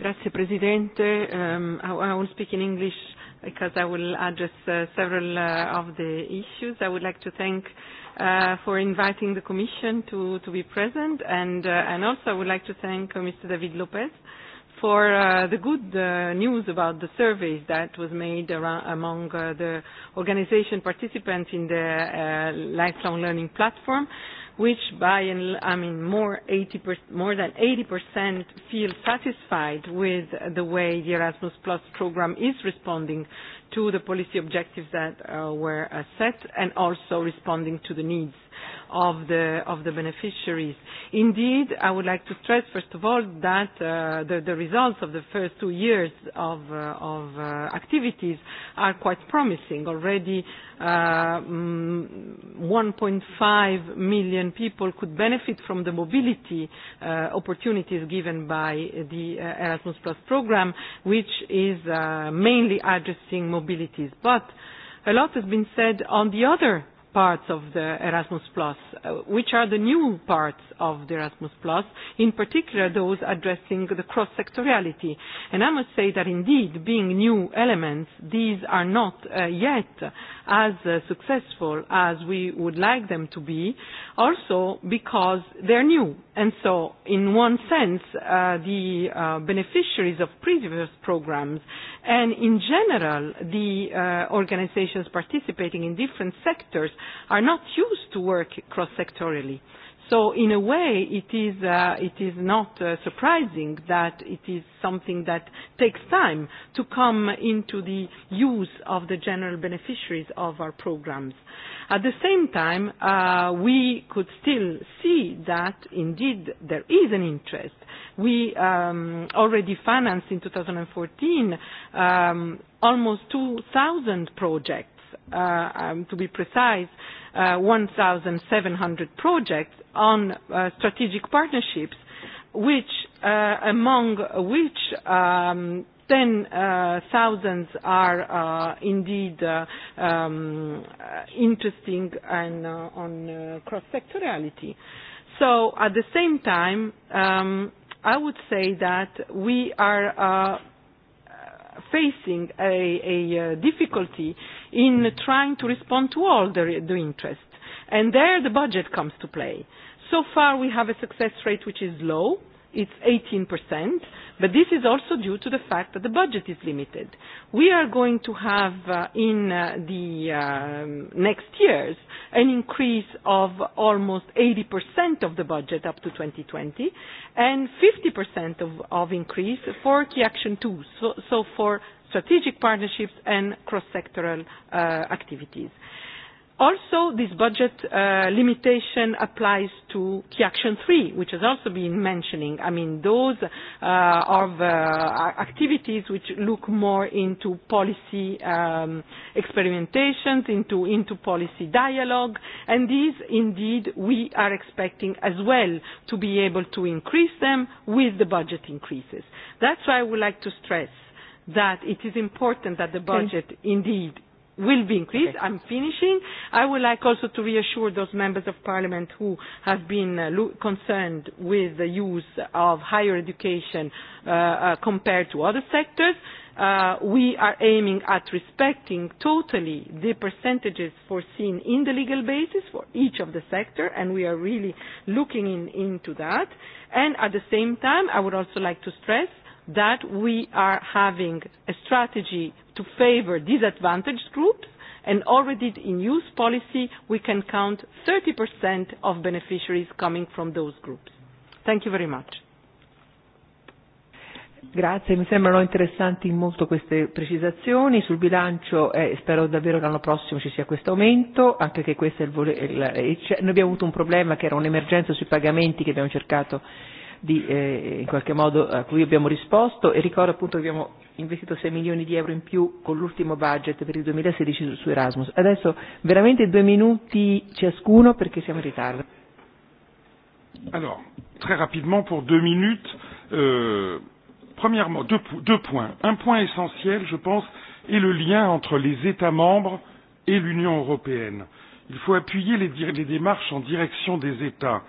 [SPEAKER 3] Grazie,
[SPEAKER 26] Presidente. Um, I, I will speak in English because I will address uh, several uh, of the issues. I would like to thank uh, for inviting the Commission to, to be present, and, uh, and also I would like to thank uh, Mr. David Lopez for uh, the good uh, news about the surveys that was made around, among uh, the organization participants in the uh, lifelong learning platform. Uh, which by and I mean more, 80 more than 80% feel satisfied with the way the Erasmus Plus program is responding to the policy objectives that uh, were uh, set and also responding to the needs of the, of the beneficiaries. Indeed, I would like to stress, first of all, that uh, the, the results of the first two years of, uh, of uh, activities are quite promising. Already uh, 1.5 mm, million people could benefit from the mobility uh, opportunities given by the uh, Erasmus Plus program, which is uh, mainly addressing mobilities. But a lot has been said on the other parts of the Erasmus Plus, uh, which are the new parts of the Erasmus Plus, in particular those addressing the cross-sectoriality. And I must say that indeed, being new elements, these are not uh, yet as uh, successful as we would like them to be, also because they're new. And so, in one sense, uh, the uh, beneficiaries of previous programs and in general the uh, organizations participating in different sectors are not used to work cross-sectorally. So in a way, it is, uh, it is not uh, surprising that it is something that takes time to come into the use of the general beneficiaries of our programs. At the same time, uh, we could still see that indeed there is an interest. We um, already financed in 2014 um, almost 2,000 projects Uh, um, to be precise, uh, 1,700 projects on uh, strategic partnerships, which uh, among which um, 10,000 uh, are uh, indeed uh, um, uh, interesting and uh, on uh, cross-sectorality. So At the same time, um, I would say that we are uh, facing a, a uh, difficulty in trying to respond to all the, the interests. And there the budget comes to play. So far we have a success rate which is low it's 18%, but this is also due to the fact that the budget is limited. We are going to have uh, in uh, the um, next years an increase of almost 80% of the budget up to 2020 and 50% of, of increase for key action tools, so, so for strategic partnerships and cross-sectoral uh, activities. Uh, Also, this budget uh, limitation applies to key action three, which has also been mentioning. I mean, those uh, of uh, activities which look more into policy um, experimentations, into, into policy dialogue, and these indeed we are expecting as well to be able to increase them with the budget increases. That's why I would like to stress that it is important that the budget okay. indeed will be increased. Okay. I'm finishing. I would like also to reassure those members of parliament who have been uh, concerned with the use of higher education uh, uh, compared to other sectors. Uh, we are aiming at respecting totally the percentages foreseen in the legal basis for each of the sector, and we are really looking in, into that. And at the same time, I would also like to stress that we are having a strategy to favor disadvantaged groups and already in use policy we can count 30% of beneficiaries coming from those groups. Thank you very much.
[SPEAKER 3] Grazie, mi sembrano interessanti molto queste precisazioni sul bilancio eh, e eh, spero davvero che l'anno prossimo ci sia questo aumento, anche che questo è il, il, il, il, noi abbiamo avuto un problema che era un'emergenza sui pagamenti che abbiamo cercato di, eh, in qualche modo a cui abbiamo risposto e ricordo appunto che abbiamo investito 6 milioni di euro in più con l'ultimo budget per il 2016 su, su Erasmus. Adesso veramente due minuti ciascuno perché siamo in ritardo.
[SPEAKER 19] Alors, très rapidement pour deux minutes. Euh, premièrement, deux, deux points. Un point essentiel, je pense, est le lien entre les États membres et l'Union européenne. Il faut appuyer les, les démarches en direction des États.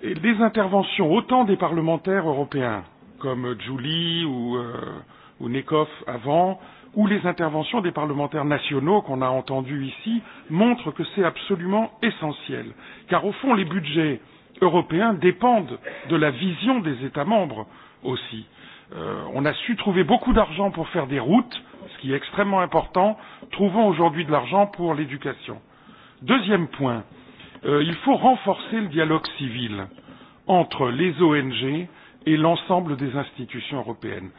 [SPEAKER 19] Et les interventions autant des parlementaires européens, comme Julie ou, euh, ou Nekov avant, ou les interventions des parlementaires nationaux qu'on a entendues ici, montrent que c'est absolument essentiel. Car au fond, les budgets européens dépendent de la vision des États membres aussi. Euh, on a su trouver beaucoup d'argent pour faire des routes, ce qui est extrêmement important. Trouvons aujourd'hui de l'argent pour l'éducation. Deuxième point, euh, il faut renforcer le dialogue civil entre les ONG et l'ensemble des institutions européennes.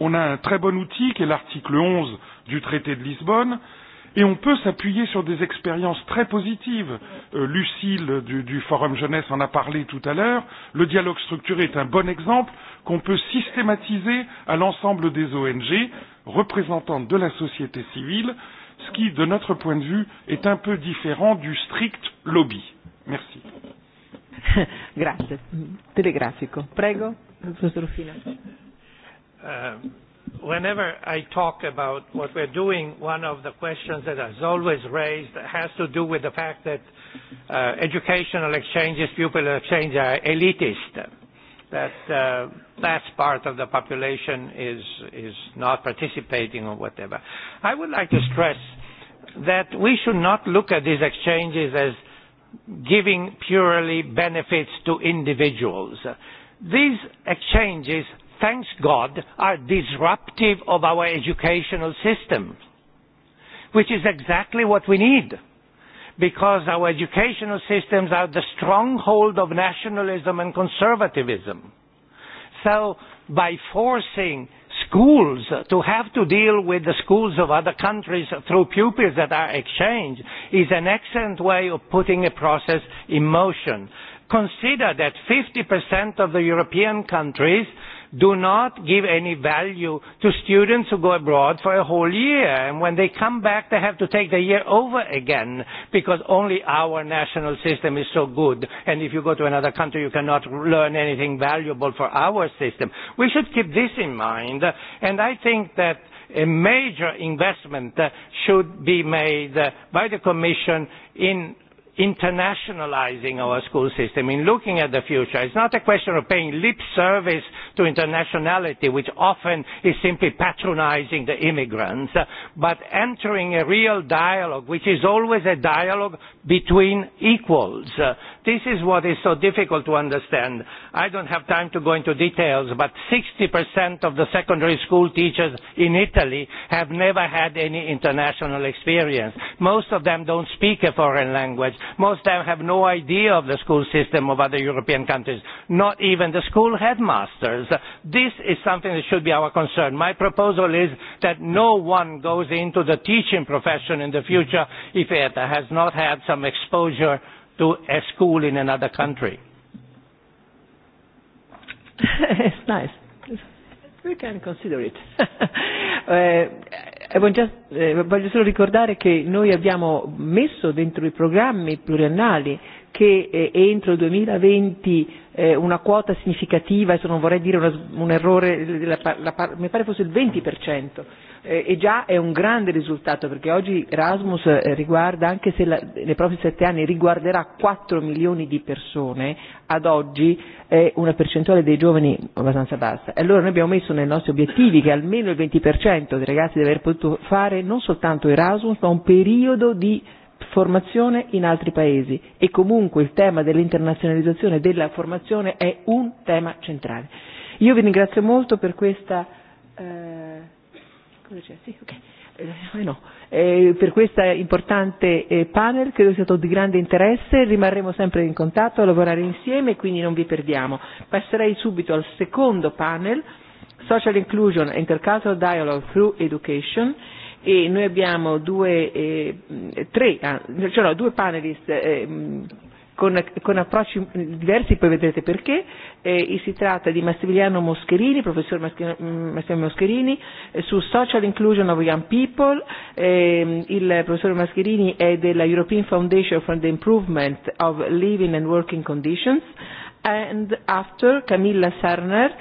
[SPEAKER 19] On a un très bon outil qui est l'article 11 du traité de Lisbonne et on peut s'appuyer sur des expériences très positives. Euh, Lucille du, du Forum Jeunesse en a parlé tout à l'heure. Le dialogue structuré est un bon exemple qu'on peut systématiser à l'ensemble des ONG représentantes de la société civile ce qui, de notre point de vue, est un peu différent du strict lobby. Merci.
[SPEAKER 3] Grazie. Telegrafico. Prego, professor Fina.
[SPEAKER 20] Uh, whenever I talk about what we're doing, one of the questions that is always raised has to do with the fact that uh, educational exchanges, pupil exchanges are elitist that uh, that part of the population is is not participating or whatever. I would like to stress that we should not look at these exchanges as giving purely benefits to individuals. These exchanges, thanks God, are disruptive of our educational system, which is exactly what we need because our educational systems are the stronghold of nationalism and conservatism. So by forcing schools to have to deal with the schools of other countries through pupils that are exchanged is an excellent way of putting a process in motion. Consider that 50% of the European countries do not give any value to students who go abroad for a whole year. And when they come back, they have to take the year over again because only our national system is so good. And if you go to another country, you cannot learn anything valuable for our system. We should keep this in mind. And I think that a major investment uh, should be made uh, by the Commission in internationalizing our school system, in looking at the future. It's not a question of paying lip service to internationality, which often is simply patronizing the immigrants, but entering a real dialogue, which is always a dialogue between equals. This is what is so difficult to understand. I don't have time to go into details, but 60% of the secondary school teachers in Italy have never had any international experience. Most of them don't speak a foreign language. Most of them have no idea of the school system of other European countries, not even the school headmasters. This is something that should be our concern. My proposal is that no one goes into the teaching profession in the future if it has not had some exposure to a school in another country. it's nice.
[SPEAKER 3] We can consider it. eh, voglio, just, eh, voglio solo ricordare che noi abbiamo messo dentro i programmi pluriannali che eh, entro il 2020 Eh, una quota significativa, adesso non vorrei dire una, un errore, la, la, la, mi pare fosse il 20%, eh, e già è un grande risultato perché oggi Erasmus eh, riguarda, anche se la, nei prossimi sette anni riguarderà 4 milioni di persone, ad oggi è una percentuale dei giovani abbastanza bassa. E allora noi abbiamo messo nei nostri obiettivi che almeno il 20% dei ragazzi deve aver potuto fare non soltanto Erasmus ma un periodo di formazione in altri paesi e comunque il tema dell'internazionalizzazione della formazione è un tema centrale. Io vi ringrazio molto per questa, eh, c'è? Sì, okay. eh, no. eh, per questa importante eh, panel, credo sia stato di grande interesse, rimarremo sempre in contatto a lavorare insieme, e quindi non vi perdiamo. Passerei subito al secondo panel, Social Inclusion and Intercultural Dialogue Through Education e noi abbiamo due, eh, tre, ah, cioè no, due panelist eh, mm, con, con approcci diversi, poi vedrete perché. Eh, e si tratta di Massimiliano Moscherini, professor mm, Massimiliano Moscherini, eh, su Social Inclusion of Young People. Eh, il professor Moscherini è della European Foundation for the Improvement of Living and Working Conditions. And after Camilla Sarner,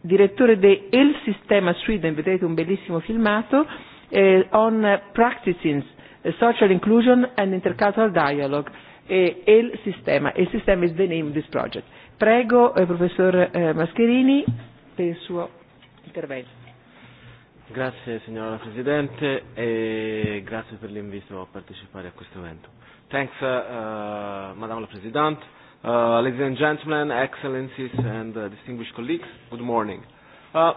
[SPEAKER 3] direttore di El Sistema Sweden, vedrete un bellissimo filmato, uh, on uh, practicing eh, social inclusion and intercultural dialogue e eh, il sistema. Il sistema is the name of this project. Prego, eh, professor eh, Mascherini, per il suo intervento.
[SPEAKER 27] Grazie signora Presidente e grazie per l'invito a partecipare a questo evento. Thanks, uh, uh, Madame la Presidente, uh, ladies and gentlemen, excellencies and uh, distinguished colleagues, good morning. Uh,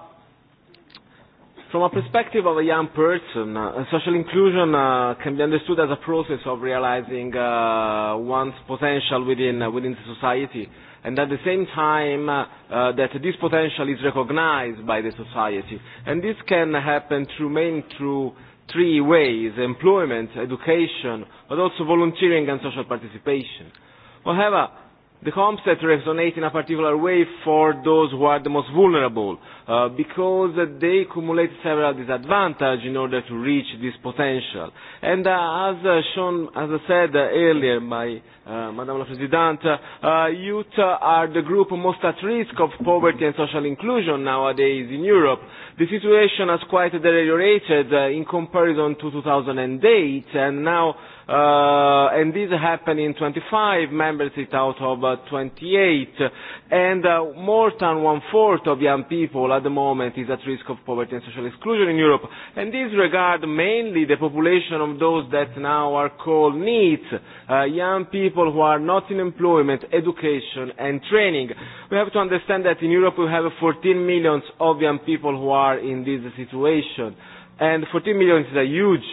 [SPEAKER 27] From a perspective of a young person, uh, social inclusion uh, can be understood as a process of realizing uh, one's potential within, uh, within society, and at the same time uh, uh, that this potential is recognized by the society. And this can happen through main through three ways, employment, education, but also volunteering and social participation. However, the home that resonate in a particular way for those who are the most vulnerable uh, because they accumulate several disadvantages in order to reach this potential. And uh, as uh, shown, as I said uh, earlier by uh, Madame la Presidente, uh, youth uh, are the group most at risk of poverty and social inclusion nowadays in Europe. The situation has quite deteriorated uh, in comparison to 2008 and now uh, and this happened in 25 member states out of uh, 28, and uh, more than one-fourth of young people at the moment is at risk of poverty and social exclusion in Europe, and this regard mainly the population of those that now are called needs, uh, young people who are not in employment, education and training. We have to understand that in Europe we have 14 million of young people who are in this situation, and 14 million is a huge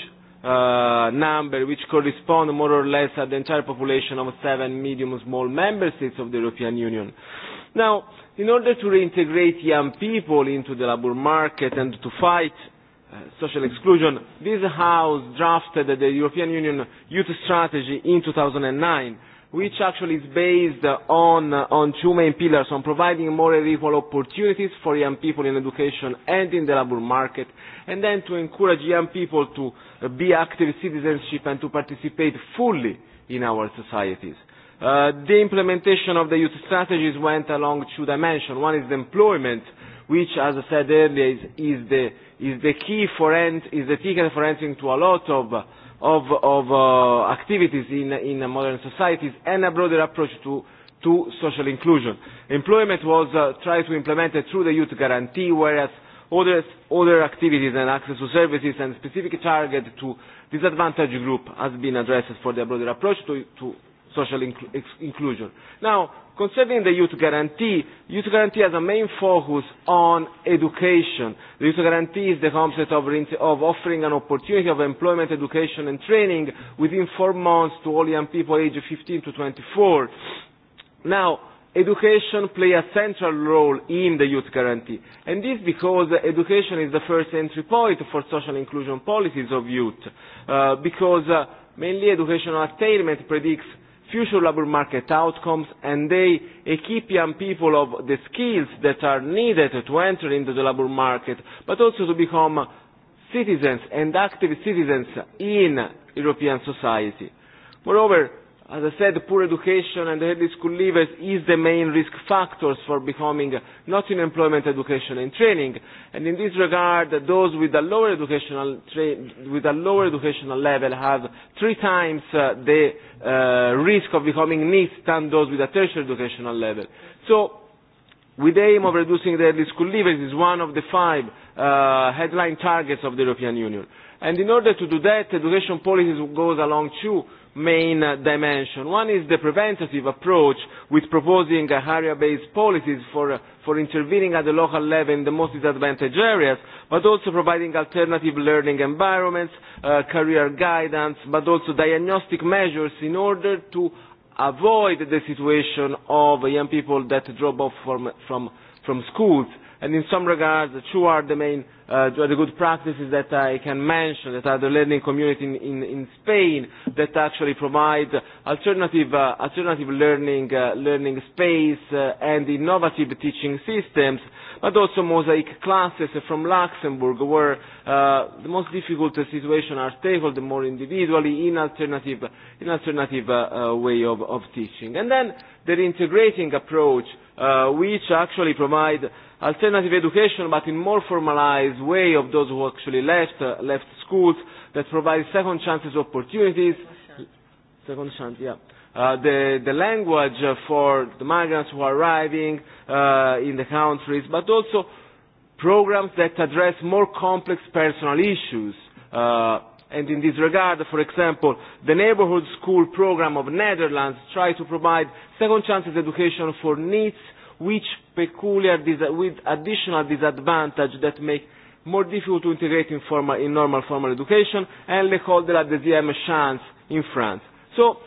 [SPEAKER 27] uh, number which correspond more or less at the entire population of seven medium small member states of the European Union. Now, in order to reintegrate young people into the labour market and to fight uh, social exclusion, this House drafted the European Union Youth Strategy in 2009 which actually is based on, on two main pillars, on providing more and equal opportunities for young people in education and in the labour market, and then to encourage young people to be active citizenship and to participate fully in our societies. Uh, the implementation of the youth strategies went along two dimensions. One is the employment, which, as I said earlier, is, is, the, is the key for end, is the ticket for entering to a lot of, of, of uh, activities in, in modern societies, and a broader approach to, to social inclusion. Employment was uh, tried to implement it through the youth guarantee, whereas other, other activities and access to services and specific target to disadvantaged group has been addressed for the broader approach to, to social inc inclusion. Now, concerning the youth guarantee, youth guarantee has a main focus on education. The youth guarantee is the concept of, of offering an opportunity of employment, education and training within four months to all young people aged 15 to 24. Now, education play a central role in the youth guarantee. And this because education is the first entry point for social inclusion policies of youth, uh, because uh, mainly educational attainment predicts future labour market outcomes and they equip young people of the skills that are needed to enter into the labour market, but also to become citizens and active citizens in European society. Moreover, As I said, poor education and early school leavers is the main risk factors for becoming not in employment, education and training. And in this regard, those with a lower educational, tra- with a lower educational level have three times uh, the uh, risk of becoming NEET than those with a tertiary educational level. So with the aim of reducing the early school leavers is one of the five uh, headline targets of the European Union. And in order to do that, education policy goes along two main uh, dimension. One is the preventative approach with proposing uh, area-based policies for, uh, for intervening at the local level in the most disadvantaged areas, but also providing alternative learning environments, uh, career guidance, but also diagnostic measures in order to avoid the situation of young people that drop off from, from, from schools and in some regards, the two are the main uh, the good practices that I can mention that are the learning community in, in, in Spain that actually provide alternative, uh, alternative learning, uh, learning space uh, and innovative teaching systems, but also mosaic classes from Luxembourg where uh, the most difficult situations are tackled more individually in alternative, in alternative uh, uh, way of, of teaching. And then the integrating approach uh, which actually provide alternative education, but in more formalized way of those who actually left, uh, left schools, that provide second chances, opportunities. Second chance, yeah. Uh, the, the language uh, for the migrants who are arriving uh, in the countries, but also programs that address more complex personal issues. Uh, and in this regard, for example, the neighborhood school program of Netherlands tries to provide second chances education for needs which peculiar with additional disadvantage that make more difficult to integrate in, formal, in normal formal education and le de la deuxième chance in France. So,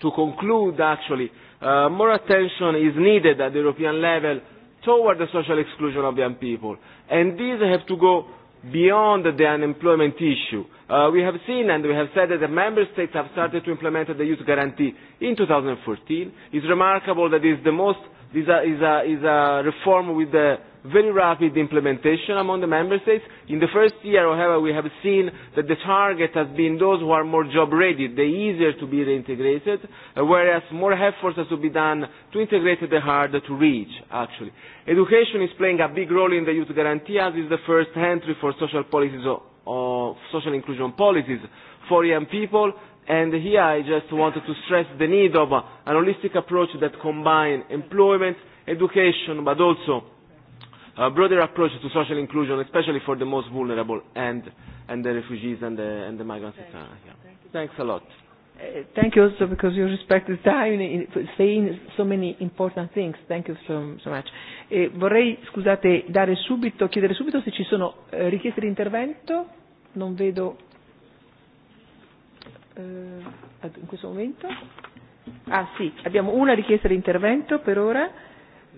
[SPEAKER 27] to conclude actually, uh, more attention is needed at the European level toward the social exclusion of young people. And these have to go beyond the unemployment issue. Uh, we have seen and we have said that the member states have started to implement the youth guarantee in 2014. It's remarkable that it's the most is a, is a, is a reform with a very rapid implementation among the member states. In the first year, however, we have seen that the target has been those who are more job ready, the easier to be reintegrated, uh, whereas more efforts have to be done to integrate the harder to reach, actually. Education is playing a big role in the youth guarantee as is the first entry for social policies or, uh, or social inclusion policies for young people And here I just wanted to stress the need of an holistic approach that combines employment, education, but also a broader approach to social inclusion, especially for the most vulnerable and, and the refugees and the, and the migrants. Thank yeah. Thanks a lot.
[SPEAKER 3] Uh, thank you also because you respect the time in saying so many important things. Thank you so, so much. Eh, vorrei, scusate, dare subito, chiedere subito se ci sono eh, richieste di intervento. Non vedo eh, in questo momento? Ah sì, abbiamo una richiesta di intervento per ora.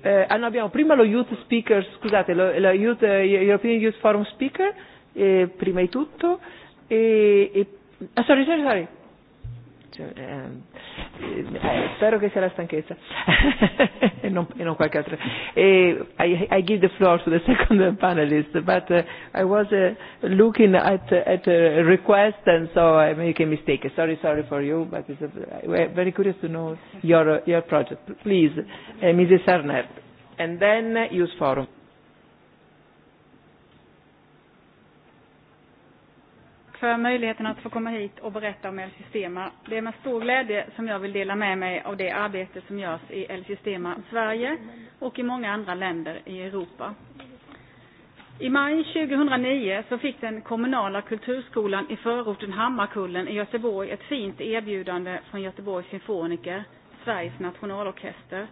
[SPEAKER 3] Eh, ah no, abbiamo prima lo Youth Speaker, scusate, lo, lo Youth, eh, European Youth Forum Speaker, eh, prima di tutto. E, e, ah, sorry, sorry, sorry. Cioè, eh, eh, spero che sia la stanchezza e, non, e non qualche altra. E I, I give the floor to the second panelist, but uh, I was uh, looking at, at a request and so I make a mistake. Sorry, sorry for you, but it's a, we're very curious to know your, your project. Please, uh, Mrs. Sarnet, and then Use Forum.
[SPEAKER 28] för möjligheten att få komma hit och berätta om El Sistema. Det är med stor glädje som jag vill dela med mig av det arbete som görs i El Sistema Sverige och i många andra länder i Europa. I maj 2009 så fick den kommunala kulturskolan i förorten Hammarkullen i Göteborg ett fint erbjudande från Göteborgs symfoniker, Sveriges nationalorkester.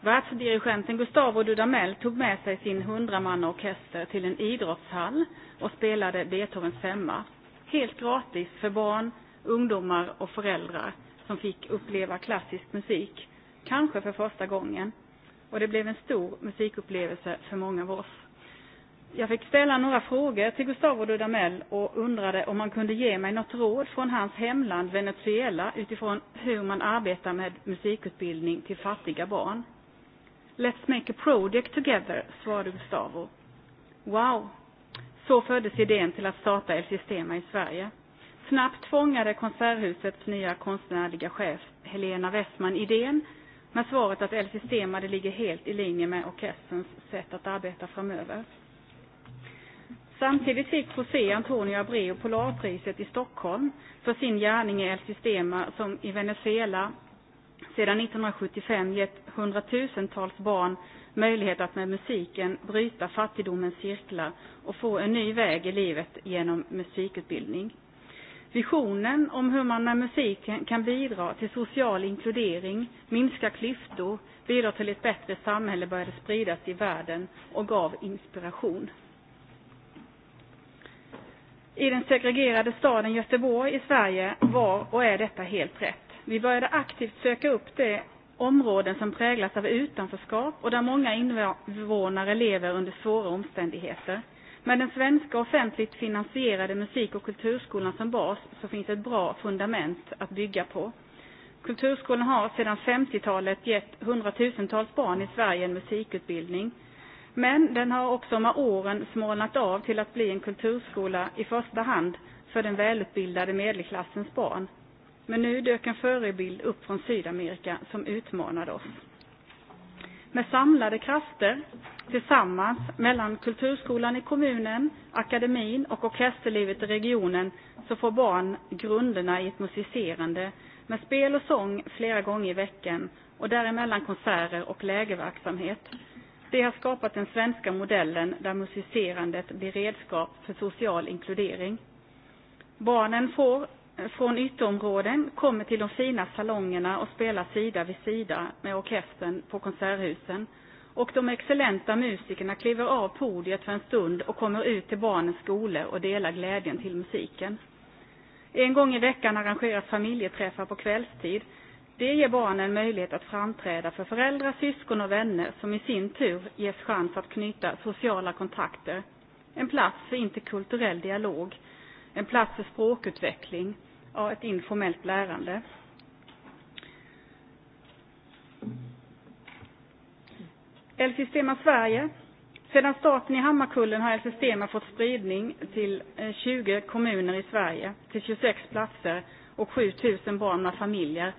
[SPEAKER 28] Världsdirigenten Gustavo Dudamel tog med sig sin hundramannaorkester till en idrottshall och spelade Beethovens femma helt gratis för barn, ungdomar och föräldrar som fick uppleva klassisk musik, kanske för första gången. Och det blev en stor musikupplevelse för många av oss. Jag fick ställa några frågor till Gustavo Dudamel och undrade om man kunde ge mig något råd från hans hemland Venezuela utifrån hur man arbetar med musikutbildning till fattiga barn. Let's make a project together, svarade Gustavo. Wow, Så föddes idén till att starta El Sistema i Sverige. Snabbt fångade Konserthusets nya konstnärliga chef Helena Westman idén med svaret att El Sistema det ligger helt i linje med orkesterns sätt att arbeta framöver. Samtidigt fick José Antonio Abreu Polarpriset i Stockholm för sin gärning i El Sistema som i Venezuela sedan 1975 gett hundratusentals barn möjlighet att med musiken bryta fattigdomens cirklar och få en ny väg i livet genom musikutbildning. Visionen om hur man med musiken kan bidra till social inkludering, minska klyftor, bidra till ett bättre samhälle började spridas i världen och gav inspiration. I den segregerade staden Göteborg i Sverige var och är detta helt rätt. Vi började aktivt söka upp de områden som präglas av utanförskap och där många invånare lever under svåra omständigheter. Med den svenska offentligt finansierade musik och kulturskolan som bas så finns ett bra fundament att bygga på. Kulturskolan har sedan 50-talet gett hundratusentals barn i Sverige en musikutbildning. Men den har också med åren smalnat av till att bli en kulturskola i första hand för den välutbildade medelklassens barn. Men nu dök en förebild upp från Sydamerika som utmanade oss. Med samlade krafter tillsammans mellan kulturskolan i kommunen, akademin och orkesterlivet i regionen så får barn grunderna i ett musicerande med spel och sång flera gånger i veckan och däremellan konserter och lägerverksamhet. Det har skapat den svenska modellen där musicerandet blir redskap för social inkludering. Barnen får från ytterområden kommer till de fina salongerna och spelar sida vid sida med orkestern på konserthusen. Och de excellenta musikerna kliver av podiet för en stund och kommer ut till barnens skolor och delar glädjen till musiken. En gång i veckan arrangeras familjeträffar på kvällstid. Det ger barnen möjlighet att framträda för föräldrar, syskon och vänner som i sin tur ges chans att knyta sociala kontakter. En plats för interkulturell dialog en plats för språkutveckling och ett informellt lärande. El Sverige. Sedan starten i Hammarkullen har El Sistema fått spridning till 20 eh, kommuner i Sverige, till 26 platser och 7000 barn och familjer.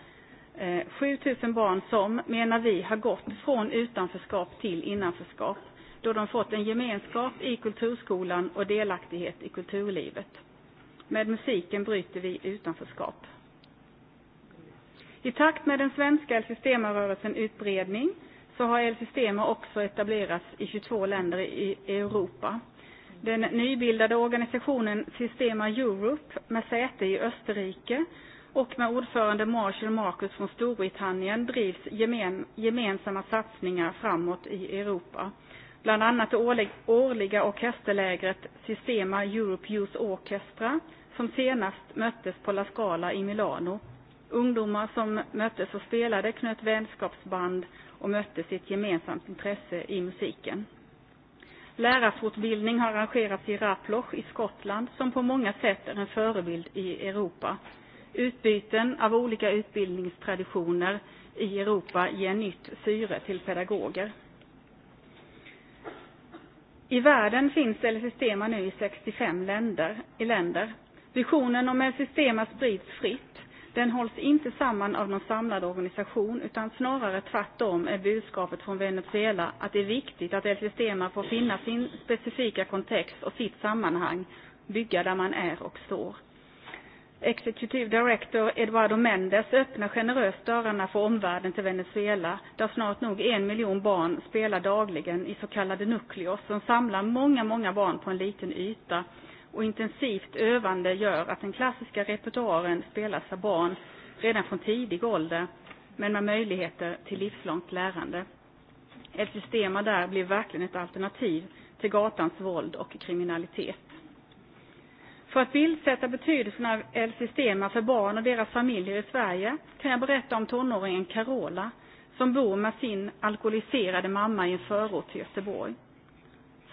[SPEAKER 28] 7000 eh, barn som, menar vi, har gått från utanförskap till innanförskap då de fått en gemenskap i kulturskolan och delaktighet i kulturlivet. Med musiken bryter vi utanförskap. I takt med den svenska El Sistema-rörelsen utbredning så har El Sistema också etablerats i 22 länder i Europa. Den nybildade organisationen Sistema Europe med säte i Österrike och med ordförande Marshall Marcus från Storbritannien drivs gemen, gemensamma satsningar framåt i Europa. Bland annat det årliga orkesterlägret Sistema Europe Youth Orchestra som senast möttes på La Scala i Milano. Ungdomar som möttes och spelade knöt vänskapsband och mötte sitt gemensamt intresse i musiken. Lärarfortbildning har arrangerats i Raploch i Skottland som på många sätt är en förebild i Europa. Utbyten av olika utbildningstraditioner i Europa ger nytt syre till pedagoger. I världen finns LSS-tema nu i 65 länder, i länder. Visionen om ett system att sprids fritt. Den hålls inte samman av någon samlad organisation utan snarare tvärtom är budskapet från Venezuela att det är viktigt att ett system får finna sin specifika kontext och sitt sammanhang, bygga där man är och står. Executive Director Eduardo Mendes öppnar generöst dörrarna för omvärlden till Venezuela, där snart nog en miljon barn spelar dagligen i så kallade nukleos, som samlar många, många barn på en liten yta och intensivt övande gör att den klassiska repertoaren spelas av barn redan från tidig ålder, men med möjligheter till livslångt lärande. Ett system där blir verkligen ett alternativ till gatans våld och kriminalitet. För att bildsätta betydelsen av El Sistema för barn och deras familjer i Sverige kan jag berätta om tonåringen Carola som bor med sin alkoholiserade mamma i en förort till Göteborg.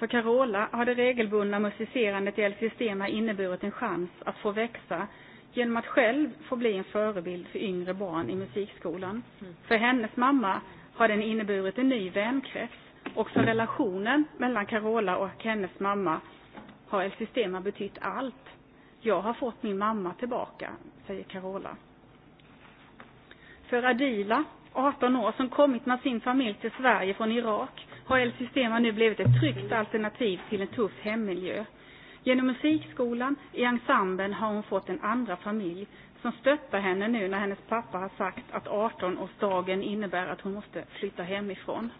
[SPEAKER 28] För Carola har det regelbundna musicerandet i El Sistema inneburit en chans att få växa genom att själv få bli en förebild för yngre barn i musikskolan. Mm. För hennes mamma har den inneburit en ny vänkrets och för relationen mellan Carola och hennes mamma har El Sistema betytt allt. Jag har fått min mamma tillbaka, säger Carola. För Adila, 18 år, som kommit med sin familj till Sverige från Irak AL-system har nu blivit ett tryggt alternativ till en tuff hemmiljö. Genom musikskolan i ensemblen har hon fått en andra familj som stöttar henne nu när hennes pappa har sagt att 18-årsdagen innebär att hon måste flytta hemifrån.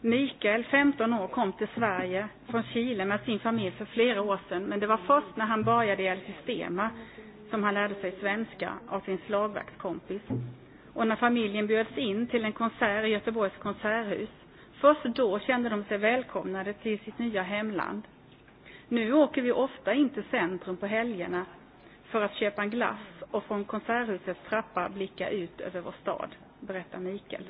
[SPEAKER 28] Mikael, 15 år, kom till Sverige från Chile med sin familj för flera år sedan, men det var först när han började i El Sistema som han lärde sig svenska av sin slagverkskompis. Och när familjen bjöds in till en konsert i Göteborgs konserthus Först då kände de sig välkomnade till sitt nya hemland. Nu åker vi ofta in till centrum på helgerna för att köpa en glass och från Konserthusets trappa blicka ut över vår stad, berättar Mikael.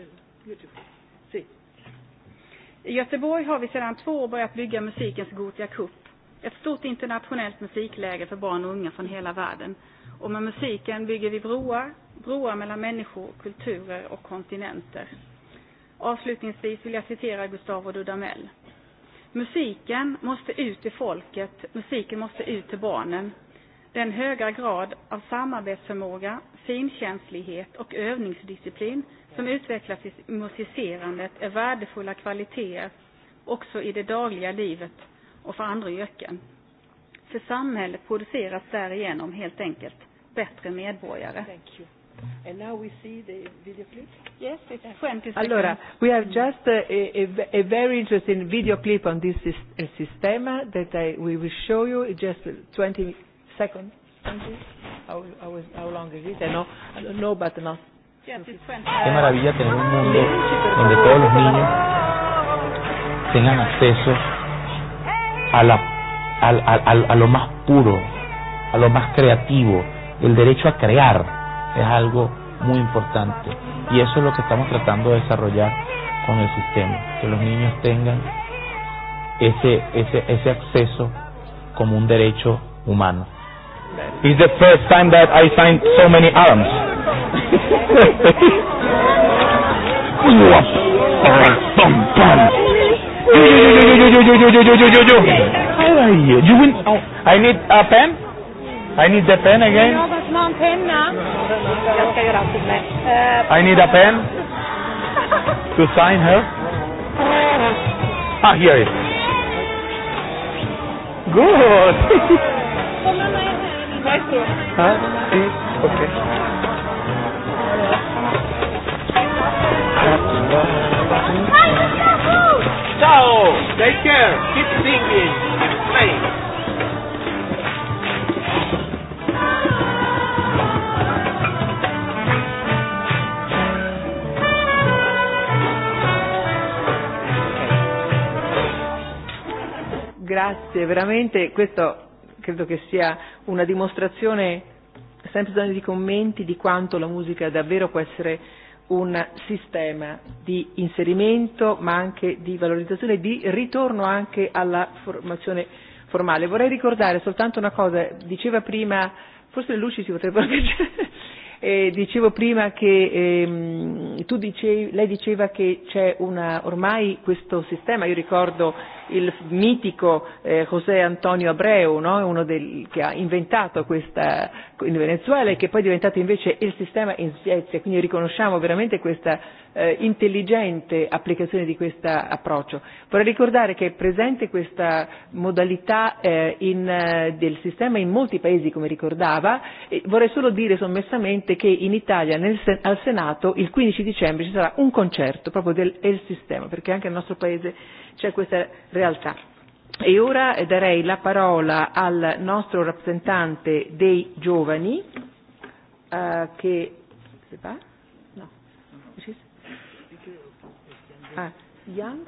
[SPEAKER 28] I Göteborg har vi sedan två år börjat bygga musikens Gotia Cup, ett stort internationellt musikläger för barn och unga från hela världen. Och med musiken bygger vi broar, broar mellan människor, kulturer och kontinenter. Avslutningsvis vill jag citera Gustavo Dudamel. Musiken måste ut till folket, musiken måste ut till barnen. Den höga grad av samarbetsförmåga, finkänslighet och övningsdisciplin som utvecklas i musicerandet är värdefulla kvaliteter också i det dagliga livet och för andra yrken. För samhället produceras därigenom helt enkelt bättre medborgare.
[SPEAKER 3] And now we see the video clip? Yes, it's 20 seconds. Allora, we have just a, a, a very interesting video clip on this uh, system that I, we will show you in just 20 seconds. How, How, is, how long is it? I, know, I don't know, but not. Qué
[SPEAKER 11] maravilla tener un mundo donde todos los niños
[SPEAKER 9] tengan acceso a, la, a, a, a, a lo más puro, a lo más creativo, el derecho a crear es algo muy importante. Y eso es lo que estamos tratando de desarrollar con el sistema, que los niños tengan ese, ese, ese acceso como un derecho humano. It's the first time that I signed so many arms.
[SPEAKER 20] Oh, I need a pen. I need the pen again. No,
[SPEAKER 29] no.
[SPEAKER 28] uh,
[SPEAKER 20] I need a pen. to sign her.
[SPEAKER 9] Ah, here it is. Good.
[SPEAKER 12] huh? Okay.
[SPEAKER 20] Ciao! Take care! Keep singing Keep playing!
[SPEAKER 3] Grazie, veramente questo credo che sia una dimostrazione sempre bisogno di commenti di quanto la musica davvero può essere un sistema di inserimento ma anche di valorizzazione e di ritorno anche alla formazione formale. Vorrei ricordare soltanto una cosa, diceva prima, forse le luci si potrebbero eh, dicevo prima che ehm, tu dicevi, lei diceva che c'è una, ormai questo sistema, io ricordo il mitico eh, José Antonio Abreu, no? uno del, che ha inventato questa in Venezuela e che poi è diventato invece il sistema in Svezia, quindi riconosciamo veramente questa eh, intelligente applicazione di questo approccio. Vorrei ricordare che è presente questa modalità eh, in, eh, del sistema in molti paesi, come ricordava, e vorrei solo dire sommessamente che in Italia nel, al Senato il 15 dicembre ci sarà un concerto proprio del il sistema, perché anche nel nostro paese c'è questa realtà. E ora darei la parola al nostro rappresentante dei giovani uh, che se va? No. Ah, Young,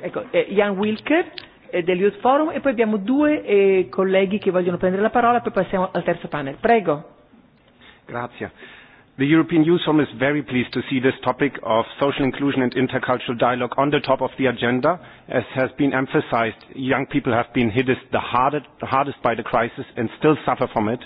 [SPEAKER 3] ecco, eh, Jan Wilker eh, del Youth Forum e poi abbiamo due eh, colleghi che vogliono prendere la parola poi passiamo al terzo panel. Prego.
[SPEAKER 30] Grazie. The European Youth Forum is very pleased to see this topic of social inclusion and intercultural dialogue on the top of the agenda. As has been emphasized, young people have been hit the hardest, the hardest by the crisis and still suffer from it.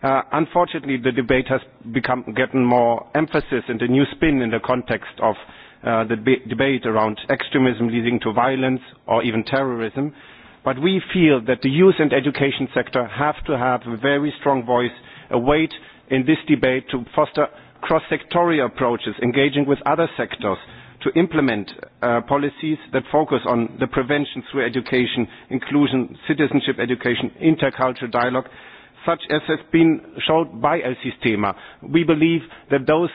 [SPEAKER 30] Uh, unfortunately, the debate has become getting more emphasis and a new spin in the context of uh, the debate around extremism leading to violence or even terrorism. But we feel that the youth and education sector have to have a very strong voice, a weight in this debate to foster cross-sectorial approaches, engaging with other sectors to implement uh, policies that focus on the prevention through education, inclusion, citizenship education, intercultural dialogue, such as has been showed by El Sistema. We believe that those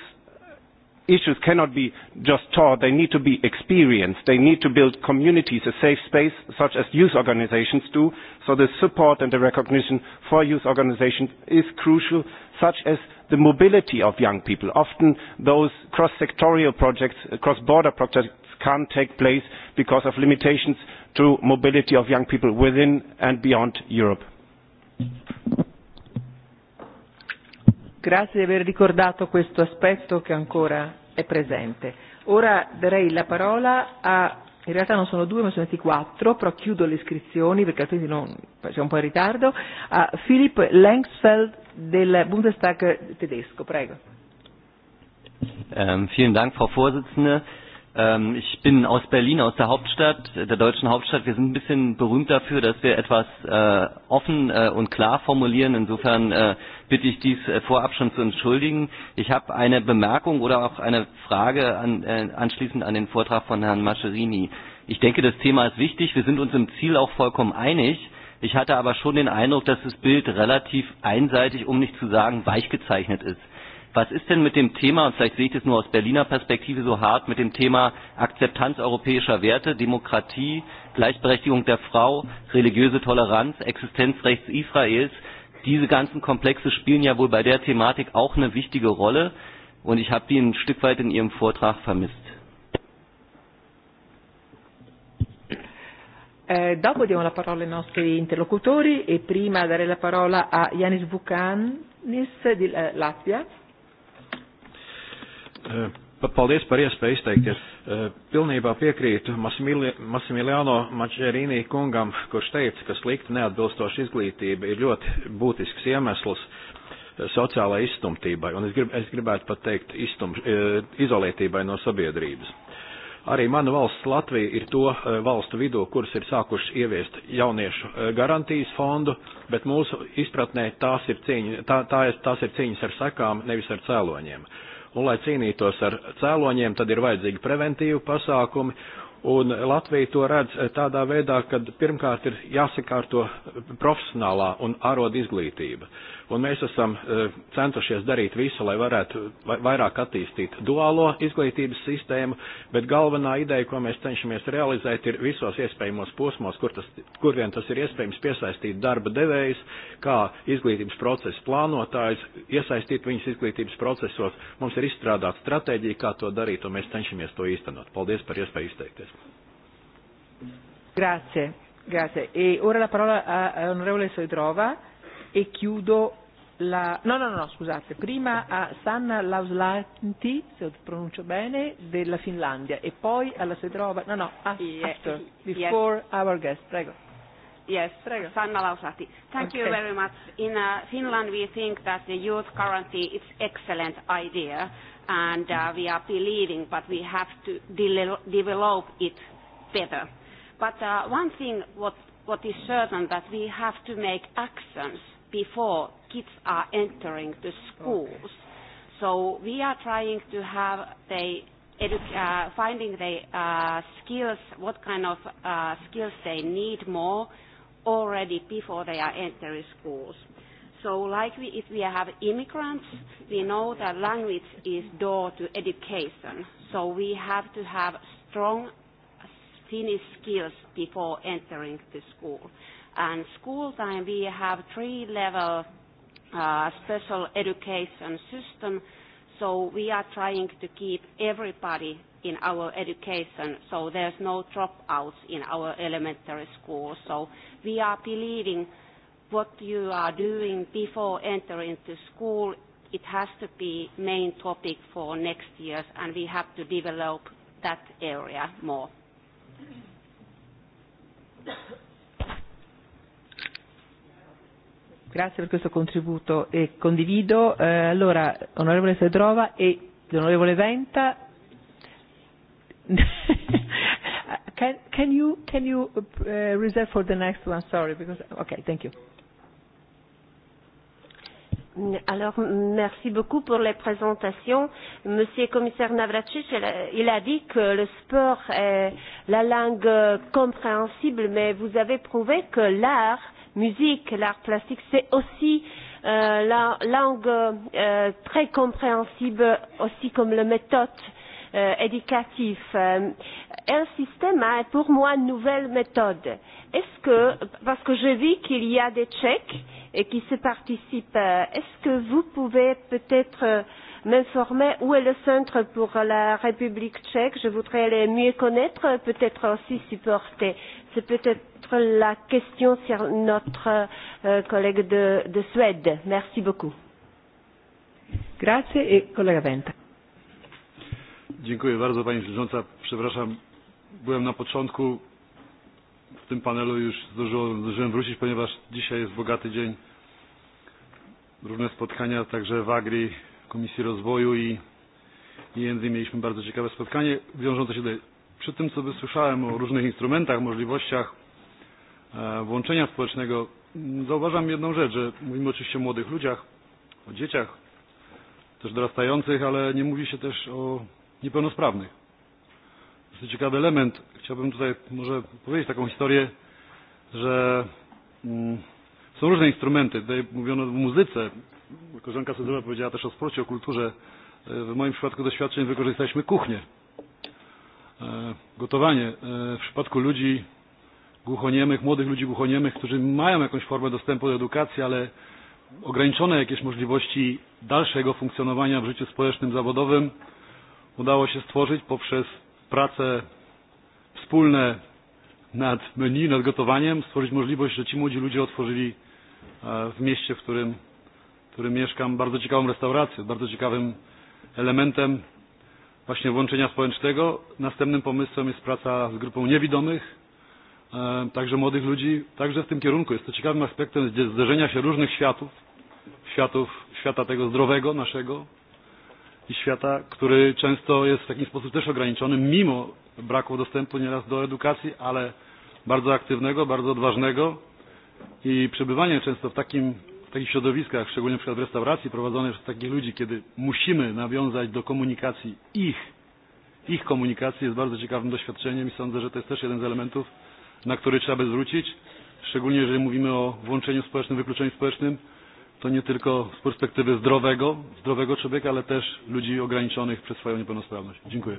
[SPEAKER 30] issues cannot be just taught, they need to be experienced. They need to build communities, a safe space, such as youth organizations do. So the support and the recognition for youth organizations is crucial, such as the mobility of young people. Often those cross-sectorial projects, uh, cross-border projects can't take place because of limitations to mobility of young people within and beyond Europe.
[SPEAKER 3] Grazie di aver ricordato questo aspetto che ancora è presente. Ora darei la parola a, in realtà non sono due ma sono stati quattro, però chiudo le iscrizioni perché altrimenti non, siamo un po' in ritardo, a Philipp Lengsfeld del Bundestag tedesco. Prego.
[SPEAKER 8] Um, vielen Dank, Frau Vorsitzende. Ähm, ich bin aus Berlin, aus der Hauptstadt, der deutschen Hauptstadt. Wir sind ein bisschen berühmt dafür, dass wir etwas äh, offen äh, und klar formulieren. Insofern äh, bitte ich dies äh, vorab schon zu entschuldigen. Ich habe eine Bemerkung oder auch eine Frage an, äh, anschließend an den Vortrag von Herrn Mascherini. Ich denke, das Thema ist wichtig. Wir sind uns im Ziel auch vollkommen einig. Ich hatte aber schon den Eindruck, dass das Bild relativ einseitig, um nicht zu sagen, weich gezeichnet ist. Was ist denn mit dem Thema, und vielleicht sehe ich das nur aus Berliner Perspektive so hart, mit dem Thema Akzeptanz europäischer Werte, Demokratie, Gleichberechtigung der Frau, religiöse Toleranz, Existenzrechts Israels? Diese ganzen Komplexe spielen ja wohl bei der Thematik auch eine wichtige Rolle. Und ich habe die ein Stück weit in Ihrem Vortrag vermisst.
[SPEAKER 3] Eh, dopo diamo la parola ai nostri interlocutori e prima dare la parola a Yanis Vukanis di eh, Latvia
[SPEAKER 25] Eh, paldies par iespēju izteikties. Eh, pilnībā piekrītu Massimiliano Mačerīnī kungam, kurš teica, ka slikta neatbilstoša izglītība ir ļoti būtisks iemesls eh, sociālai izstumtībai, un es, grib, es gribētu pat teikt izstum, izolētībai no sabiedrības. Arī mana valsts Latvija ir to valstu vidū, kuras ir sākušas ieviest jauniešu garantijas fondu, bet mūsu izpratnē tās ir cīņas, tā, tā, tās ir cīņas ar sekām, nevis ar cēloņiem. Un, lai cīnītos ar cēloņiem, tad ir vajadzīgi preventīvi pasākumi. Un Latvija to redz tādā veidā, ka pirmkārt ir jāsakārto profesionālā un ārod izglītība. Uh, un mēs esam e, centušies darīt visu, lai varētu vairāk attīstīt duālo izglītības sistēmu, bet galvenā ideja, ko mēs cenšamies realizēt, ir visos iespējamos posmos, kur, tas, kur vien tas ir iespējams piesaistīt darba devējus, kā izglītības procesu plānotājus, iesaistīt viņus izglītības procesos. Mums ir izstrādāta stratēģija, kā to darīt, un mēs cenšamies to īstenot. Paldies par iespēju izteikties.
[SPEAKER 3] Grazie. Grazie. E ora la parola a onorevole Soidrova e chiudo la... No, no, no, no scusate, prima a Sanna Lauslanti, se lo pronuncio bene, della Finlandia e poi alla Sedrova... No, no, after, before yes. our guest, prego.
[SPEAKER 31] Yes, prego. Sanna Lausahti. Thank okay. you very much. In uh, Finland, we think that the youth guarantee is excellent idea, and uh, we are believing, but we have to de develop it better. But uh, one thing what, what is certain that we have to make actions before kids are entering the schools. Okay. So we are trying to have they edu- uh, finding the uh, skills, what kind of uh, skills they need more already before they are entering schools. So like we, if we have immigrants, we know that language is door to education. So we have to have strong Finnish skills before entering the school. And school time, we have three-level uh, special education system, so we are trying to keep everybody in our education, so there's no dropouts in our elementary school. So we are believing what you are doing before entering to school, it has to be main topic for next years, and we have to develop that area more.
[SPEAKER 3] Grazie per questo contributo e condivido. Eh, allora, onorevole Sedrova e l'onorevole Venta. can, can you, can you uh, uh, reserve for the next one? Sorry, because, okay, thank you. Alors, merci beaucoup pour les
[SPEAKER 12] présentations. Monsieur le commissaire Navracic, il a dit que le sport est la langue euh, compréhensible, mais vous avez prouvé que l'art musique, l'art plastique, c'est aussi euh, la langue euh, très compréhensible, aussi comme la méthode euh, éducative. Euh, un système a pour moi une nouvelle méthode. Est-ce que, parce que je vis qu'il y a des Tchèques et qui se participent, euh, est-ce que vous pouvez peut-être euh, m'informer où est le centre pour la République tchèque Je voudrais les mieux connaître, peut-être aussi supporter. C'est peut-être la question sur notre euh, collègue de, de Suède. Merci beaucoup. Grazie e
[SPEAKER 3] kolega Venta.
[SPEAKER 32] Dziękuję bardzo Pani Przewodnicząca. Przepraszam, byłem na początku w tym panelu już zdążyłem, zdążyłem wrócić, ponieważ dzisiaj jest bogaty dzień. Różne spotkania także w Agri, Komisji Rozwoju i, i mieliśmy bardzo ciekawe spotkanie wiążące się do, przy tym, co wysłyszałem o różnych instrumentach, możliwościach E, włączenia społecznego, zauważam jedną rzecz, że mówimy oczywiście o młodych ludziach, o dzieciach, też dorastających, ale nie mówi się też o niepełnosprawnych. To Jest ciekawy element. Chciałbym tutaj może powiedzieć taką historię, że mm, są różne instrumenty. Tutaj mówiono o muzyce. Koleżanka Sedyla powiedziała też o sporcie, o kulturze. E, w moim przypadku doświadczeń wykorzystaliśmy kuchnię, e, gotowanie. W przypadku ludzi głuchoniemych, młodych ludzi głuchoniemych, którzy mają jakąś formę dostępu do edukacji, ale ograniczone jakieś możliwości dalszego funkcjonowania w życiu społecznym, zawodowym udało się stworzyć poprzez prace wspólne nad menu, nad gotowaniem, stworzyć możliwość, że ci młodzi ludzie otworzyli e, w mieście, w którym, w którym mieszkam, bardzo ciekawą restaurację, bardzo ciekawym elementem właśnie włączenia społecznego. Następnym pomysłem jest praca z grupą niewidomych, E, także młodych ludzi, także w tym kierunku. Jest to ciekawym aspektem zderzenia się różnych światów, światów świata tego zdrowego naszego i świata, który często jest w taki sposób też ograniczony, mimo braku dostępu nieraz do edukacji, ale bardzo aktywnego, bardzo odważnego i przebywanie często w takim w takich środowiskach, szczególnie przykład w restauracji prowadzonej przez takich ludzi, kiedy musimy nawiązać do komunikacji ich, ich komunikacji jest bardzo ciekawym doświadczeniem i sądzę, że to jest też jeden z elementów, na który trzeba by zwrócić, szczególnie jeżeli mówimy o włączeniu społecznym, wykluczeniu społecznym, to nie tylko z perspektywy zdrowego, zdrowego człowieka, ale też ludzi ograniczonych przez swoją niepełnosprawność. Dziękuję.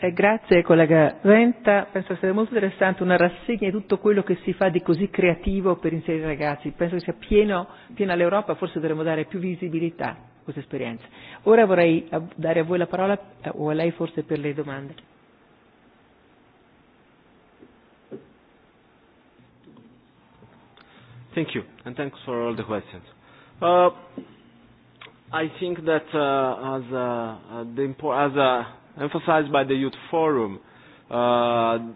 [SPEAKER 3] Eh, grazie collega Venta, penso sia molto interessante una rassegna di tutto quello che si fa di così creativo per inserire i ragazzi, penso che sia pieno, piena l'Europa, forse dovremmo dare più visibilità a questa esperienza. Ora vorrei dare a voi la parola eh, o a lei forse per le domande.
[SPEAKER 27] Thank you, and thanks for all the questions. Uh, I think that uh, as, uh, uh the as uh, emphasized by the Youth Forum, uh,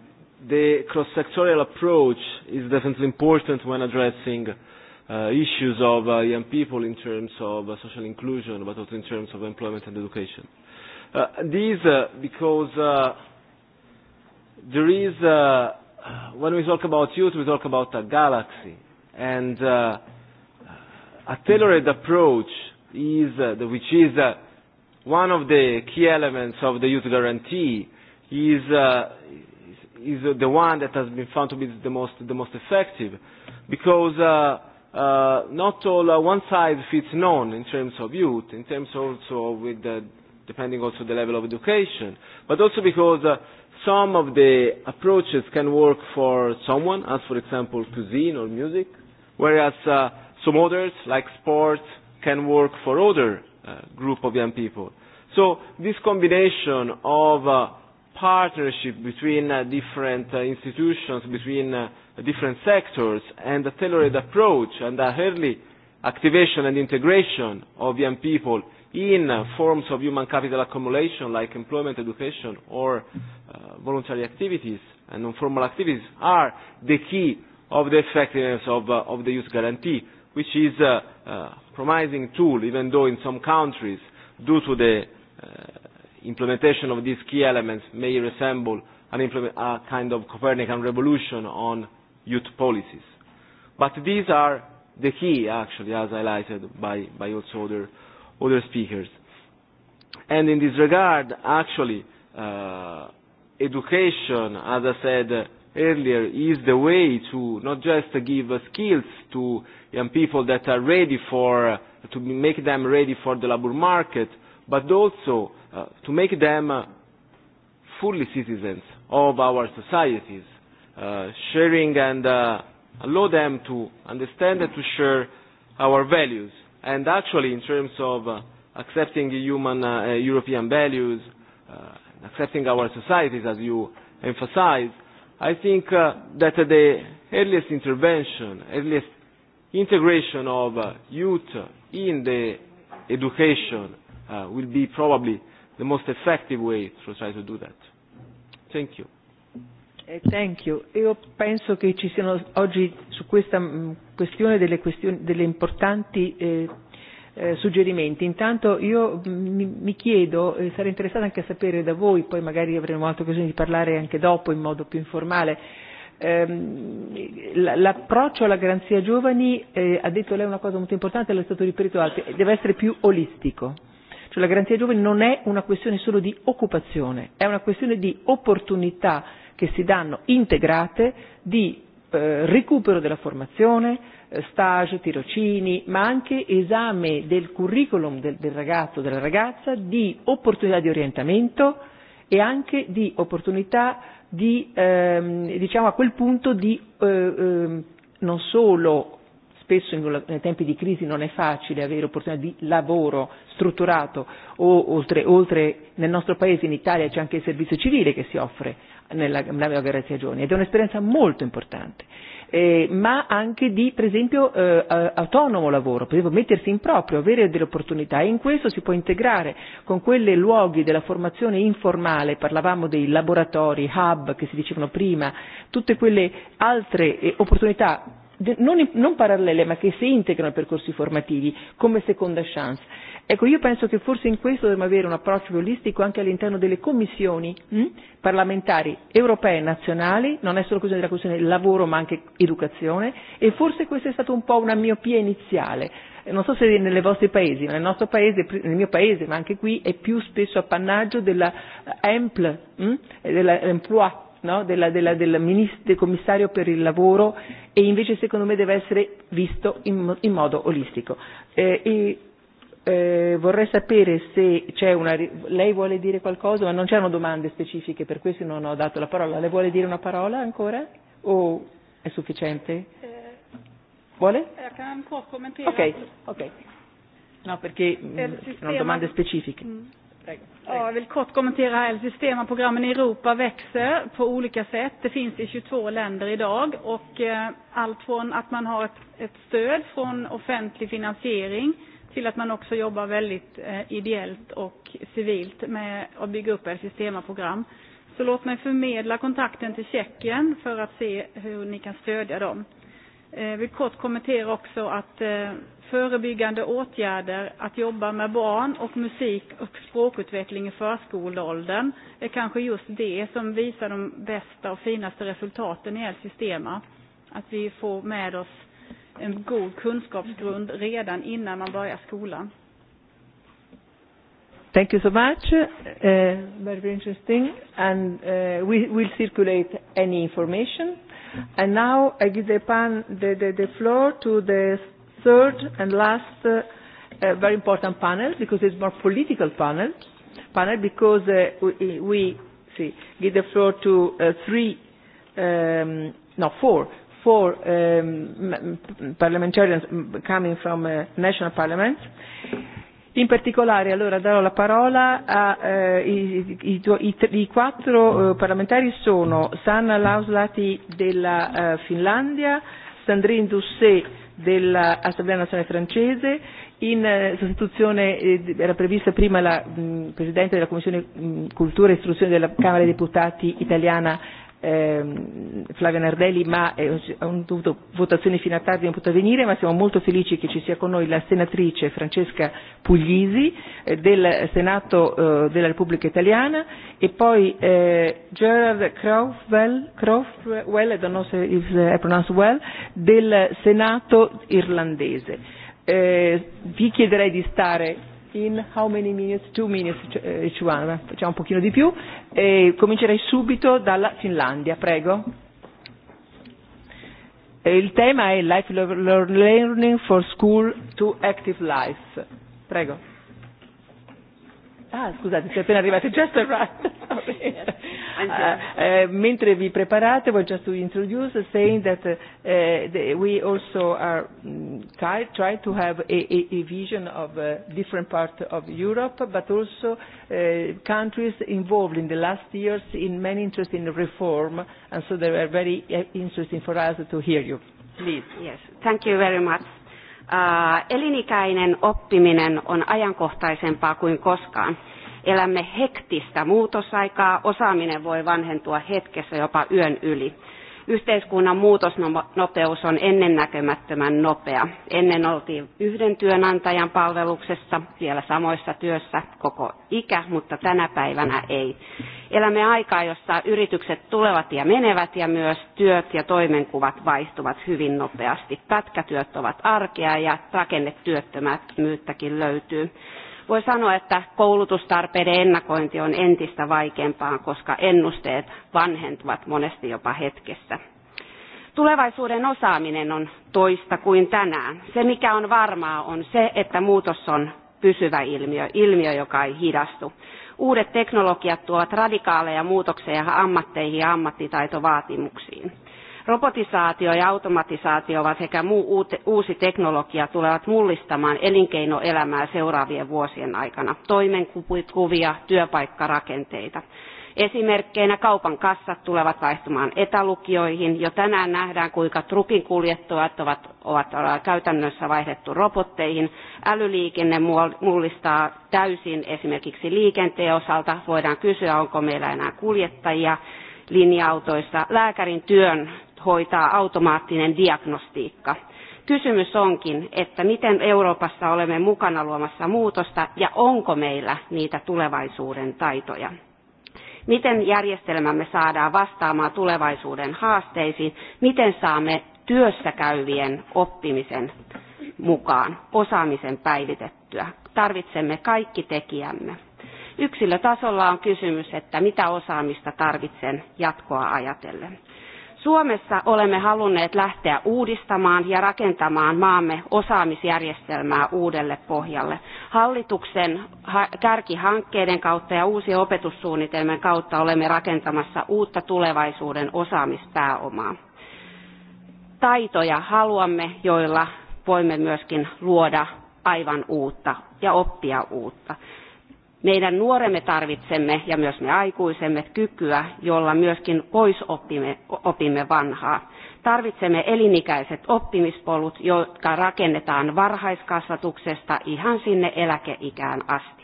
[SPEAKER 27] the cross-sectorial approach is definitely important when addressing uh, issues of uh, young people in terms of uh, social inclusion, but also in terms of employment and education. Uh, these, uh, because uh, there is, uh, when we talk about youth, we talk about a galaxy, and uh, a tailored approach is, uh, which is uh, one of the key elements of the youth guarantee, is, uh, is the one that has been found to be the most, the most effective because uh, uh, not all uh, one size fits none in terms of youth, in terms also with the, depending also the level of education, but also because uh, some of the approaches can work for someone, as for example cuisine or music, whereas uh, some others, like sports, can work for other uh, group of young people. So this combination of uh, partnership between uh, different uh, institutions, between uh, different sectors, and a tailored approach and a early activation and integration of young people in uh, forms of human capital accumulation like employment, education, or uh, voluntary activities and informal activities are the key of the effectiveness of, uh, of the youth guarantee, which is a, a promising tool, even though in some countries, due to the uh, implementation of these key elements, may resemble an a kind of Copernican revolution on youth policies. But these are the key, actually, as highlighted by, by also other, other speakers. And in this regard, actually, uh, education, as I said, earlier is the way to not just give skills to young people that are ready for, to make them ready for the labor market, but also uh, to make them fully citizens of our societies, uh, sharing and uh, allow them to understand and to share our values. And actually, in terms of uh, accepting human uh, European values, uh, accepting our societies, as you emphasize, I think uh, that the earliest intervention, earliest integration of uh, youth in the education uh, will be probably the most effective way to try to do that. Thank you.
[SPEAKER 3] Eh, thank you. Io penso che ci siano oggi su questa mm, questione delle, questioni, delle importanti eh, eh, suggerimenti. Intanto io mm, mi, mi chiedo, eh, sarei interessata anche a sapere da voi, poi magari avremo altre occasioni di parlare anche dopo in modo più informale, ehm, l'approccio alla garanzia giovani, eh, ha detto lei una cosa molto importante, l'ha stato ripetuto altri, deve essere più olistico. Cioè la garanzia giovani non è una questione solo di occupazione, è una questione di opportunità che si danno integrate di eh, recupero della formazione, stage, tirocini, ma anche esame del curriculum del, del ragazzo, della ragazza, di opportunità di orientamento e anche di opportunità di, ehm, diciamo a quel punto, di eh, eh, non solo spesso in, nei tempi di crisi non è facile avere opportunità di lavoro strutturato o oltre, oltre nel nostro paese in Italia c'è anche il servizio civile che si offre nella, nella mia varie ragioni ed è un'esperienza molto importante eh, ma anche di per esempio eh, autonomo lavoro, per esempio mettersi in proprio, avere delle opportunità e in questo si può integrare con quei luoghi della formazione informale, parlavamo dei laboratori, hub che si dicevano prima, tutte quelle altre eh, opportunità non, non parallele ma che si integrano ai percorsi formativi come seconda chance Ecco, io penso che forse in questo dobbiamo avere un approccio olistico anche all'interno delle commissioni mh, hm, parlamentari europee e nazionali, non è solo questione della questione del lavoro ma anche educazione e forse questa è stata un po' una miopia iniziale. Eh, non so se nelle vostre paesi, ma nel nostro paese, nel mio paese, ma anche qui è più spesso appannaggio della EMPL, eh, hm, e dell'emploi, no? della, della, della ministro, del commissario per il lavoro e invece secondo me deve essere visto in, in modo olistico. Eh, e Eh, vorrei sapere se c'è una. Lei vuole dire qualcosa, ma non c'erano domande specifiche, per questo non ho dato la parola. Le vuole dire una parola ancora? O è sufficiente? Eh, vuole?
[SPEAKER 28] Eh, Ok, ok.
[SPEAKER 3] No, perché mm, eh, erano domande specifiche. Mm.
[SPEAKER 28] Ja, oh, jag vill kort kommentera här. programmen i Europa växer på olika sätt. Det finns i 22 länder idag och eh, allt från att man har ett, stöd från offentlig finansiering till att man också jobbar väldigt eh, ideellt och civilt med att bygga upp ett systemaprogram. Så låt mig förmedla kontakten till Tjeckien för att se hur ni kan stödja dem. Jag eh, vill kort kommentera också att eh, förebyggande åtgärder, att jobba med barn och musik och språkutveckling i förskoleåldern är kanske just det som visar de bästa och finaste resultaten i ett Sistema. Att vi får med oss en god kunskapsgrund redan innan man börjar skolan.
[SPEAKER 3] Thank you so much. Uh, very interesting. And uh, we will circulate any information. And now I give the, pan, the, the, the floor to the third and last uh, uh, very important panel because it's more political panel, panel because uh, we, we see, give the floor to uh, three, um, no, four four um, parliamentarians coming from uh, national parliaments. In particolare allora darò la parola ai uh, eh, i, i, i quattro uh, parlamentari sono Sanna Lauslati della uh, Finlandia, Sandrine Doucet dell'Assemblea nazionale francese, in eh, sostituzione eh, era prevista prima la mh, mm, Presidente della Commissione mh, mm, Cultura e Istruzione della Camera dei Deputati italiana eh, Flavio Nardelli, ma eh, hanno dovuto votazioni fino a tardi non potuto venire, ma siamo molto felici che ci sia con noi la senatrice Francesca Puglisi eh, del Senato eh, della Repubblica Italiana e poi eh, Gerard Crowell, Crowell, I don't know if eh, I pronounce well, del Senato irlandese. Eh, vi chiederei di stare in how many minutes? Two minutes each one, facciamo un pochino di più. E comincerei subito dalla Finlandia, prego. E il tema è Life Learning for School to Active Life. Prego. Ah, scusate, siete appena arrivati, just arrived.
[SPEAKER 14] Uh, uh,
[SPEAKER 3] mentre vi preparate, well, just to introduce, saying that uh, the, we also are mm, try, try to have a, a, a vision of a eh, different parts of Europe, but also uh, countries involved in the last years in many interesting reform, and so they are very interesting for us to hear
[SPEAKER 31] you.
[SPEAKER 12] Please. Yes,
[SPEAKER 31] thank you very much elinikäinen oppiminen on ajankohtaisempaa kuin koskaan. Elämme hektistä muutosaikaa, osaaminen voi vanhentua hetkessä jopa yön yli. Yhteiskunnan muutosnopeus on ennennäkemättömän nopea. Ennen oltiin yhden työnantajan palveluksessa, siellä samoissa työssä koko ikä, mutta tänä päivänä ei. Elämme aikaa, jossa yritykset tulevat ja menevät ja myös työt ja toimenkuvat vaihtuvat hyvin nopeasti. Pätkätyöt ovat arkea ja rakennetyöttömyyttäkin löytyy. Voi sanoa, että koulutustarpeiden ennakointi on entistä vaikeampaa, koska ennusteet vanhentuvat monesti jopa hetkessä. Tulevaisuuden osaaminen on toista kuin tänään. Se, mikä on varmaa, on se, että muutos on pysyvä ilmiö, ilmiö, joka ei hidastu. Uudet teknologiat tuovat radikaaleja muutoksia ammatteihin ja ammattitaitovaatimuksiin Robotisaatio ja automatisaatio sekä muu uusi teknologia tulevat mullistamaan elinkeinoelämää seuraavien vuosien aikana, toimenkuvia, työpaikkarakenteita. Esimerkkeinä kaupan kassat tulevat vaihtumaan etälukioihin. Jo tänään nähdään, kuinka trukin kuljettajat ovat, ovat äh, käytännössä vaihdettu robotteihin. Älyliikenne mullistaa täysin esimerkiksi liikenteen osalta. Voidaan kysyä, onko meillä enää kuljettajia linja-autoissa. Lääkärin työn hoitaa automaattinen diagnostiikka. Kysymys onkin, että miten Euroopassa olemme mukana luomassa muutosta ja onko meillä niitä tulevaisuuden taitoja. Miten järjestelmämme saadaan vastaamaan tulevaisuuden haasteisiin? Miten saamme työssäkäyvien oppimisen mukaan, osaamisen päivitettyä? Tarvitsemme kaikki tekijämme. Yksilötasolla on kysymys, että mitä osaamista tarvitsen jatkoa ajatellen. Suomessa olemme halunneet lähteä uudistamaan ja rakentamaan maamme osaamisjärjestelmää uudelle pohjalle. Hallituksen kärkihankkeiden kautta ja uusien opetussuunnitelmien kautta olemme rakentamassa uutta tulevaisuuden osaamispääomaa. Taitoja haluamme, joilla voimme myöskin luoda aivan uutta ja oppia uutta meidän nuoremme tarvitsemme ja myös me aikuisemme kykyä, jolla myöskin pois oppimme, opimme vanhaa. Tarvitsemme elinikäiset oppimispolut, jotka rakennetaan varhaiskasvatuksesta ihan sinne eläkeikään asti.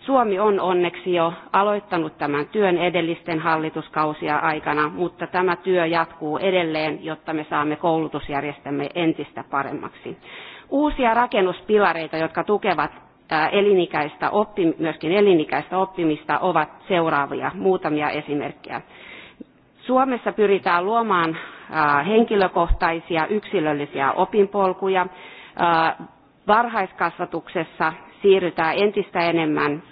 [SPEAKER 31] Suomi on onneksi jo aloittanut tämän työn edellisten hallituskausia aikana, mutta tämä työ jatkuu edelleen, jotta me saamme koulutusjärjestämme entistä paremmaksi. Uusia rakennuspilareita, jotka tukevat elinikäistä oppi, myöskin elinikäistä oppimista ovat seuraavia, muutamia esimerkkejä. Suomessa pyritään luomaan henkilökohtaisia yksilöllisiä opinpolkuja. Varhaiskasvatuksessa siirrytään entistä enemmän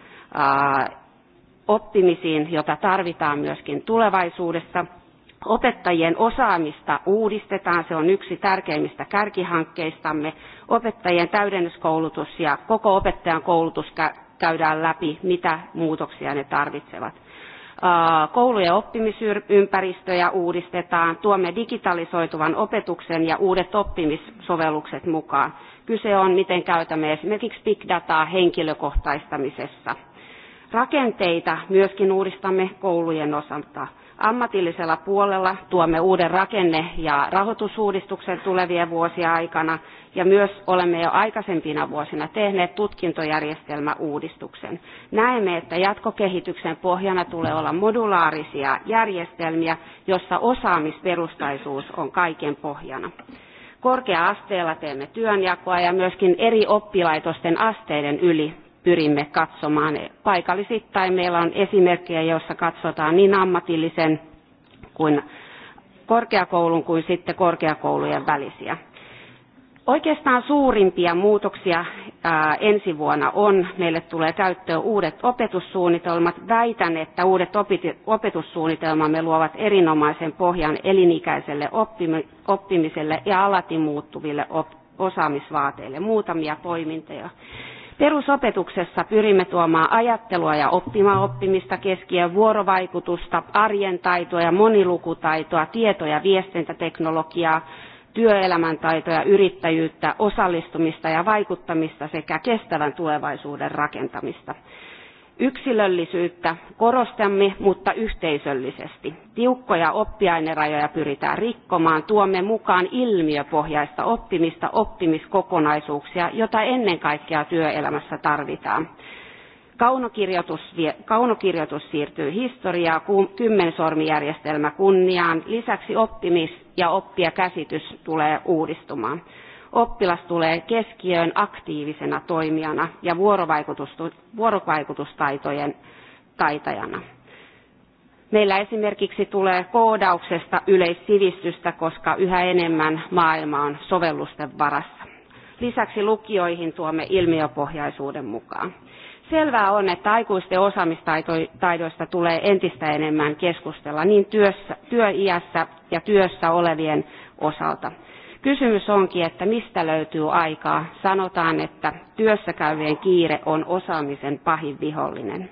[SPEAKER 31] oppimisiin, jota tarvitaan myöskin tulevaisuudessa – Opettajien osaamista uudistetaan, se on yksi tärkeimmistä kärkihankkeistamme. Opettajien täydennyskoulutus ja koko opettajan koulutus käydään läpi, mitä muutoksia ne tarvitsevat. Koulujen oppimisympäristöjä uudistetaan, tuomme digitalisoituvan opetuksen ja uudet oppimissovellukset mukaan. Kyse on, miten käytämme esimerkiksi big dataa henkilökohtaistamisessa. Rakenteita myöskin uudistamme koulujen osalta Ammatillisella puolella tuomme uuden rakenne- ja rahoitusuudistuksen tulevien vuosien aikana ja myös olemme jo aikaisempina vuosina tehneet tutkintojärjestelmäuudistuksen. Näemme, että jatkokehityksen pohjana tulee olla modulaarisia järjestelmiä, jossa osaamisperustaisuus on kaiken pohjana. Korkea-asteella teemme työnjakoa ja myöskin eri oppilaitosten asteiden yli pyrimme katsomaan. Paikallisittain meillä on esimerkkejä, joissa katsotaan niin ammatillisen kuin korkeakoulun kuin sitten korkeakoulujen välisiä. Oikeastaan suurimpia muutoksia ää, ensi vuonna on, meille tulee käyttöön uudet opetussuunnitelmat. Väitän, että uudet opetussuunnitelmamme luovat erinomaisen pohjan elinikäiselle oppimiselle ja alati muuttuville op- osaamisvaateille. Muutamia poimintoja. Perusopetuksessa pyrimme tuomaan ajattelua ja oppimaan oppimista keskiöön vuorovaikutusta, arjen taitoja, monilukutaitoa, tieto- ja viestintäteknologiaa, työelämän taitoja, yrittäjyyttä, osallistumista ja vaikuttamista sekä kestävän tulevaisuuden rakentamista. Yksilöllisyyttä korostamme, mutta yhteisöllisesti. Tiukkoja oppiainerajoja pyritään rikkomaan. Tuomme mukaan ilmiöpohjaista oppimista, oppimiskokonaisuuksia, jota ennen kaikkea työelämässä tarvitaan. Kaunokirjoitus, kaunokirjoitus siirtyy historiaa, kymmensormijärjestelmä kunniaan. Lisäksi oppimis- ja oppijakäsitys tulee uudistumaan oppilas tulee keskiöön aktiivisena toimijana ja vuorovaikutustaitojen taitajana. Meillä esimerkiksi tulee koodauksesta yleissivistystä, koska yhä enemmän maailma on sovellusten varassa. Lisäksi lukioihin tuomme ilmiöpohjaisuuden mukaan. Selvää on, että aikuisten osaamistaidoista tulee entistä enemmän keskustella niin työssä, työiässä ja työssä olevien osalta. Kysymys onkin, että mistä löytyy aikaa. Sanotaan, että työssäkäyvien kiire on osaamisen pahin vihollinen.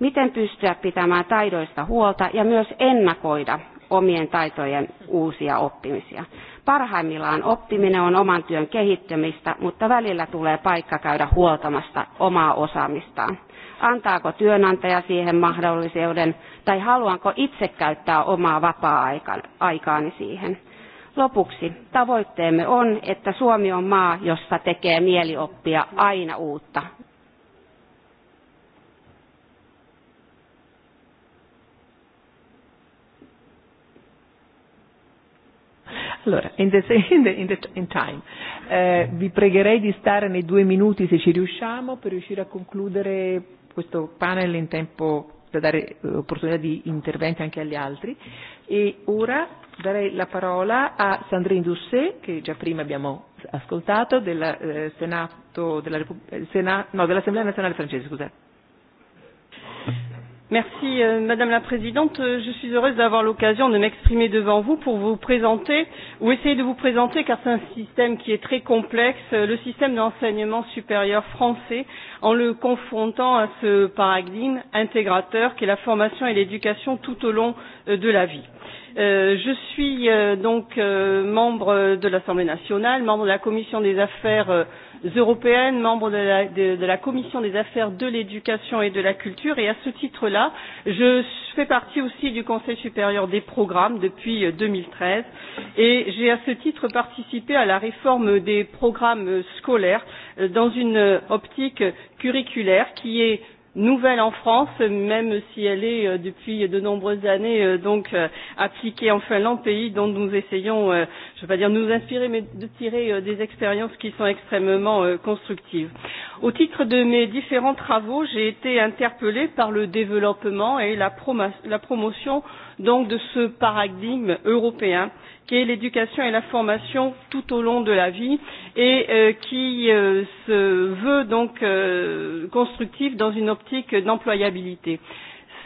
[SPEAKER 31] Miten pystyä pitämään taidoista huolta ja myös ennakoida omien taitojen uusia oppimisia. Parhaimmillaan oppiminen on oman työn kehittämistä, mutta välillä tulee paikka käydä huoltamasta omaa osaamistaan. Antaako työnantaja siihen mahdollisuuden tai haluanko itse käyttää omaa vapaa-aikaani siihen? Lopuksi tavoitteemme on, että Suomi on maa, jossa tekee mieli oppia aina uutta.
[SPEAKER 3] Allora, in, the, in, the, in, the, in time, eh, vi pregherei di stare nei due minuti se ci riusciamo per riuscire a concludere questo panel in tempo da dare eh, opportunità di intervento anche agli altri. E ora darei la parola a Sandrine Doucet, che già prima abbiamo ascoltato, del eh, Senato, della, Repub- eh, Sena- no, dell'Assemblea nazionale francese, scusate. Merci euh, Madame la
[SPEAKER 7] Présidente. Euh, je suis heureuse d'avoir l'occasion de m'exprimer devant vous pour vous présenter ou essayer de vous présenter car c'est un système qui est très complexe, euh, le système d'enseignement supérieur français en le confrontant à ce paradigme intégrateur qui est la formation et l'éducation tout au long euh, de la vie. Euh, je suis euh, donc euh, membre de l'Assemblée nationale, membre de la commission des affaires euh, européennes, membres de la, de, de la Commission des affaires de l'éducation et de la culture. Et à ce titre-là, je fais partie aussi du Conseil supérieur des programmes depuis 2013. Euh, et j'ai à ce titre participé à la réforme des programmes scolaires euh, dans une euh, optique curriculaire qui est nouvelle en France, même si elle est euh, depuis de nombreuses années euh, donc euh, appliquée en Finlande, pays dont nous essayons, je ne vais pas dire nous inspirer, mais de tirer des expériences qui sont extrêmement constructives. Au titre de mes différents travaux, j'ai été interpellée par le développement et la, prom la promotion donc de ce paradigme européen qui est l'éducation et la formation tout au long de la vie et euh, qui euh, se veut donc euh, constructif dans une optique d'employabilité.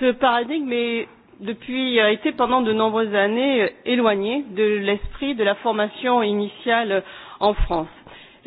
[SPEAKER 7] Ce paradigme est depuis, a été pendant de nombreuses années euh, éloigné de l'esprit de la formation initiale en France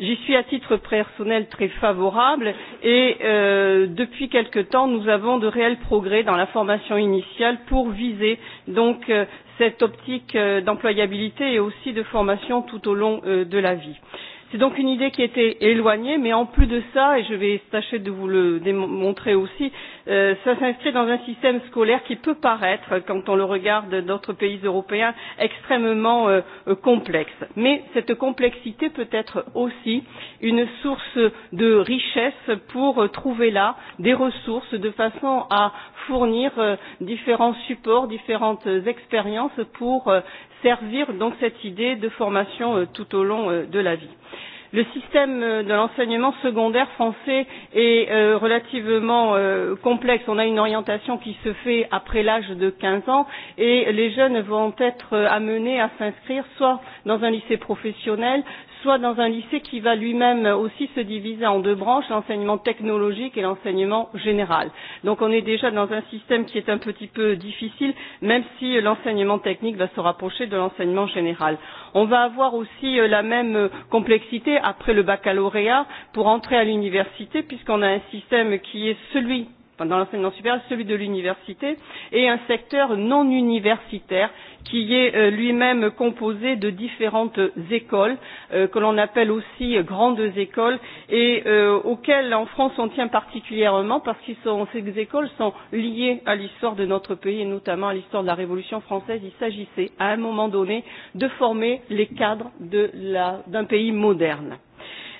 [SPEAKER 7] J'y suis à titre personnel très favorable et euh, depuis quelque temps, nous avons de réels progrès dans la formation initiale pour viser donc euh, cette optique euh, d'employabilité et aussi de formation tout au long euh, de la vie. Euh, C'est donc une idée qui était éloignée, mais en plus de ça, et je vais tâcher de vous le démontrer aussi, euh, ça s'inscrit dans un système scolaire qui peut paraître, quand on le regarde d'autres pays européens, extrêmement euh, complexe. Mais cette complexité peut être aussi une source de richesse pour euh, trouver là des ressources de façon à fournir euh, différents supports, différentes euh, expériences pour euh, servir donc cette idée de formation euh, tout au long euh, de la vie. Le système euh, de l'enseignement secondaire français est euh, relativement euh, complexe. On a une orientation qui se fait après l'âge de 15 ans et les jeunes vont être amenés à s'inscrire soit dans un lycée professionnel, soit dans un lycée qui va lui-même aussi se diviser en deux branches, l'enseignement technologique et l'enseignement général. Donc on est déjà dans un système qui est un petit peu difficile, même si l'enseignement technique va se rapprocher de l'enseignement général. On va avoir aussi euh, la même euh, complexité après le baccalauréat pour entrer à l'université, puisqu'on a un système qui est celui dans l'enseignement supérieur, celui de l'université, et un secteur non universitaire qui est euh, lui-même composé de différentes écoles, euh, que l'on appelle aussi grandes écoles, et euh, auxquelles en France on tient particulièrement parce que ces écoles sont liées à l'histoire de notre pays et notamment à l'histoire de la Révolution française. Il s'agissait à un moment donné de former les cadres d'un pays moderne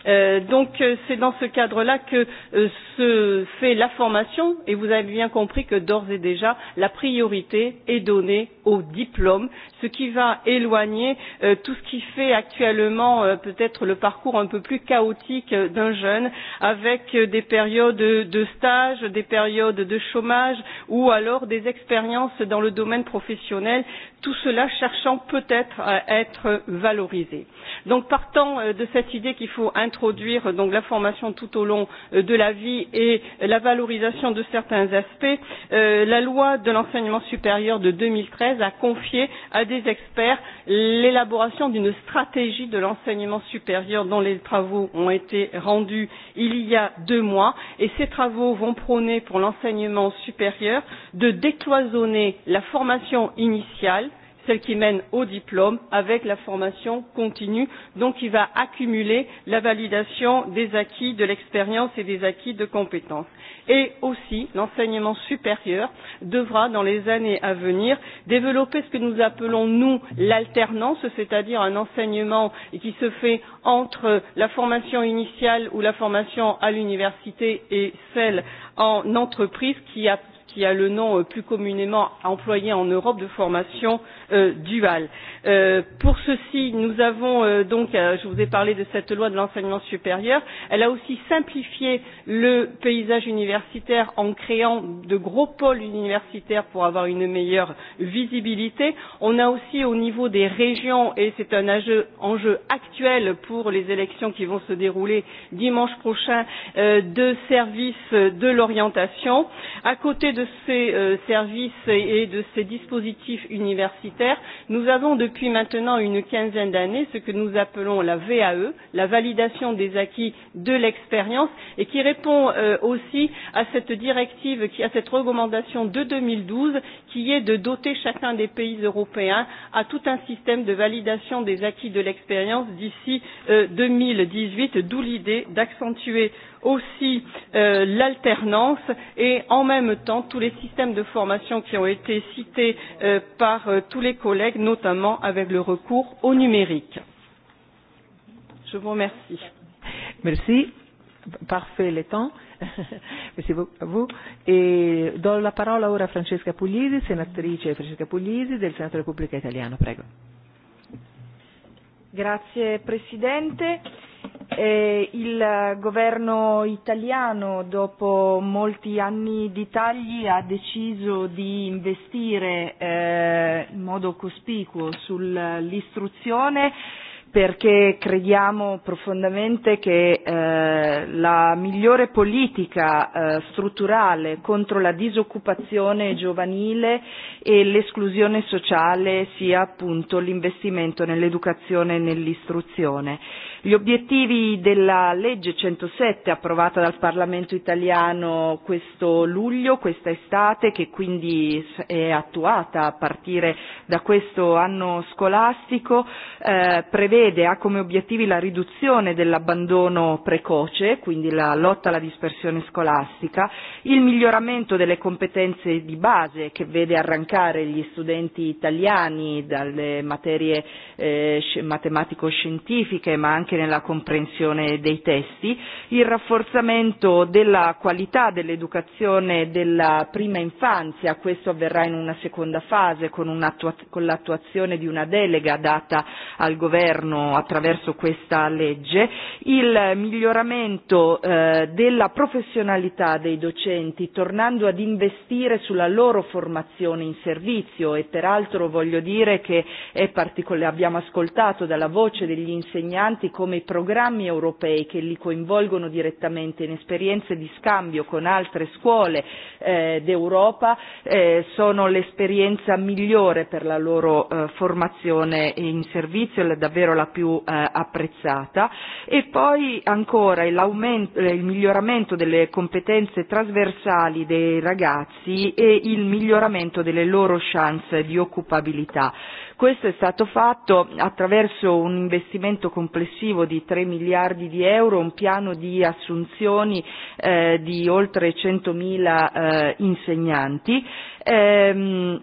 [SPEAKER 7] Euh, donc euh, c'est dans ce cadre-là que euh, se fait la formation et vous avez bien compris que d'ores et déjà la priorité est donnée aux diplômes ce qui va éloigner euh, tout ce qui fait actuellement euh, peut-être le parcours un peu plus chaotique euh, d'un jeune avec euh, des périodes de stage, des périodes de chômage ou alors des expériences dans le domaine professionnel, tout cela cherchant peut-être à être valorisé. Donc partant euh, de cette idée qu'il faut introduire euh, donc la formation tout au long euh, de la vie et la valorisation de certains aspects, euh, la loi de l'enseignement supérieur de 2013 a confié à des experts l'élaboration d'une stratégie de l'enseignement supérieur dont les travaux ont été rendus il y a deux mois et ces travaux vont prôner pour l'enseignement supérieur de décloisonner la formation initiale celle qui mène au diplôme avec la formation continue donc qui va accumuler la validation des acquis de l'expérience et des acquis de compétences et aussi l'enseignement supérieur devra dans les années à venir développer ce que nous appelons nous l'alternance c'est à dire un enseignement qui se fait entre la formation initiale ou la formation à l'université et celle en entreprise qui a qui a le nom euh, plus communément employé en Europe de formation euh, euh, dual. Euh, pour ceci, nous avons euh, donc, euh, je vous ai parlé de cette loi de l'enseignement supérieur, elle a aussi simplifié le paysage universitaire en créant de gros pôles universitaires pour avoir une meilleure visibilité. On a aussi au niveau des régions, et c'est un enjeu, enjeu actuel pour les élections qui vont se dérouler dimanche prochain, euh, de services de l'orientation. À côté de ces euh, services et de ces dispositifs universitaires, communautaire, nous avons depuis maintenant une quinzaine d'années ce que nous appelons la VAE, la validation des acquis de l'expérience, et qui répond euh, aussi à cette directive, qui, à cette recommandation de 2012, qui est de doter chacun des pays européens à tout un système de validation des acquis de l'expérience d'ici euh, 2018, d'où l'idée d'accentuer aussi euh, l'alternance et en même temps tous les systèmes de formation qui ont été cités euh, par euh, tous les collègues, notamment avec le recours au numérique. Je vous remercie.
[SPEAKER 3] Merci. Parfait le temps. Merci a vous. E do la parole ora a Francesca Puglisi, sénatrice Francesca Puglisi del Senato della Repubblica Italiana. Prego.
[SPEAKER 13] Grazie Presidente. Eh, il governo italiano, dopo molti anni di tagli, ha deciso di investire eh, in modo cospicuo sull'istruzione perché crediamo profondamente che eh, la migliore politica eh, strutturale contro la disoccupazione giovanile e l'esclusione sociale sia appunto l'investimento nell'educazione e nell'istruzione Gli obiettivi della legge 107 approvata dal Parlamento italiano questo luglio, questa estate, che quindi è attuata a partire da questo anno scolastico, eh, prevede, ha come obiettivi la riduzione dell'abbandono precoce, quindi la lotta alla dispersione scolastica, il miglioramento delle competenze di base che vede arrancare gli studenti italiani dalle materie eh, matematico-scientifiche ma anche anche nella comprensione dei testi, il rafforzamento della qualità dell'educazione della prima infanzia, questo avverrà in una seconda fase con, un'attua- con l'attuazione di una delega data al governo attraverso questa legge, il miglioramento eh, della professionalità dei docenti, tornando ad investire sulla loro formazione in servizio e peraltro voglio dire che è particol- abbiamo ascoltato dalla voce degli insegnanti come i programmi europei che li coinvolgono direttamente in esperienze di scambio con altre scuole eh, d'Europa eh, sono l'esperienza migliore per la loro eh, formazione in servizio, è davvero la più eh, apprezzata. E poi ancora l'aumento, eh, il miglioramento delle competenze trasversali dei ragazzi e il miglioramento delle loro chance di occupabilità. Questo è stato fatto attraverso un investimento complessivo di 3 miliardi di euro, un piano di assunzioni eh, di oltre 100 mila eh, insegnanti. Ehm,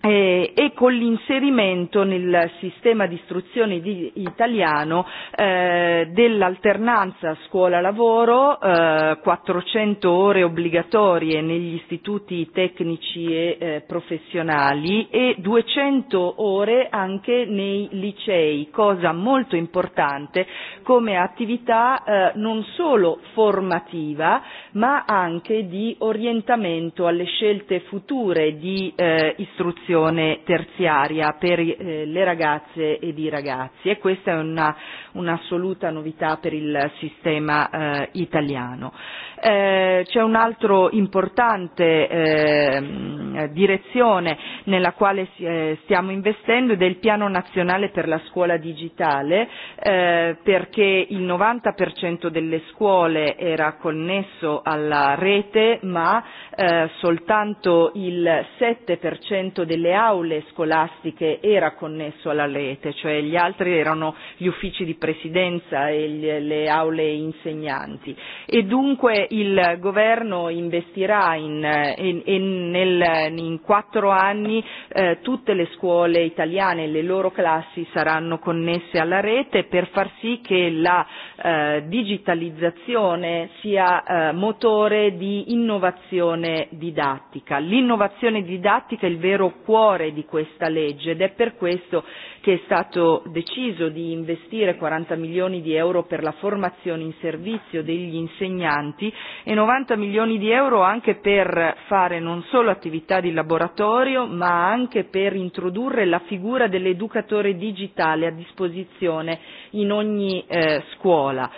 [SPEAKER 13] eh, e con l'inserimento nel sistema di istruzione di, italiano eh, dell'alternanza scuola-lavoro, eh, 400 ore obbligatorie negli istituti tecnici e eh, professionali e 200 ore anche nei licei, cosa molto importante come attività eh, non solo formativa ma anche di orientamento alle scelte future di eh, istruzione istruzione terziaria per eh, le ragazze ed i ragazzi e questa è una, un'assoluta novità per il sistema eh, italiano. Eh, c'è un'altra importante eh, direzione nella quale eh, stiamo investendo ed è il piano nazionale per la scuola digitale eh, perché il 90% delle scuole era connesso alla rete ma eh, soltanto il 7% delle aule scolastiche era connesso alla rete, cioè gli altri erano gli uffici di presidenza e gli, le aule insegnanti e dunque il governo investirà in, in, in, nel, in quattro anni eh, tutte le scuole italiane e le loro classi saranno connesse alla rete per far sì che la eh, digitalizzazione sia eh, motore di innovazione didattica. L'innovazione didattica è il vero cuore di questa legge ed è per questo che è stato deciso di investire 40 milioni di euro per la formazione in servizio degli insegnanti e 90 milioni di euro anche per fare non solo attività di laboratorio ma anche per introdurre la figura dell'educatore digitale a disposizione in ogni eh, scuola.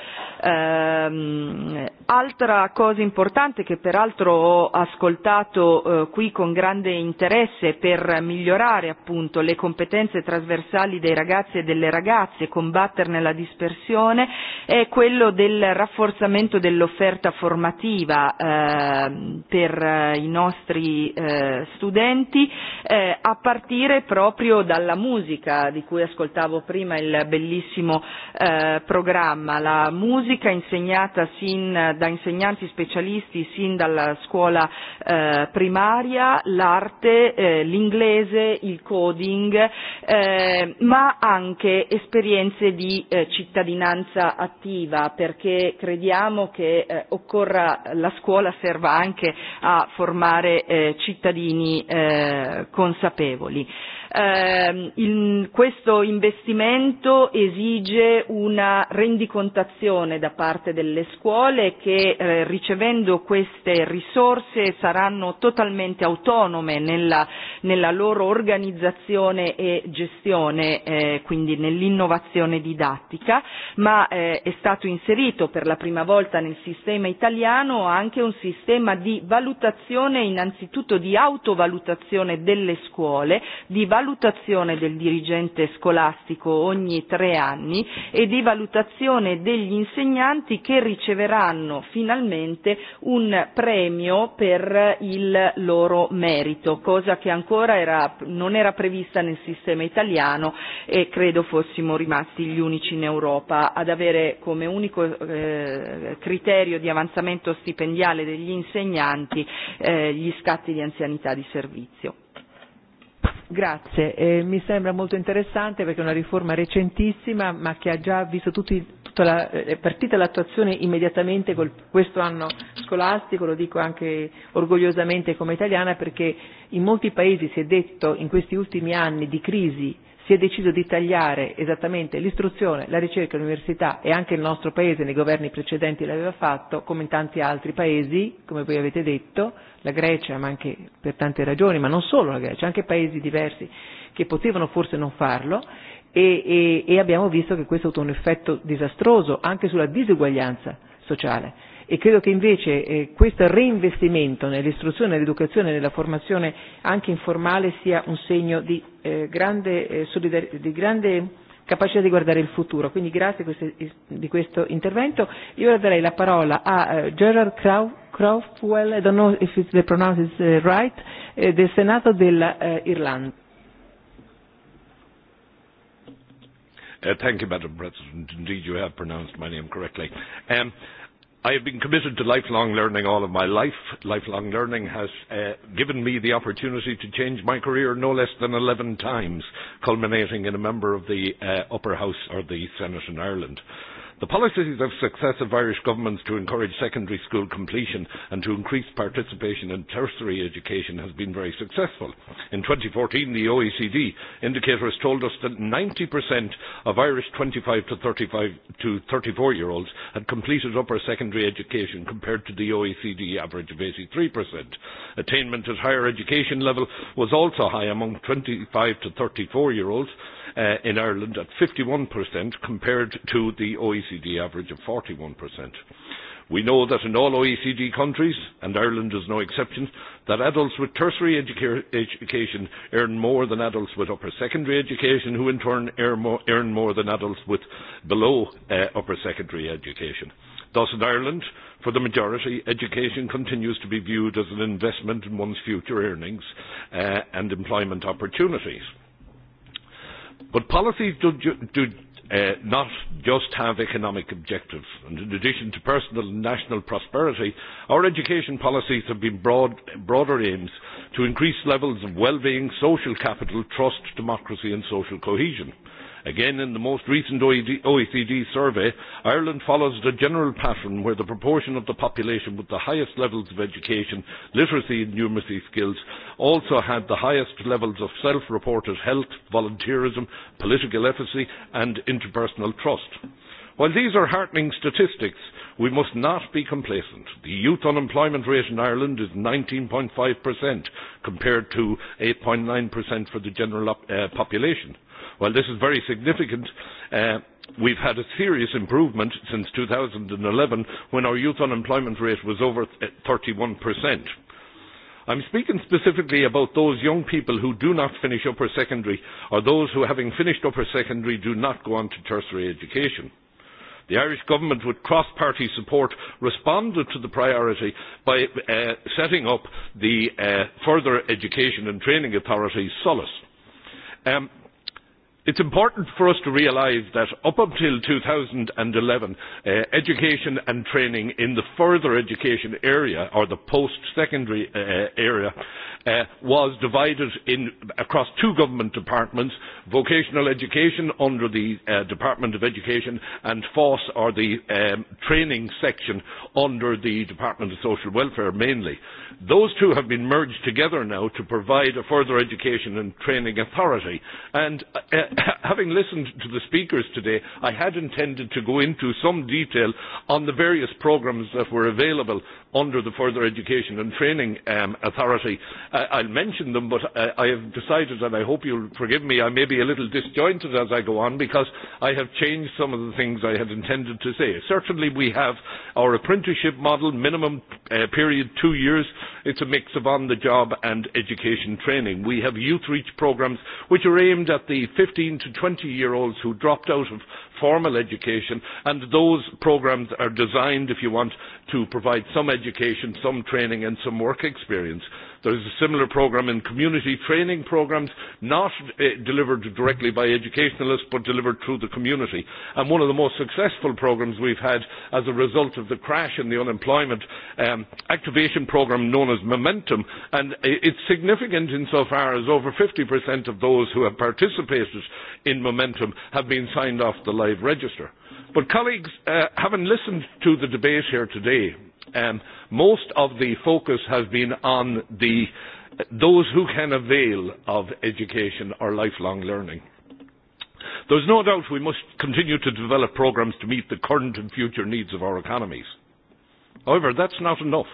[SPEAKER 13] Eh, altra cosa importante che peraltro ho ascoltato eh, qui con grande interesse per migliorare appunto le competenze trasversali trasversali dei ragazzi e delle ragazze combatterne la dispersione è quello del rafforzamento dell'offerta formativa ehm, eh, per i nostri eh, studenti eh, a partire proprio dalla musica di cui ascoltavo prima il bellissimo eh, programma, la musica insegnata sin, da insegnanti specialisti sin dalla scuola eh, primaria, l'arte, eh, l'inglese, il coding, eh, Eh, ma anche esperienze di eh, cittadinanza attiva, perché crediamo che eh, occorra, la scuola serva anche a formare eh, cittadini eh, consapevoli. Eh, eh, il, questo investimento esige una rendicontazione da parte delle scuole che eh, ricevendo queste risorse saranno totalmente autonome nella, nella loro organizzazione e gestione, eh, quindi nell'innovazione didattica, ma eh, è stato inserito per la prima volta nel sistema italiano anche un sistema di valutazione innanzitutto di autovalutazione delle scuole, di valutazione valutazione del dirigente scolastico ogni tre anni e di valutazione degli insegnanti che riceveranno finalmente un premio per il loro merito, cosa che ancora era, non era prevista nel sistema italiano e credo fossimo rimasti gli unici in Europa ad avere come unico eh, criterio di avanzamento stipendiale degli insegnanti eh, gli scatti di anzianità di servizio.
[SPEAKER 3] Grazie, eh, mi sembra molto interessante perché è una riforma recentissima ma che ha già visto tutti, tutta la, è eh, partita l'attuazione immediatamente col, questo anno scolastico, lo dico anche orgogliosamente come italiana perché in molti paesi si è detto in questi ultimi anni di crisi si è deciso di tagliare esattamente l'istruzione, la ricerca, l'università e anche il nostro Paese nei governi precedenti l'aveva fatto, come in tanti altri Paesi, come voi avete detto, la Grecia, ma anche per tante ragioni, ma non solo la Grecia, anche Paesi diversi che potevano forse non farlo e, e, e abbiamo visto che questo ha avuto un effetto disastroso anche sulla diseguaglianza sociale e credo che invece eh, questo reinvestimento nell'istruzione, nell'educazione e nella formazione anche informale sia un segno di, eh, grande, eh, solidar- di grande capacità di guardare il futuro. Quindi grazie queste, di questo intervento. Io ora darei la parola a eh, Gerard Crow, Crowfwell, I don't know if it's the pronounce is uh, right, eh, del Senato dell'Irlanda.
[SPEAKER 1] Eh, uh,
[SPEAKER 33] Uh, thank you, Madam President. Indeed, you have pronounced my name correctly. Um, I have been committed to lifelong learning all of my life. Lifelong learning has uh, given me the opportunity to change my career no less than 11 times, culminating in a member of the uh, upper house or the Senate in Ireland. Uh, The policies of successive Irish governments to encourage secondary school completion and to increase participation in tertiary education has been very successful. In 2014, the OECD indicator has told us that 90% of Irish 25 to, 35 to 34 year olds had completed upper secondary education compared to the OECD average of 83%. Attainment at higher education level was also high among 25 to 34 year olds uh, in Ireland at 51% compared to the OECD average of 41%. We know that in all OECD countries, and Ireland is no exception, that adults with tertiary educa education earn more than adults with upper secondary education, who in turn earn more, earn more than adults with below uh, upper secondary education. Thus, in Ireland, for the majority, education continues to be viewed as an investment in one's future earnings uh, and employment opportunities. But policies do, do uh, not just have economic objectives. And in addition to personal and national prosperity, our education policies have been broad, broader aims to increase levels of well-being, social capital, trust, democracy and social cohesion. Again, in the most recent OECD e survey, Ireland follows the general pattern where the proportion of the population with the highest levels of education, literacy and numeracy skills also had the highest levels of self-reported health, volunteerism, political efficacy and interpersonal trust. While these are heartening statistics, we must not be complacent. The youth unemployment rate in Ireland is 19.5% compared to 8.9% for the general uh, population. While this is very significant, uh, we've had a serious improvement since 2011 when our youth unemployment rate was over 31%. Uh, I'm speaking specifically about those young people who do not finish upper secondary or those who, having finished upper secondary, do not go on to tertiary education. The Irish Government, with cross party support, responded to the priority by uh, setting up the uh, Further Education and Training Authority, SOLAS. Um, it is important for us to realise that up until 2011, uh, education and training in the further education area or the post-secondary uh, uh, area uh, was divided in, across two government departments, vocational education under the uh, Department of Education and FOSS or the um, training section under the Department of Social Welfare mainly. Those two have been merged together now to provide a further education and training authority. And uh, having listened to the speakers today, I had intended to go into some detail on the various programmes that were available under the Further Education and Training um, Authority. I, uh, I'll mention them, but I, uh, I have decided, and I hope you'll forgive me, I may be a little disjointed as I go on because I have changed some of the things I had intended to say. Certainly, we have our apprenticeship model, minimum uh, period two years. It's a mix of on the job and education training. We have youth reach programmes which are aimed at the 50 15 to 20 year olds who dropped out of formal education, and those programs are designed, if you want, to provide some education, some training, and some work experience. There is a similar programme in community training programmes, not uh, delivered directly by educationalists but delivered through the community. And one of the most successful programmes we've had as a result of the crash in the unemployment um, activation programme known as Momentum. And eh, it's significant insofar as over 50% of those who have participated in Momentum have been signed off the live register. But colleagues, uh, eh, having listened to the debate here today, Um, most of the focus has been on the, those who can avail of education or lifelong learning. There's no doubt we must continue to develop programmes to meet the current and future needs of our economies. However, that's not enough.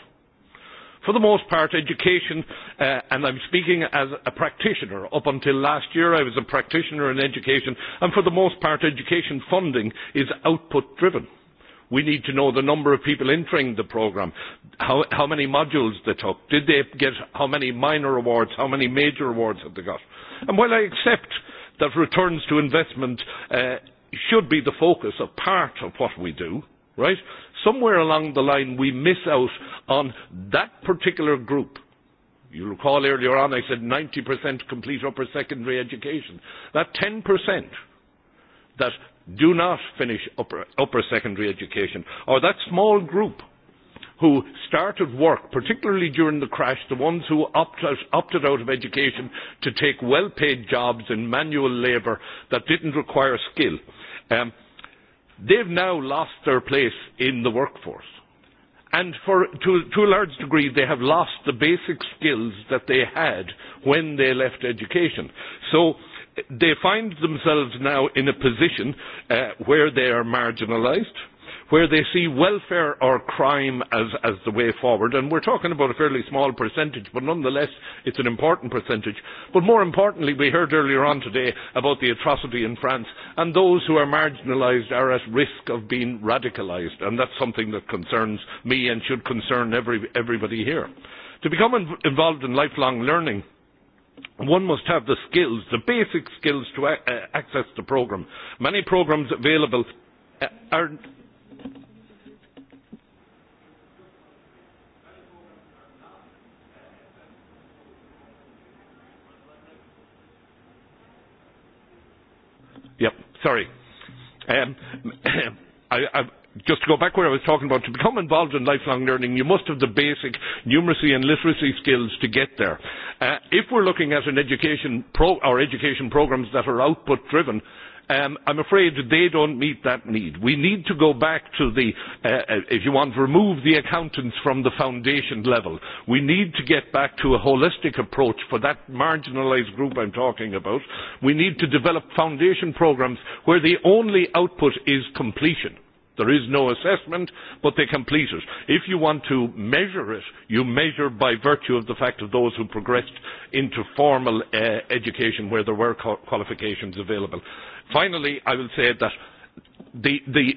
[SPEAKER 33] For the most part, education, uh, and I'm speaking as a practitioner, up until last year I was a practitioner in education, and for the most part, education funding is output driven. We need to know the number of people entering the programme, how, how many modules they took, did they get how many minor awards, how many major awards have they got. And while I accept that returns to investment uh, should be the focus of part of what we do, right? Somewhere along the line we miss out on that particular group. You recall earlier on I said 90% complete upper secondary education. That 10% that do not finish upper, upper secondary education, or that small group who started work, particularly during the crash, the ones who opt out, opted out of education to take well paid jobs in manual labour that didn't require skill, um, they've now lost their place in the workforce. And for, to, to a large degree, they have lost the basic skills that they had when they left education. So they find themselves now in a position uh, where they are marginalised, where they see welfare or crime as, as the way forward. And we're talking about a fairly small percentage, but nonetheless, it's an important percentage. But more importantly, we heard earlier on today about the atrocity in France, and those who are marginalised are at risk of being radicalised. And that's something that concerns me and should concern every, everybody here. To become in- involved in lifelong learning, one must have the skills, the basic skills to a- uh, access the programme. Many programmes available uh, are. Yep, sorry. Um, I, I, just to go back where I was talking about, to become involved in lifelong learning, you must have the basic numeracy and literacy skills to get there. Uh, if we're looking at an education pro- or education programs that are output driven, um, I'm afraid they don't meet that need. We need to go back to the, uh, uh, if you want, remove the accountants from the foundation level. We need to get back to a holistic approach for that marginalised group I'm talking about. We need to develop foundation programmes where the only output is completion There is no assessment, but they complete it. If you want to measure it, you measure by virtue of the fact of those who progressed into formal uh, education where there were qualifications available. Finally, I will say that the, the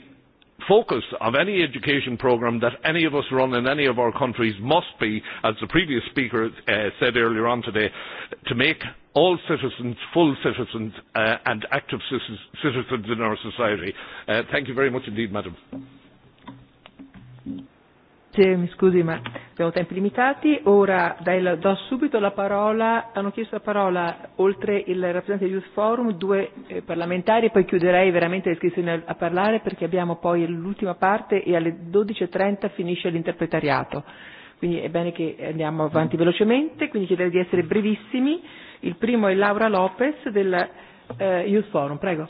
[SPEAKER 33] focus of any education programme that any of us run in any of our countries must be, as the previous speaker uh, said earlier on today, to make all citizens full citizens uh, and active citizens in our society. Uh, thank you very much indeed, Madam.
[SPEAKER 3] Grazie, mi scusi ma abbiamo tempi limitati. Ora dai, do subito la parola, hanno chiesto la parola oltre il rappresentante del Youth Forum, due eh, parlamentari e poi chiuderei veramente l'iscrizione a, a parlare perché abbiamo poi l'ultima parte e alle 12.30 e finisce l'interpretariato. Quindi è bene che andiamo avanti velocemente, quindi chiederei di essere brevissimi. Il primo è Laura Lopez del eh, Youth Forum, prego.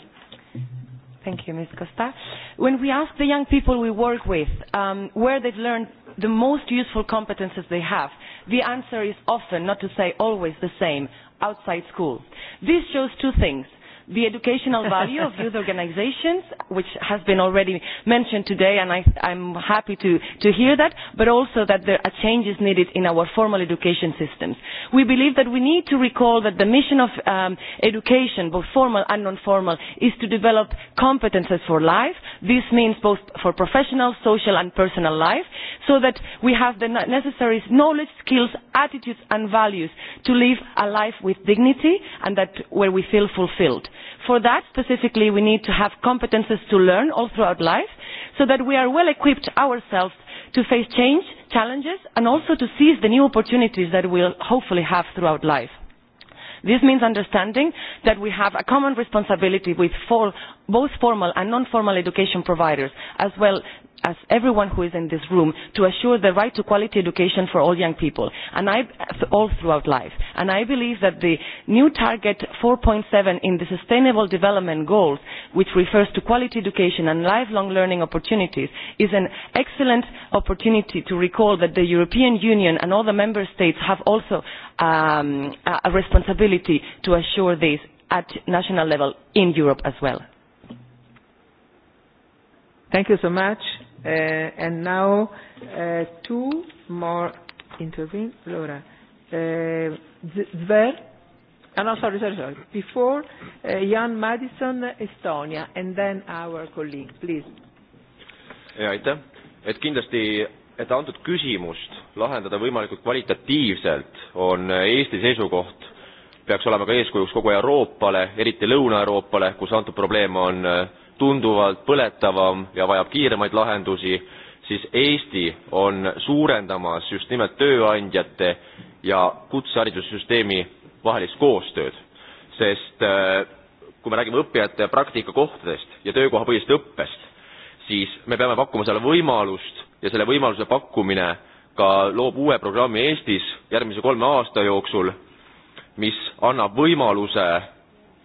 [SPEAKER 3] Thank you, Ms. Costa.
[SPEAKER 29] When we ask the young people we work with um, where they've learned the most useful competences they have, the answer is often, not to say always the same, outside school. This shows two things the educational value of youth organizations, which has been already mentioned today, and I, I'm happy to, to hear that, but also that there, are changes needed in our formal education systems. We believe that we need to recall that the mission of um, education, both formal and non-formal, is to develop competences for life. This means both for professional, social, and personal life, so that we have the necessary knowledge, skills, attitudes, and values to live a life with dignity and that where we feel fulfilled For that, specifically, we need to have competences to learn all throughout life so that we are well equipped ourselves to face change, challenges, and also to seize the new opportunities that we'll hopefully have throughout life. This means understanding that we have a common responsibility with for, both formal and non-formal education providers, as well as everyone who is in this room to assure the right to quality education for all young people and I, all throughout life. And I believe that the new target 4.7 in the Sustainable Development Goals, which refers to quality education and lifelong learning opportunities, is an excellent opportunity to recall that the European Union and all the member states have also um, a responsibility to assure this at national level in Europe as well.
[SPEAKER 3] Thank you so much. Uh, and now uh, two more intervene. Laura. Uh, Zver. Oh, no, sorry, sorry, sorry. Before, uh, Jan Madison, Estonia, and then our colleague,
[SPEAKER 34] please. ja aitäh, et kindlasti, et antud küsimust lahendada võimalikult kvalitatiivselt, on Eesti seisukoht, peaks olema ka eeskujuks kogu Euroopale, eriti Lõuna-Euroopale, kus antud probleem on äh, tunduvalt põletavam ja vajab kiiremaid lahendusi, siis Eesti on suurendamas just nimelt tööandjate ja kutseharidussüsteemi vahelist koostööd, sest äh, kui me räägime õppijate praktikakohtadest ja töökohapõhisest õppest, siis me peame pakkuma selle võimalust ja selle võimaluse pakkumine ka loob uue programmi Eestis järgmise kolme aasta jooksul, mis annab võimaluse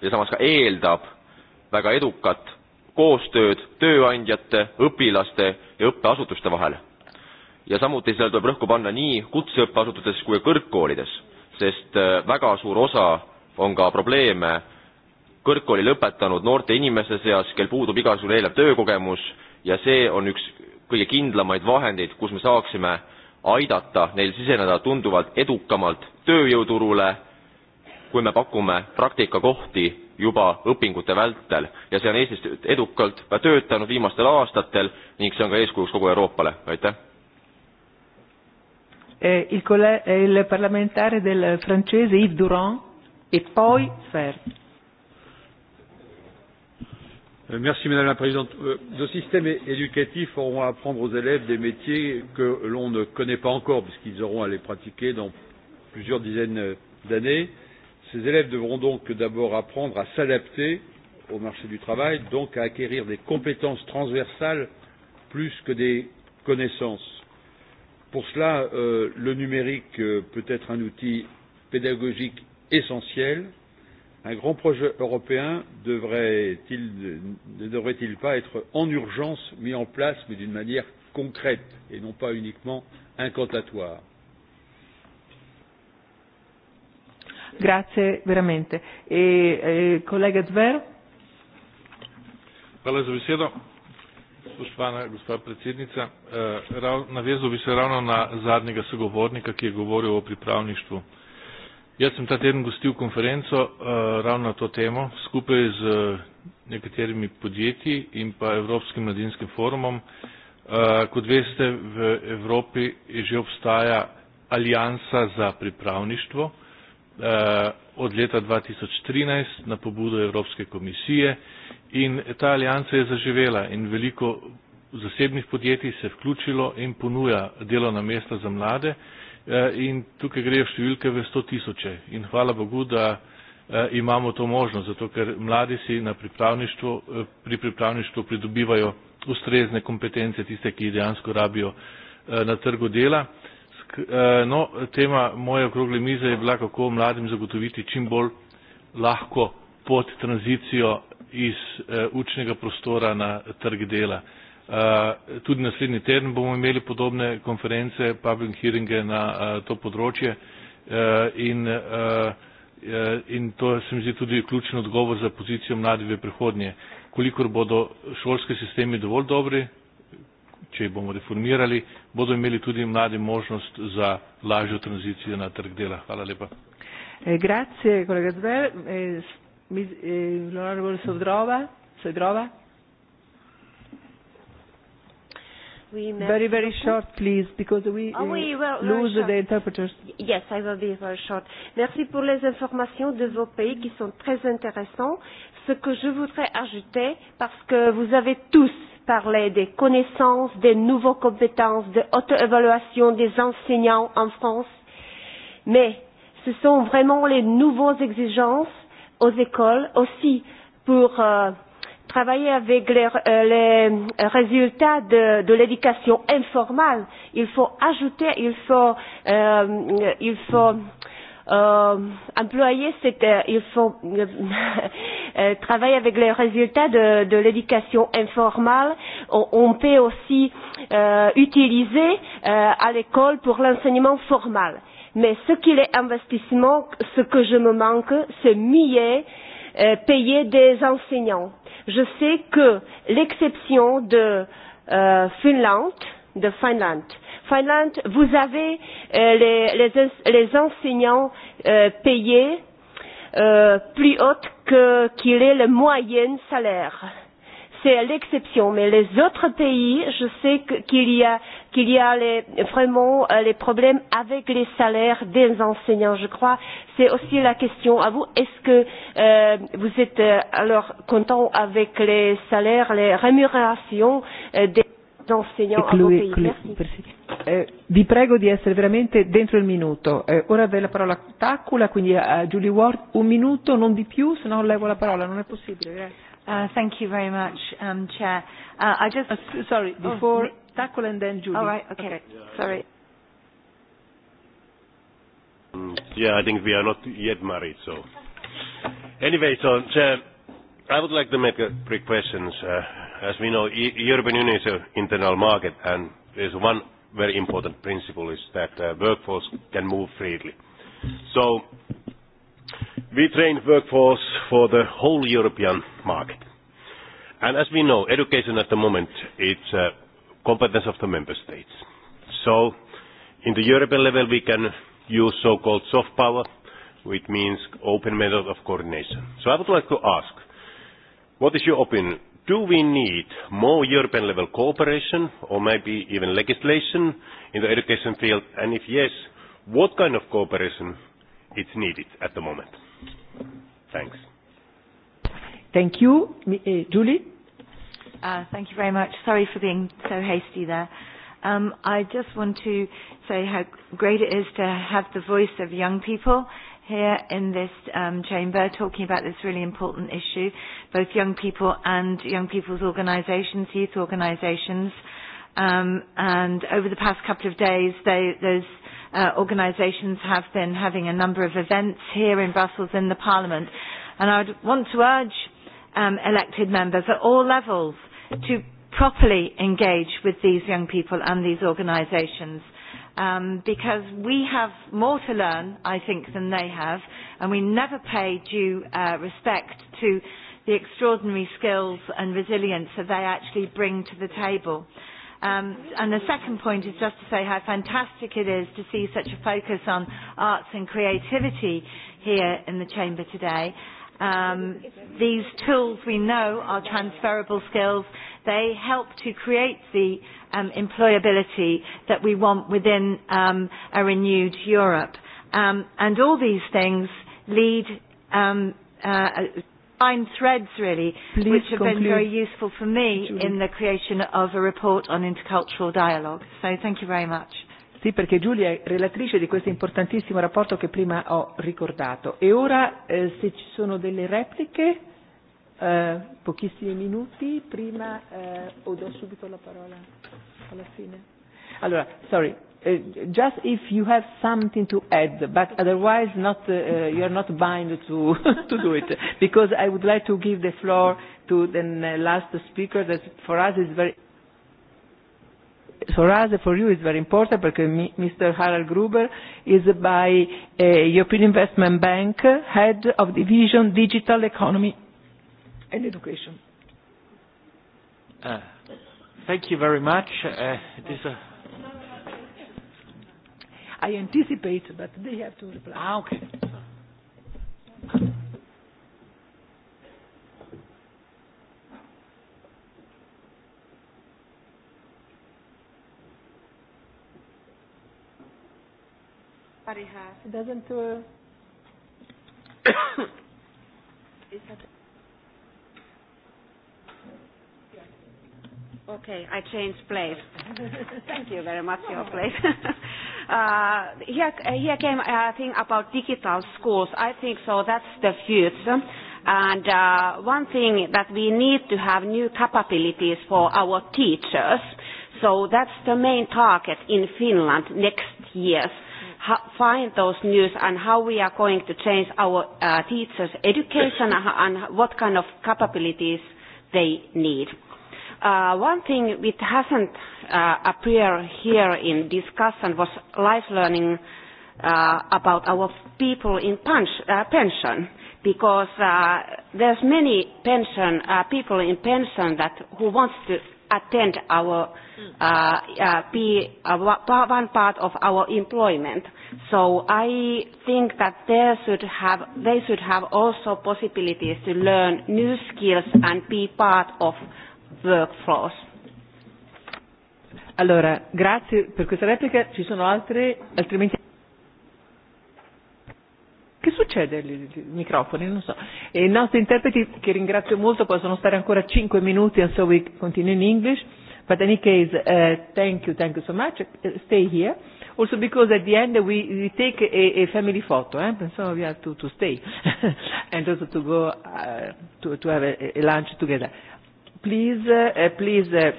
[SPEAKER 34] ja samas ka eeldab väga edukat koostööd tööandjate, õpilaste ja õppeasutuste vahel. ja samuti seal tuleb rõhku panna nii kutseõppeasutustes kui ka kõrgkoolides, sest äh, väga suur osa on ka probleeme kõrgkooli lõpetanud noorte inimeste seas, kel puudub igasugune eelnev töökogemus ja see on üks kõige kindlamaid vahendeid, kus me saaksime aidata neil siseneda tunduvalt edukamalt tööjõuturule kui me pakume praktikakohti juba õpingute vältel ja see on Eestis edukalt töötanud viimastel aastatel ning see on ka eeskujuks kogu Euroopale, aitäh.
[SPEAKER 3] Il, il parlamentare del francese Yves Durand e poi Fer.
[SPEAKER 23] Euh, merci Madame la Présidente. Euh, nos systèmes éducatifs auront à apprendre aux élèves des métiers que l'on ne connaît pas encore puisqu'ils auront à les pratiquer dans plusieurs dizaines d'années. Ces élèves devront donc d'abord apprendre à s'adapter au marché du travail, donc à acquérir des compétences transversales plus que des connaissances. Pour cela, euh, le numérique euh, peut être un outil pédagogique essentiel. Un grand projet européen devrait-il, ne devrait-il pas être en urgence mis en place, mais d'une manière concrète et non pas uniquement incantatoire
[SPEAKER 3] Grazie veramente. E, e, collega Zver?
[SPEAKER 35] Hvala za besedo. Spoštovana gospa predsednica, eh, rav, navezal bi se ravno na zadnjega sogovornika, ki je govoril o pripravništvu. Jaz sem ta teden gostil konferenco eh, ravno na to temo skupaj z eh, nekaterimi podjetji in pa Evropskim mladinskim forumom. Kot veste, v Evropi že obstaja alijansa za pripravništvo Eh, od leta 2013 na pobudo Evropske komisije in ta alijanca je zaživela in veliko zasebnih podjetij se je vključilo in ponuja delovna mesta za mlade eh, in tukaj grejo številke v sto tisoče in hvala Bogu, da eh, imamo to možnost, zato ker mladi si na pripravništvu, pri pripravništvu pridobivajo ustrezne kompetence, tiste, ki dejansko rabijo na trgu dela Eh, no, tema moje okrogle mize je bila, kako mladim zagotoviti čim bolj lahko pot tranzicijo iz eh, učnega prostora na trg dela. Eh, tudi naslednji teden bomo imeli podobne konference, public hearinge na to področje in, in to se mi zdi tudi ključen odgovor za pozicijo mladih v prihodnje. Kolikor bodo šolske sistemi dovolj dobri, če jih bomo reformirali, bodo imeli tudi mladi možnost za lažjo tranzicijo na trg dela. Hvala lepa.
[SPEAKER 3] E, e, e, very, very short, please, because we ah lose the interpreters.
[SPEAKER 12] Yes, I will be very short. Merci pour les informations de vos pays qui sont très intéressants ce que je voudrais ajouter, parce que vous avez tous parlé des connaissances, des nouvelles compétences, de l'auto-évaluation des enseignants en France, mais ce sont vraiment les nouvelles exigences aux écoles aussi pour euh, travailler avec les, euh, les résultats de, de l'éducation informelle. Il faut ajouter, il faut, euh, il faut euh, euh, employés cette, euh, il faut euh, euh, travailler avec les résultats de, de l'éducation informelle. On, on peut aussi euh, utiliser euh, à l'école pour l'enseignement formal. Mais ce qu'il est investissement, ce que je me manque, c'est mieux euh, payer des enseignants. Je sais que l'exception de euh, Finlande, de Finlande, Finlande, vous avez euh, Euh, les, les, les enseignants euh, payés euh, plus haute que qu'il est le moyen salaire. C'est l'exception, mais les autres pays, je sais qu'il y a qu'il y a les, vraiment euh, les problèmes avec les salaires des enseignants. Je crois c'est aussi la question à vous. Est-ce que euh, vous êtes euh, alors content avec les salaires, les rémunérations euh, des enseignants à vos pays Merci. Merci eh,
[SPEAKER 3] vi prego di essere veramente dentro il minuto. Eh, ora la parola a Tacula, quindi a Julie Ward un minuto, non di più, se no levo la parola, non è possibile. Grazie. Eh.
[SPEAKER 24] Uh, thank you very much, um, Chair. Uh, I
[SPEAKER 3] just... Uh, sorry, oh, before oh, Tacula and then Julie. All oh, right, okay. okay. Yeah, sorry.
[SPEAKER 17] Um, yeah, I think we are not yet married, so... Anyway, so, Chair, I would like to make a quick question. Uh, as we know, e European Union is an internal market and there's one very important principle is that uh, workforce can move freely. So we train workforce for the whole European market. And as we know, education at the moment is a uh, competence of the member states. So in the European level, we can use so-called soft power, which means open method of coordination. So I would like to ask, what is your opinion Do we need more European level cooperation or maybe even legislation in the education field? And if yes,
[SPEAKER 35] what kind of cooperation
[SPEAKER 30] is needed at the moment? Thanks.
[SPEAKER 3] Thank you. Eh, Julie?
[SPEAKER 35] Uh, thank you very much.
[SPEAKER 24] Sorry for being so hasty there. Um, I just want to say how great it is to have the voice of young people here in this um, chamber talking about this really important issue, both young people and young people's organisations, youth organisations. Um, and over the past couple of days, they, those uh, organisations have been having a number of events here in Brussels in the Parliament. And I would want to urge um, elected members at all levels to properly engage with these young people and these organisations um, because we have more to learn, I think, than they have, and we never pay due uh, respect to the extraordinary skills and resilience that they actually bring to the table. Um, and the second point is just to say how fantastic it is to see such a focus on arts and creativity here in the chamber today. Um, these tools we know are transferable skills. They help to create the um, employability that we want within um, a renewed Europe. Um, and all these things lead um, uh, find threads, really, Please which have conclude. been very useful for me Julie. in the creation of a report on intercultural dialogue. So thank you very much.
[SPEAKER 3] Sì, perché Giulia è relatrice di questo importantissimo rapporto che prima ho ricordato. E ora eh, se ci sono delle repliche. Eh, pochissimi minuti prima eh, o do subito la parola alla fine. Allora, sorry, uh, just if you have something to add, but otherwise not, uh, you are not bound to, to do it, because I would like to give the floor to the last speaker that for us is very for us, for you, it's very important because Mr. Harald Gruber is by uh, European Investment Bank, head of division Digital Economy
[SPEAKER 8] and education. Uh,
[SPEAKER 36] thank you very much. Uh, this, uh...
[SPEAKER 3] I anticipate, but they have to reply. Ah, okay.
[SPEAKER 26] It doesn't. Uh...
[SPEAKER 12] Is that
[SPEAKER 31] Okay, I changed place. Thank you very much, your place.
[SPEAKER 12] uh,
[SPEAKER 31] here, uh, here came uh, a thing about digital schools. I think so that's the future. And uh, one thing that we need to have new capabilities for our teachers. So that's the main target in Finland next year. How, find those news and how we are going to change our uh, teachers' education and what kind of capabilities they need. Uh, one thing which hasn't uh, appeared here in discussion was life learning uh, about our people in punch, uh, pension because uh, there's many pension uh, people in pension that who wants to attend our uh, uh, be uh, one part of our employment. So I think that they should have they should have also possibilities to learn new skills and be part of workforce.
[SPEAKER 3] Allora, grazie per questa replica. Ci sono altre, altrimenti... Che succede? I microfoni, non so. E I nostri interpreti, che ringrazio molto, possono stare ancora 5 minuti, and so we continue in English. But in any case, uh, thank you, thank you so much. Uh, stay here. Also because at the end we, we take a, a family photo, eh? so we have to, to stay and also to go uh, to, to have a, a lunch together please, uh, please, uh,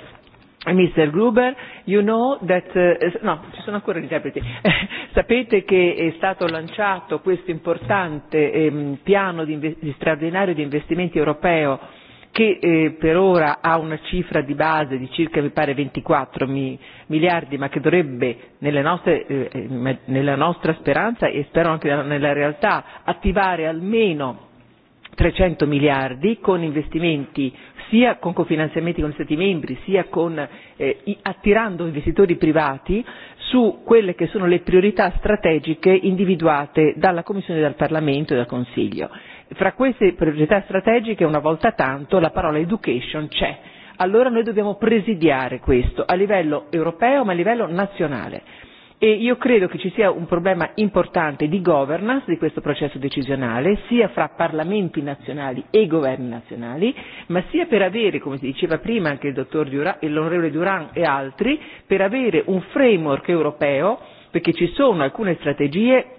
[SPEAKER 3] eh, Mr. Gruber, you know that, uh, no, ci sono ancora gli interpreti, sapete che è stato lanciato questo importante ehm, piano di, di straordinario di investimenti europeo che eh, per ora ha una cifra di base di circa mi pare 24 mi, miliardi, ma che dovrebbe nelle nostre, eh, nella nostra speranza e spero anche nella realtà attivare almeno 300 miliardi con investimenti sia con cofinanziamenti con gli Stati membri sia con, eh, attirando investitori privati su quelle che sono le priorità strategiche individuate dalla Commissione, dal Parlamento e dal Consiglio. Fra queste priorità strategiche una volta tanto la parola education c'è. Allora noi dobbiamo presidiare questo a livello europeo ma a livello nazionale E io credo che ci sia un problema importante di governance di questo processo decisionale, sia fra parlamenti nazionali e governi nazionali, ma sia per avere, come si diceva prima anche il dottor Durand, e l'onorevole Durand e altri, per avere un framework europeo perché ci sono alcune strategie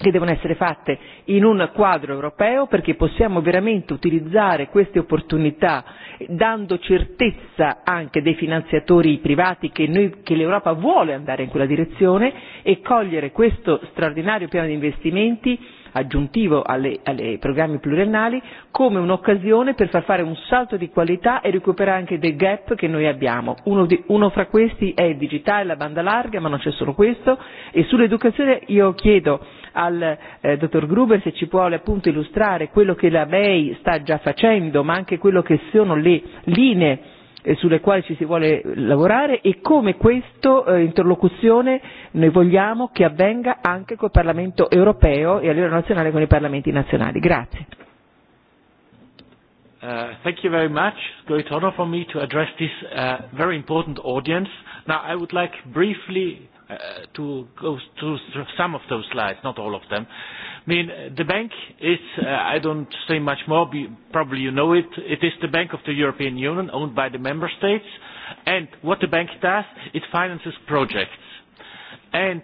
[SPEAKER 3] che devono essere fatte in un quadro europeo perché possiamo veramente utilizzare queste opportunità dando certezza anche dei finanziatori privati che, noi, che l'Europa vuole andare in quella direzione e cogliere questo straordinario piano di investimenti aggiuntivo ai programmi pluriannali come un'occasione per far fare un salto di qualità e recuperare anche dei gap che noi abbiamo. Uno, di, uno fra questi è il digitale, la banda larga, ma non c'è solo questo. E sull'educazione io chiedo al eh, dottor Gruber se ci può appunto illustrare quello che la BEI sta già facendo, ma anche quello che sono le linee eh, sulle quali ci si vuole lavorare e come questa eh, interlocuzione noi vogliamo che avvenga anche col Parlamento europeo e a livello nazionale con i parlamenti nazionali. Grazie.
[SPEAKER 36] Uh, thank you very much. It's a Great honor for me to address this uh, very important audience. Now I would like briefly Uh, to go through some of those slides, not all of them. I mean, the bank is, uh, I don't say much more, be, probably you know it, it is the Bank of the European Union owned by the member states. And what the bank does, it finances projects. And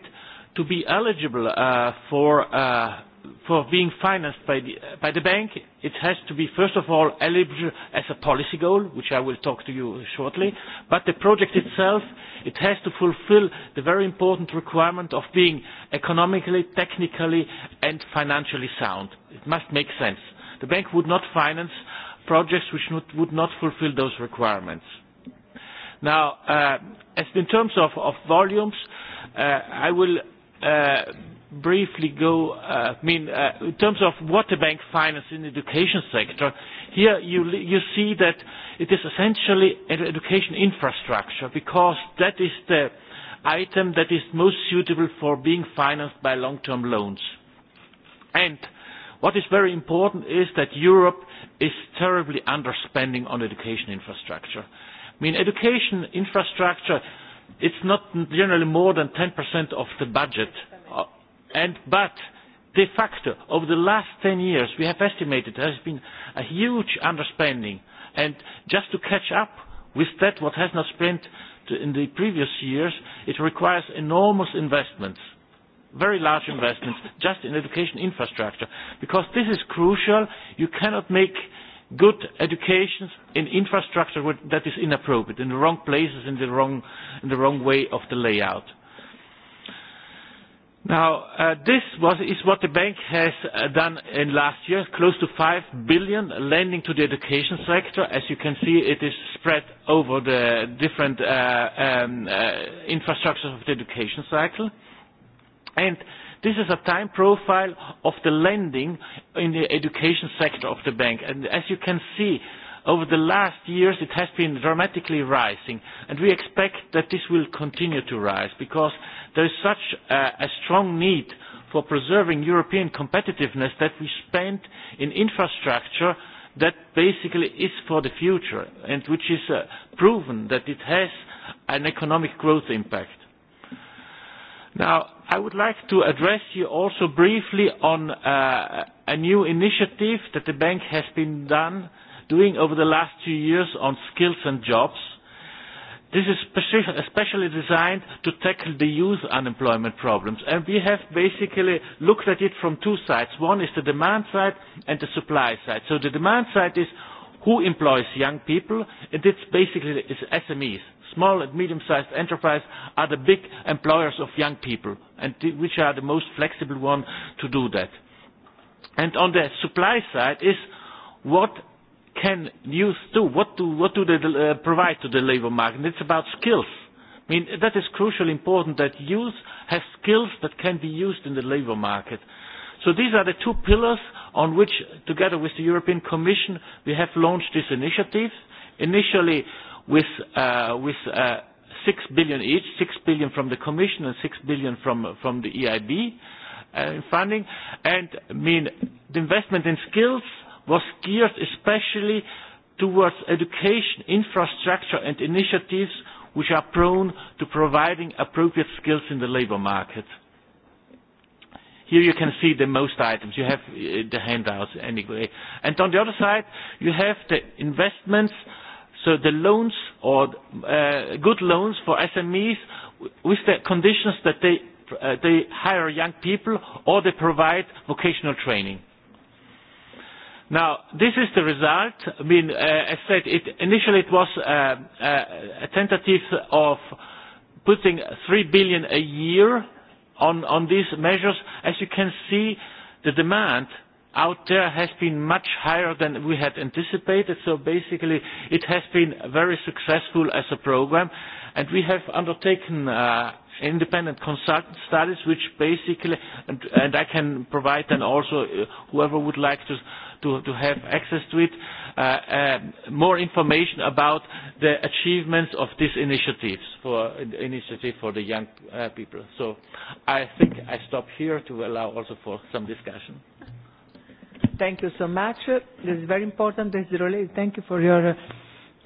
[SPEAKER 36] to be eligible uh, for uh, for being financed by the, by the bank, it has to be, first of all, eligible as a policy goal, which I will talk to you shortly, but the project itself, it has to fulfill the very important requirement of being economically, technically, and financially sound. It must make sense. The bank would not finance projects which not, would not fulfill those requirements. Now, uh, as in terms of, of volumes, uh, I will uh, briefly go, uh, I mean, uh, in terms of what the bank finance in the education sector, here you, you see that it is essentially an education infrastructure because that is the item that is most suitable for being financed by long-term loans. And what is very important is that Europe is terribly underspending on education infrastructure. I mean, education infrastructure, it's not generally more than 10% of the budget but de facto, over the last 10 years, we have estimated there has been a huge underspending. And just to catch up with that, what has not spent in the previous years, it requires enormous investments, very large investments, just in education infrastructure. Because this is crucial. You cannot make good education in infrastructure that is inappropriate, in the wrong places, in the wrong, in the wrong way of the layout. Now, uh, this was, is what the bank has uh, done in last year, close to 5 billion lending to the education sector. As you can see, it is spread over the different uh, um, uh, infrastructures of the education cycle. And this is a time profile of the lending in the education sector of the bank. And as you can see, Over the last years, it has been dramatically rising, and we expect that this will continue to rise because there is such a, a strong need for preserving European competitiveness that we spend in infrastructure that basically is for the future and which is uh, proven that it has an economic growth impact. Now, I would like to address you also briefly on uh, a new initiative that the bank has been done doing over the last two years on skills and jobs. This is especially designed to tackle the youth unemployment problems. And we have basically looked at it from two sides. One is the demand side and the supply side. So the demand side is who employs young people, and it's basically it's SMEs. Small and medium-sized enterprises are the big employers of young people, and which are the most flexible one to do that. And on the supply side is what can youth do? What do, what do they uh, provide to the labour market? It's about skills. I mean, that is crucially important that youth has skills that can be used in the labour market. So these are the two pillars on which, together with the European Commission, we have launched this initiative, initially with, uh, with uh, 6 billion each, 6 billion from the Commission and 6 billion from, from the EIB uh, funding. And I mean, the investment in skills – was geared especially towards education, infrastructure and initiatives which are prone to providing appropriate skills in the labour market. Here you can see the most items. You have uh, the handouts anyway. And on the other side, you have the investments, so the loans or uh, good loans for SMEs with the conditions that they, uh, they hire young people or they provide vocational training. Now, this is the result. I mean, uh, as said, it, initially it was uh, uh, a tentative of putting 3 billion a year on, on these measures. As you can see, the demand out there has been much higher than we had anticipated. So basically, it has been very successful as a program, and we have undertaken uh, independent consultant studies, which basically, and, and I can provide then also uh, whoever would like to, to, to have access to it, uh, uh, more information about the achievements of these initiatives for initiative for the young uh, people. So I think I stop here to allow also for some discussion.
[SPEAKER 3] Thank you so much. This is very important. This is really, thank you for your. Uh,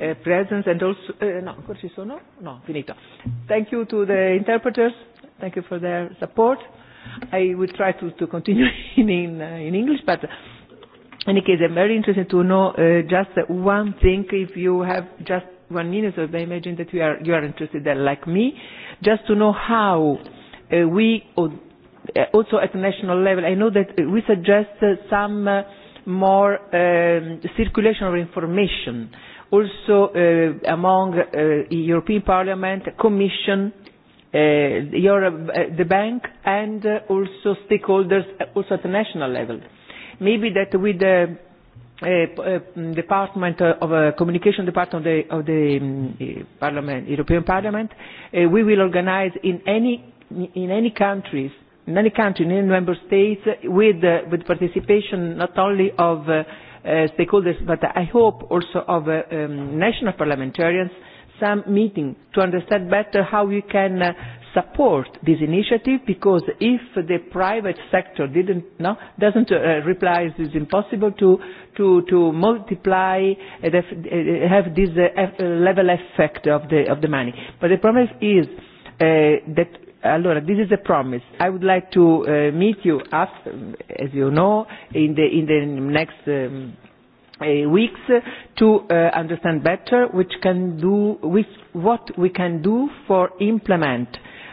[SPEAKER 3] uh, presence and also uh, no ancora ci sono? No, finito. Thank you to the interpreters. Thank you for their support. I will try to, to continue in in, uh, in English, but in any case, I'm very interested to know uh, just one thing. If you have just one minute, so I imagine that you are you are interested there, like me, just to know how uh, we uh, also at national level. I know that we suggest uh, some uh, more um, circulation of information. Uh, also uh, among uh, European Parliament, Commission, uh, your, uh, the bank, and uh, also stakeholders, uh, also at the national level. Maybe that with the uh, uh, mm, department uh, of uh, communication department of the, of the um, parliament, European Parliament, uh, we will organize in any in any countries in any country, in any member states, with, uh, with participation not only of uh, uh, stakeholders, but I hope also of uh, um, national parliamentarians, some meeting to understand better how we can uh, support this initiative because if the private sector didn't no doesn't uh, reply it's impossible to to to multiply and uh, uh, have this uh, uh, level effect of the of the money but the problem is uh, that Allora, this is a promise. I would like to uh, meet you, after, as you know, in the, in the next um, uh, weeks to uh, understand better which can do, which, what we can do for implement uh,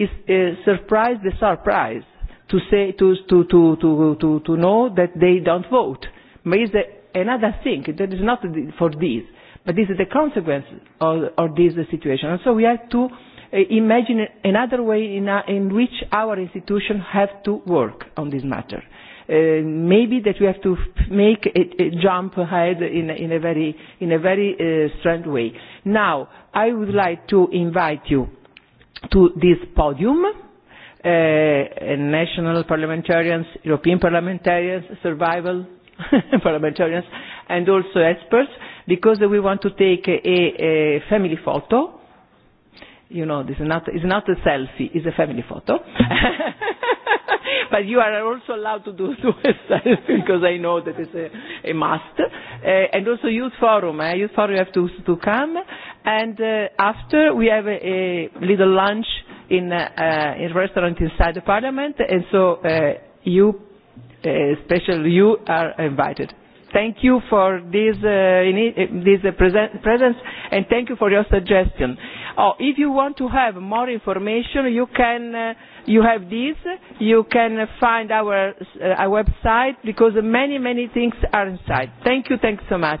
[SPEAKER 3] is a uh, surprise the surprise to say to to to to to, to know that they don't vote. But is a, another thing that is not for this, but this is the consequence of, of this situation. And so we have to uh, imagine another way in, uh, in which our institution have to work on this matter. Uh, maybe that we have to make a, a jump ahead in, in a very, in a very uh, strange way. Now, I would like to invite you to this podium. Uh, national parliamentarians, European parliamentarians, survival parliamentarians, and also experts, because we want to take a, a family photo. You know, this is not, it's not a selfie, it's a family photo. but you are also allowed to do, do a selfie, because I know that it's a, a must. Uh, and also Youth Forum, Uh, Youth Forum, you have to, to come and uh, after we have a, a little lunch in uh, uh in a restaurant inside the parliament and so uh, you uh, especially you are invited thank you for this uh, uh this uh, present, presence and thank you for your suggestion oh, if you want to have more information you can uh, you have this you can find our, uh, our website because many many things are inside thank you thanks so much